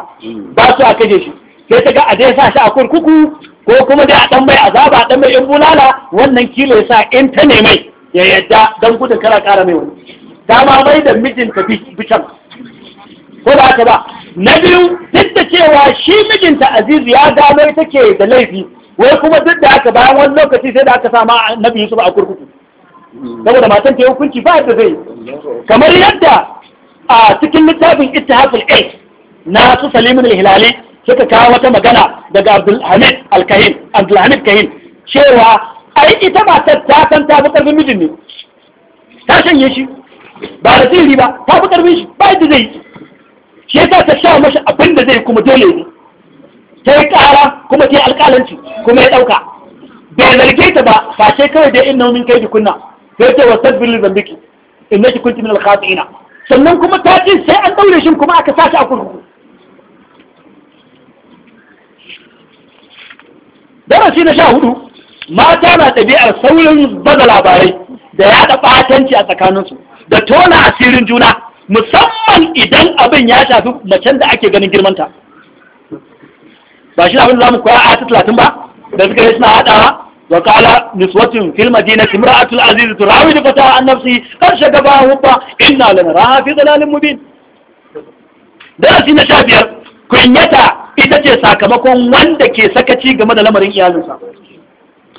ba su a kashe shi sai ta ga a dai sa shi a kurkuku ko kuma dai a dan mai azaba dan mai bulala wannan kilo ya sa in ta ne mai ya yadda dan gudun kara kara mai wani dama mai da mijinta bican ko da haka ba na biyu duk da cewa shi mijinta azizu ya gano take da laifi wai kuma duk da haka bayan wani lokaci sai da aka sa ma annabi yusuf a kurkuku saboda matan ta hukunci ba yadda zai kamar yadda a cikin littafin ittihadul aid na su salimin al-hilali suka kawo wata magana daga Abdulhamid Alkahin Abdulhamid Kahin cewa ai ita matar ta san ta fi ƙarfin mijin ne ta shanye shi ba da sirri ba ta fi ƙarfin shi ba yadda zai yi shi yasa ta sha mashi abin da zai kuma dole ne ta yi ƙara kuma ta yi alƙalanci kuma ya ɗauka bai zarge ta ba fashe kawai da inna min kai kunna sai ta wasan birnin zambiki inna ki kunti min ina. sannan kuma ta ce sai an ɗaure shi kuma aka sashi a kurkuku darasi na sha hudu mata na ɗabi'ar saurin baza labarai da ya yaɗa ɓatanci a tsakaninsu da tona asirin juna musamman idan abin ya shafi macen da ake ganin girmanta ba shi abin za mu koya a talatin ba da suka yi suna haɗawa wa kala niswatin fil madina imra'atul aziz turawi da fata an nafsi kar shaga hubba lana rafi dalalin mubin darasi na sha biyar kunyata ita ce sakamakon wanda ke sakaci game da lamarin iyalinsa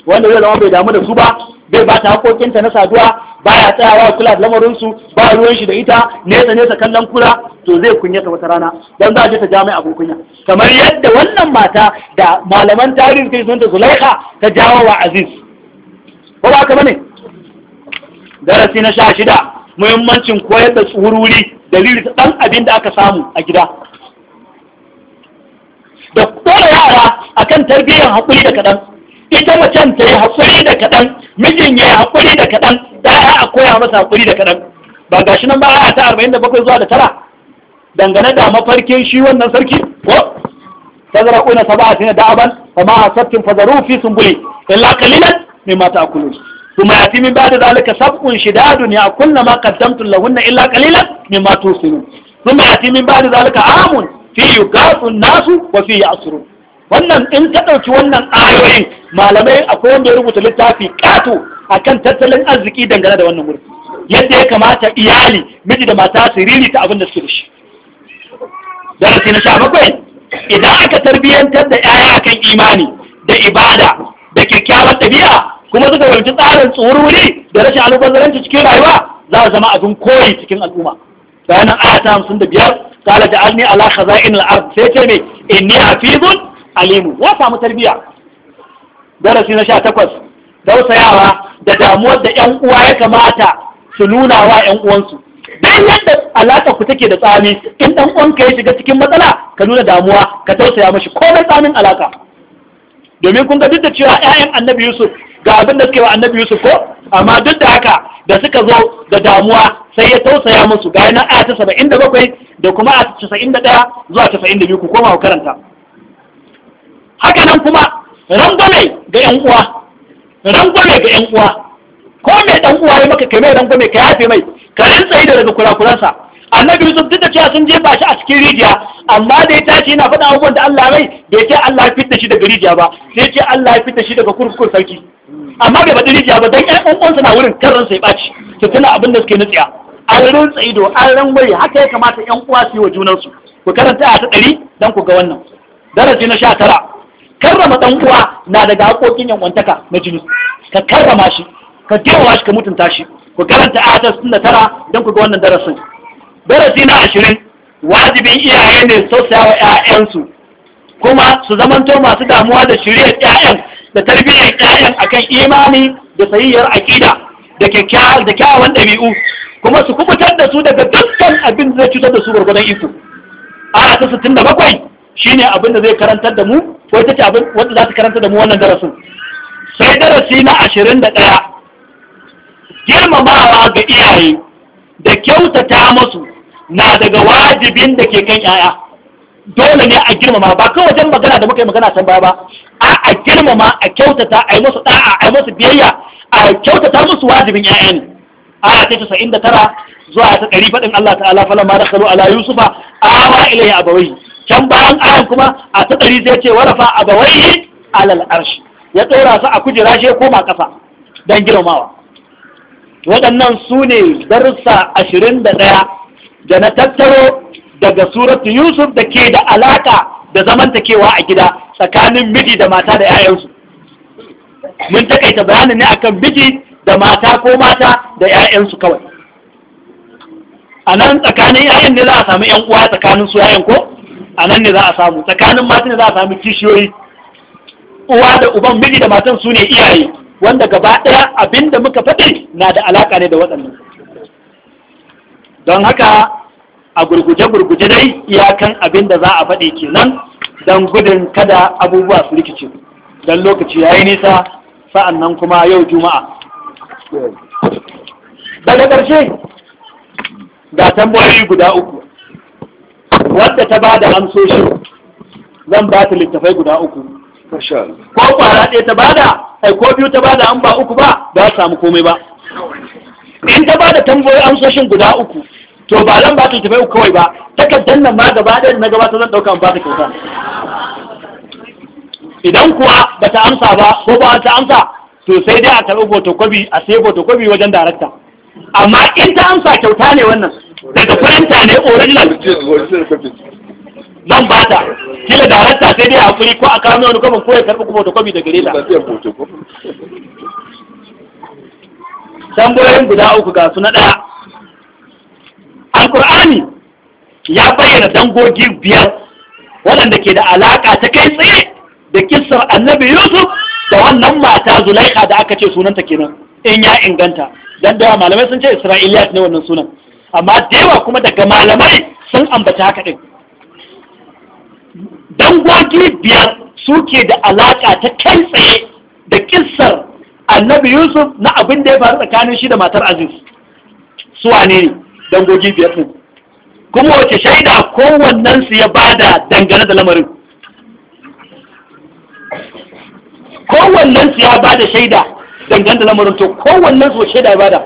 wanda zai zama bai damu da su ba bai ba ta hakokinta na saduwa ba baya tsayawa kula da lamarinsu ba ruwan shi da ita nesa nesa kallon kula to zai kunya ta wata rana don za a je ta jami abu kunya kamar yadda wannan mata da malaman tarihi kai ta Zulaikha ta jawo wa Aziz ko ba ka bane darasi na sha shida, muhimmancin koyar da tsururi dalili ta ɗan abin da aka samu a gida da dole yara akan tarbiyyar hakuri da kaɗan ita macen ta yi hakuri da kaɗan mijin ya yi hakuri da kaɗan da ya a koya masa hakuri da kaɗan ba ga shi nan ba a ta arba'in da bakwai zuwa da tara dangane da mafarkin shi wannan sarki ko tazara kuna saba'atin da aban fa ma hasabtum fadaru fi sumbuli illa qalilan mimma ta'kulun ثم يأتي من بعد ذلك سبع شداد يأكلن ما قدمتم mai إلا قليلا مما ya ثم يأتي من بعد ذلك amun. fi yuqatu nasu wa fi ya'suru wannan in ka ɗauki wannan ayoyin malamai akwai wanda ya rubuta littafi kato kan tattalin arziki dangane da wannan wuri yadda ya kamata iyali miji da mata su ta abin da suke da darasi na sha bakwai idan aka tarbiyyantar da yaya akan imani da ibada da kyakkyawar ɗabi'a kuma suka wanci tsarin tsururi da rashin albazaranci cikin rayuwa za a zama abin koyi cikin al'umma bayanan aya ta hamsin da biyar qala ja'alni ala khaza'in al-ard sai ce me inni hafizun alim ya samu tarbiya darasi na takwas, dausayawa da damuwar da ƴan uwa ya kamata su nuna wa ƴan uwansu dan yadda alaƙa ku take da tsami in dan uwanka ya shiga cikin matsala ka nuna damuwa ka tausaya mashi komai tsamin alaƙa domin kun ga duk da cewa ƴaƴan annabi yusuf ga abin da suke wa annabi yusuf ko amma duk da haka da suka zo da damuwa sai ya tausaya musu ga yana ayata ta saba'in da bakwai da kuma a casa'in da ɗaya zuwa casa'in da biyu ku koma karanta haka nan kuma rangwame ga yan uwa rangwame ga yan uwa ko mai ɗan uwa ya maka kai mai rangwame ka yafe mai ka rantsa da daga kurakuransa annabi yusuf duk da cewa sun jefa shi a cikin rijiya amma da ya tashi yana faɗa abubuwan da Allah mai bai ce Allah ya fitta shi daga rijiya ba sai ce Allah ya fitta shi daga kurkukun sarki amma bai faɗi rijiya ba don ƴan uwan suna wurin karin sai ɓaci su tuna abin da suke nutsiya an rantsa ido an rangwaye haka ya kamata ƴan uwa su yi wa junansu ku karanta a ta ɗari dan ku ga wannan darasi na sha tara karrama ɗan uwa na daga haƙoƙin yankwantaka na jini ka karrama shi ka girma shi ka mutunta shi ku karanta a ta da tara don ku ga wannan darasin darasi na ashirin wajibin iyaye ne sosai wa 'ya'yansu kuma su zamanto masu damuwa da shirye 'ya'yan da tarbiyyar 'ya'yan akan imani da sayiyyar aƙida da kyakkyawan ɗabi'u kuma su kubutar da su daga dukkan abin zai cutar da su gwargwadon iko a ta sittin da bakwai shi ne abin da zai karantar da mu ko ita ce abin wanda za su karantar da mu wannan darasin sai darasi na ashirin da ɗaya girmamawa ga iyaye da kyautata masu na daga wajibin da ke kan 'ya'ya dole ne a girmama ba kawai wajen magana da muka yi magana can baya ba a girmama a kyautata a yi musu da'a a yi musu biyayya a kyautata musu wajibin 'ya'yan aya ta tasa'in da tara zuwa ta ɗari faɗin Allah ta'ala falon ma dakalu ala yusufa awa ilayya abawai can bayan ayan kuma a ta ɗari zai ce warafa abawai alal arshi ya ɗora su a kujera shi koma ƙasa don girmamawa waɗannan su ne darussa ashirin da ɗaya da na tattaro daga suratu yusuf da ke da alaƙa da zamantakewa a gida tsakanin miji da mata da 'ya'yansu mun takaita bayanin ne akan miji da mata ko mata da 'ya'yansu kawai a nan tsakanin 'ya'yan ne za a samu 'yan uwa tsakanin su 'ya'yan ko a nan ne za a samu tsakanin matan ne za a samu kishiyoyi uwa da uban miji da matan su ne iyaye wanda gaba ɗaya abinda muka faɗi na da alaƙa ne da waɗannan don haka a gurguje-gurguje dai iyakan abin da za a ke kenan don gudun kada abubuwa su rikice don lokaci ya yi nisa sa'an nan kuma yau juma'a daga ƙarshe ga tambayoyi guda uku wadda ta ba da amsoshi zan ba ta littafai guda uku ko kwara ɗaya ta bada ai ko biyu ta bada an ba uku ba ba samu komai ba in ta bada tambayoyi amsoshin guda uku to ba zan ba ta tafi kawai ba takardar nan ma gaba ɗaya na gaba ta zan ɗauka ba ta kyauta idan kuwa ba ta amsa ba ko ba ta amsa to sai dai a karɓi photocopy a sai photocopy wajen darakta amma in ta amsa kyauta ne wannan daga faranta ne original zan ba ta kila darakta sai dai a hakuri ko a kawo wani kwamon ko ya karɓi photocopy da gare ta tambayoyin guda uku ga su na ɗaya alkur'ani ya bayyana dangogi biyar waɗanda ke da alaƙa ta kai tsaye da kisar annabi yusuf da wannan mata Zulaiha da aka ce sunanta kenan in ya inganta don da malamai sun ce Isra'iliya ne wannan sunan amma da kuma daga malamai sun ambata haka din dangogi biyar suke da alaƙa ta kai tsaye da kisar annabi yusuf na abin da ya faru tsakanin shi da matar aziz su wane ne dangogi biyar su kuma wace shaida kowannen su ya bada dangane da lamarin kowannen su ya bada shaida dangane da lamarin to kowannen su shaida ya bada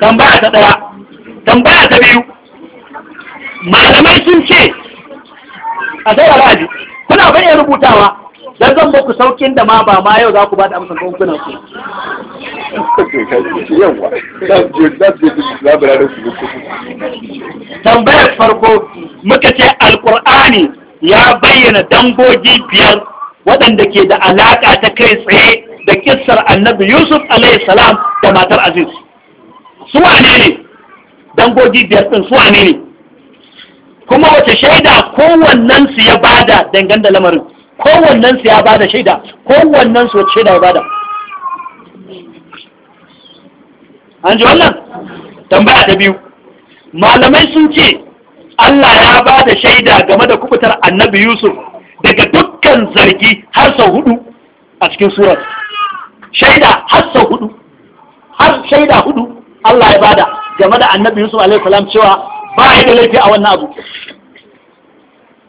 tambaya ta daya tambaya ta biyu malamai sun ce a sai ra'ayi kuna bayyana rubutawa dan zan muku saukin da ma ba ma yau za ku ba da amsa ko kuna ku [LAUGHS] tambayar farko muka ce alkur'ani ya bayyana dangogi biyar waɗanda ke da alaƙa ta kai tsaye da kissar annabi yusuf alayhi salam da matar aziz su wane ne dangogi biyar ɗin su wane ne kuma wace shaida kowannensu ya bada dangane da lamarin kowannen su ya bada shaida kowannen su wace shaida ya da an ji wannan tambaya da biyu malamai sun ce Allah ya ba da shaida game da kubutar annabi Yusuf daga dukkan zargi har sau hudu a cikin surat shaida har sau hudu har shaida hudu Allah ya bada game da annabi Yusuf alaihi salam cewa ba ya da laifi a wannan abu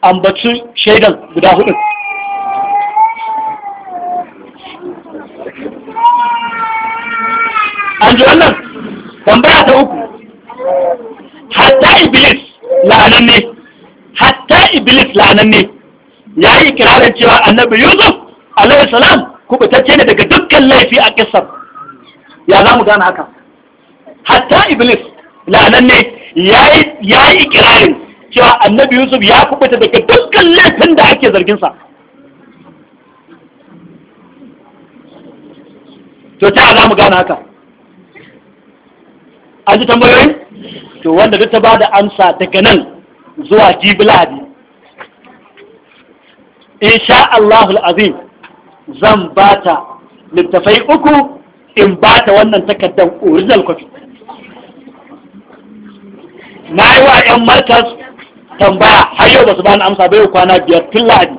ambaci shaidan guda hudu an ji wannan tambaya ta uku hatta iblis la'ananne hatta iblis la'ananne ya yi ikirarin cewa annabi yusuf alaihi salam kubutacce ne daga dukkan laifi a kissar ya za mu gane haka hatta iblis la'ananne ya yi ikirarin cewa annabi yusuf ya kubuta daga dukkan laifin da ake zarginsa to ta za mu gane haka an ji tambayoyin to wanda duk ta ba da amsa daga nan zuwa jibiladi insha Allahul azim zan ba ta littafai uku in ba ta wannan takardar original copy na yi wa 'yan markas tambaya har yau ba su bani amsa bai kwana biyar tun lahadi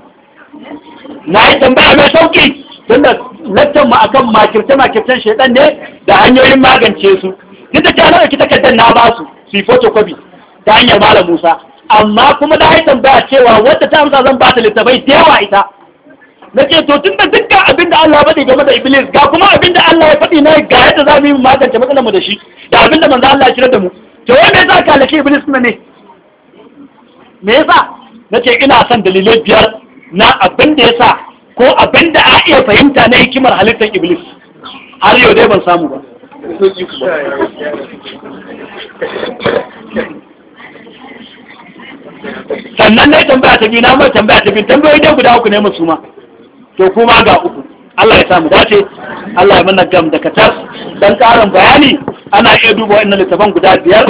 na yi tambaya mai sauki tunda da ma akan makirce makircen shaidan ne da hanyoyin magance su duk da cewa ki takardar na ba su su yi photocopy ta hanyar malam Musa amma kuma da haitan tambaya cewa wadda ta amsa zan ba ta littafai da yawa ita na ce to tun da dukkan abin da Allah faɗi game da Iblis ga kuma abin da Allah ya faɗi na ga yadda za mu yi magance matsalar mu da shi da abin da manzo Allah ya kira da mu to wai me yasa ka lake Iblis kuma ne me yasa nace ina son dalilai biyar na abin da yasa ko abin da a iya fahimta na hikimar halittar Iblis har yau dai ban samu ba sannan na yi tambaya ta biyu na mai tambaya ta biyu tambayoyi dai guda uku ne masu ma to kuma ga uku Allah ya samu dace Allah ya mana gam da katar dan karin bayani ana iya duba wa'annan littafan guda biyar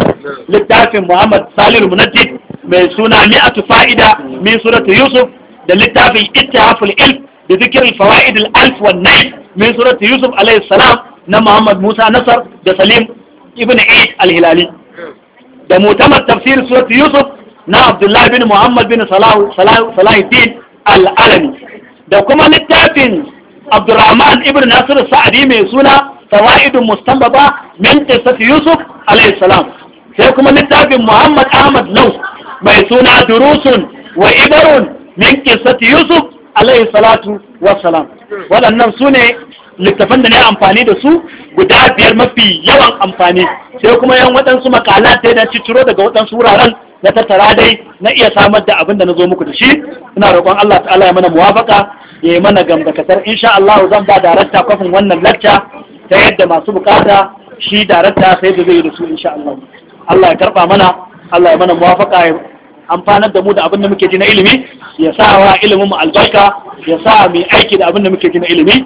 littafin Muhammad salir Munaddid mai suna mi'atu fa'ida min suratu Yusuf da littafin Ittihaful Ilm da zikirin fawa'idul al-alf wan min suratu Yusuf alayhi salam na Muhammad Musa Nasar da Salim ibn Eid al-Hilali da mutamar tafsir surat Yusuf na Abdullah bin Muhammad bin Salahuddin al-Alami da kuma littafin Abdurrahman ibn Nasir Sa'adi mai suna Fawaidun Mustanbaba min Qissat Yusuf alayhi salam sai kuma littafin Muhammad Ahmad Naus mai suna Durusun wa Ibarun min Qissat Yusuf alayhi salatu wassalam waɗannan su ne littafan da na yi amfani da su guda biyar mafi yawan amfani sai kuma yan waɗansu makala dai na ciciro daga waɗansu wuraren na tattara dai na iya samar da abin da na zo muku da shi ina roƙon Allah ta'ala ya mana muwafaka ya yi mana gamgakatar insha Allah zan ba darakta kwafin wannan lacca ta yadda masu bukata shi darakta sai da zai yi da su insha Allah Allah ya karɓa mana Allah ya mana muwafaka ya amfanar da mu da abin da muke ji na ilimi ya sa wa ilimin mu albarka ya sa mu aiki da abin da muke ji na ilimi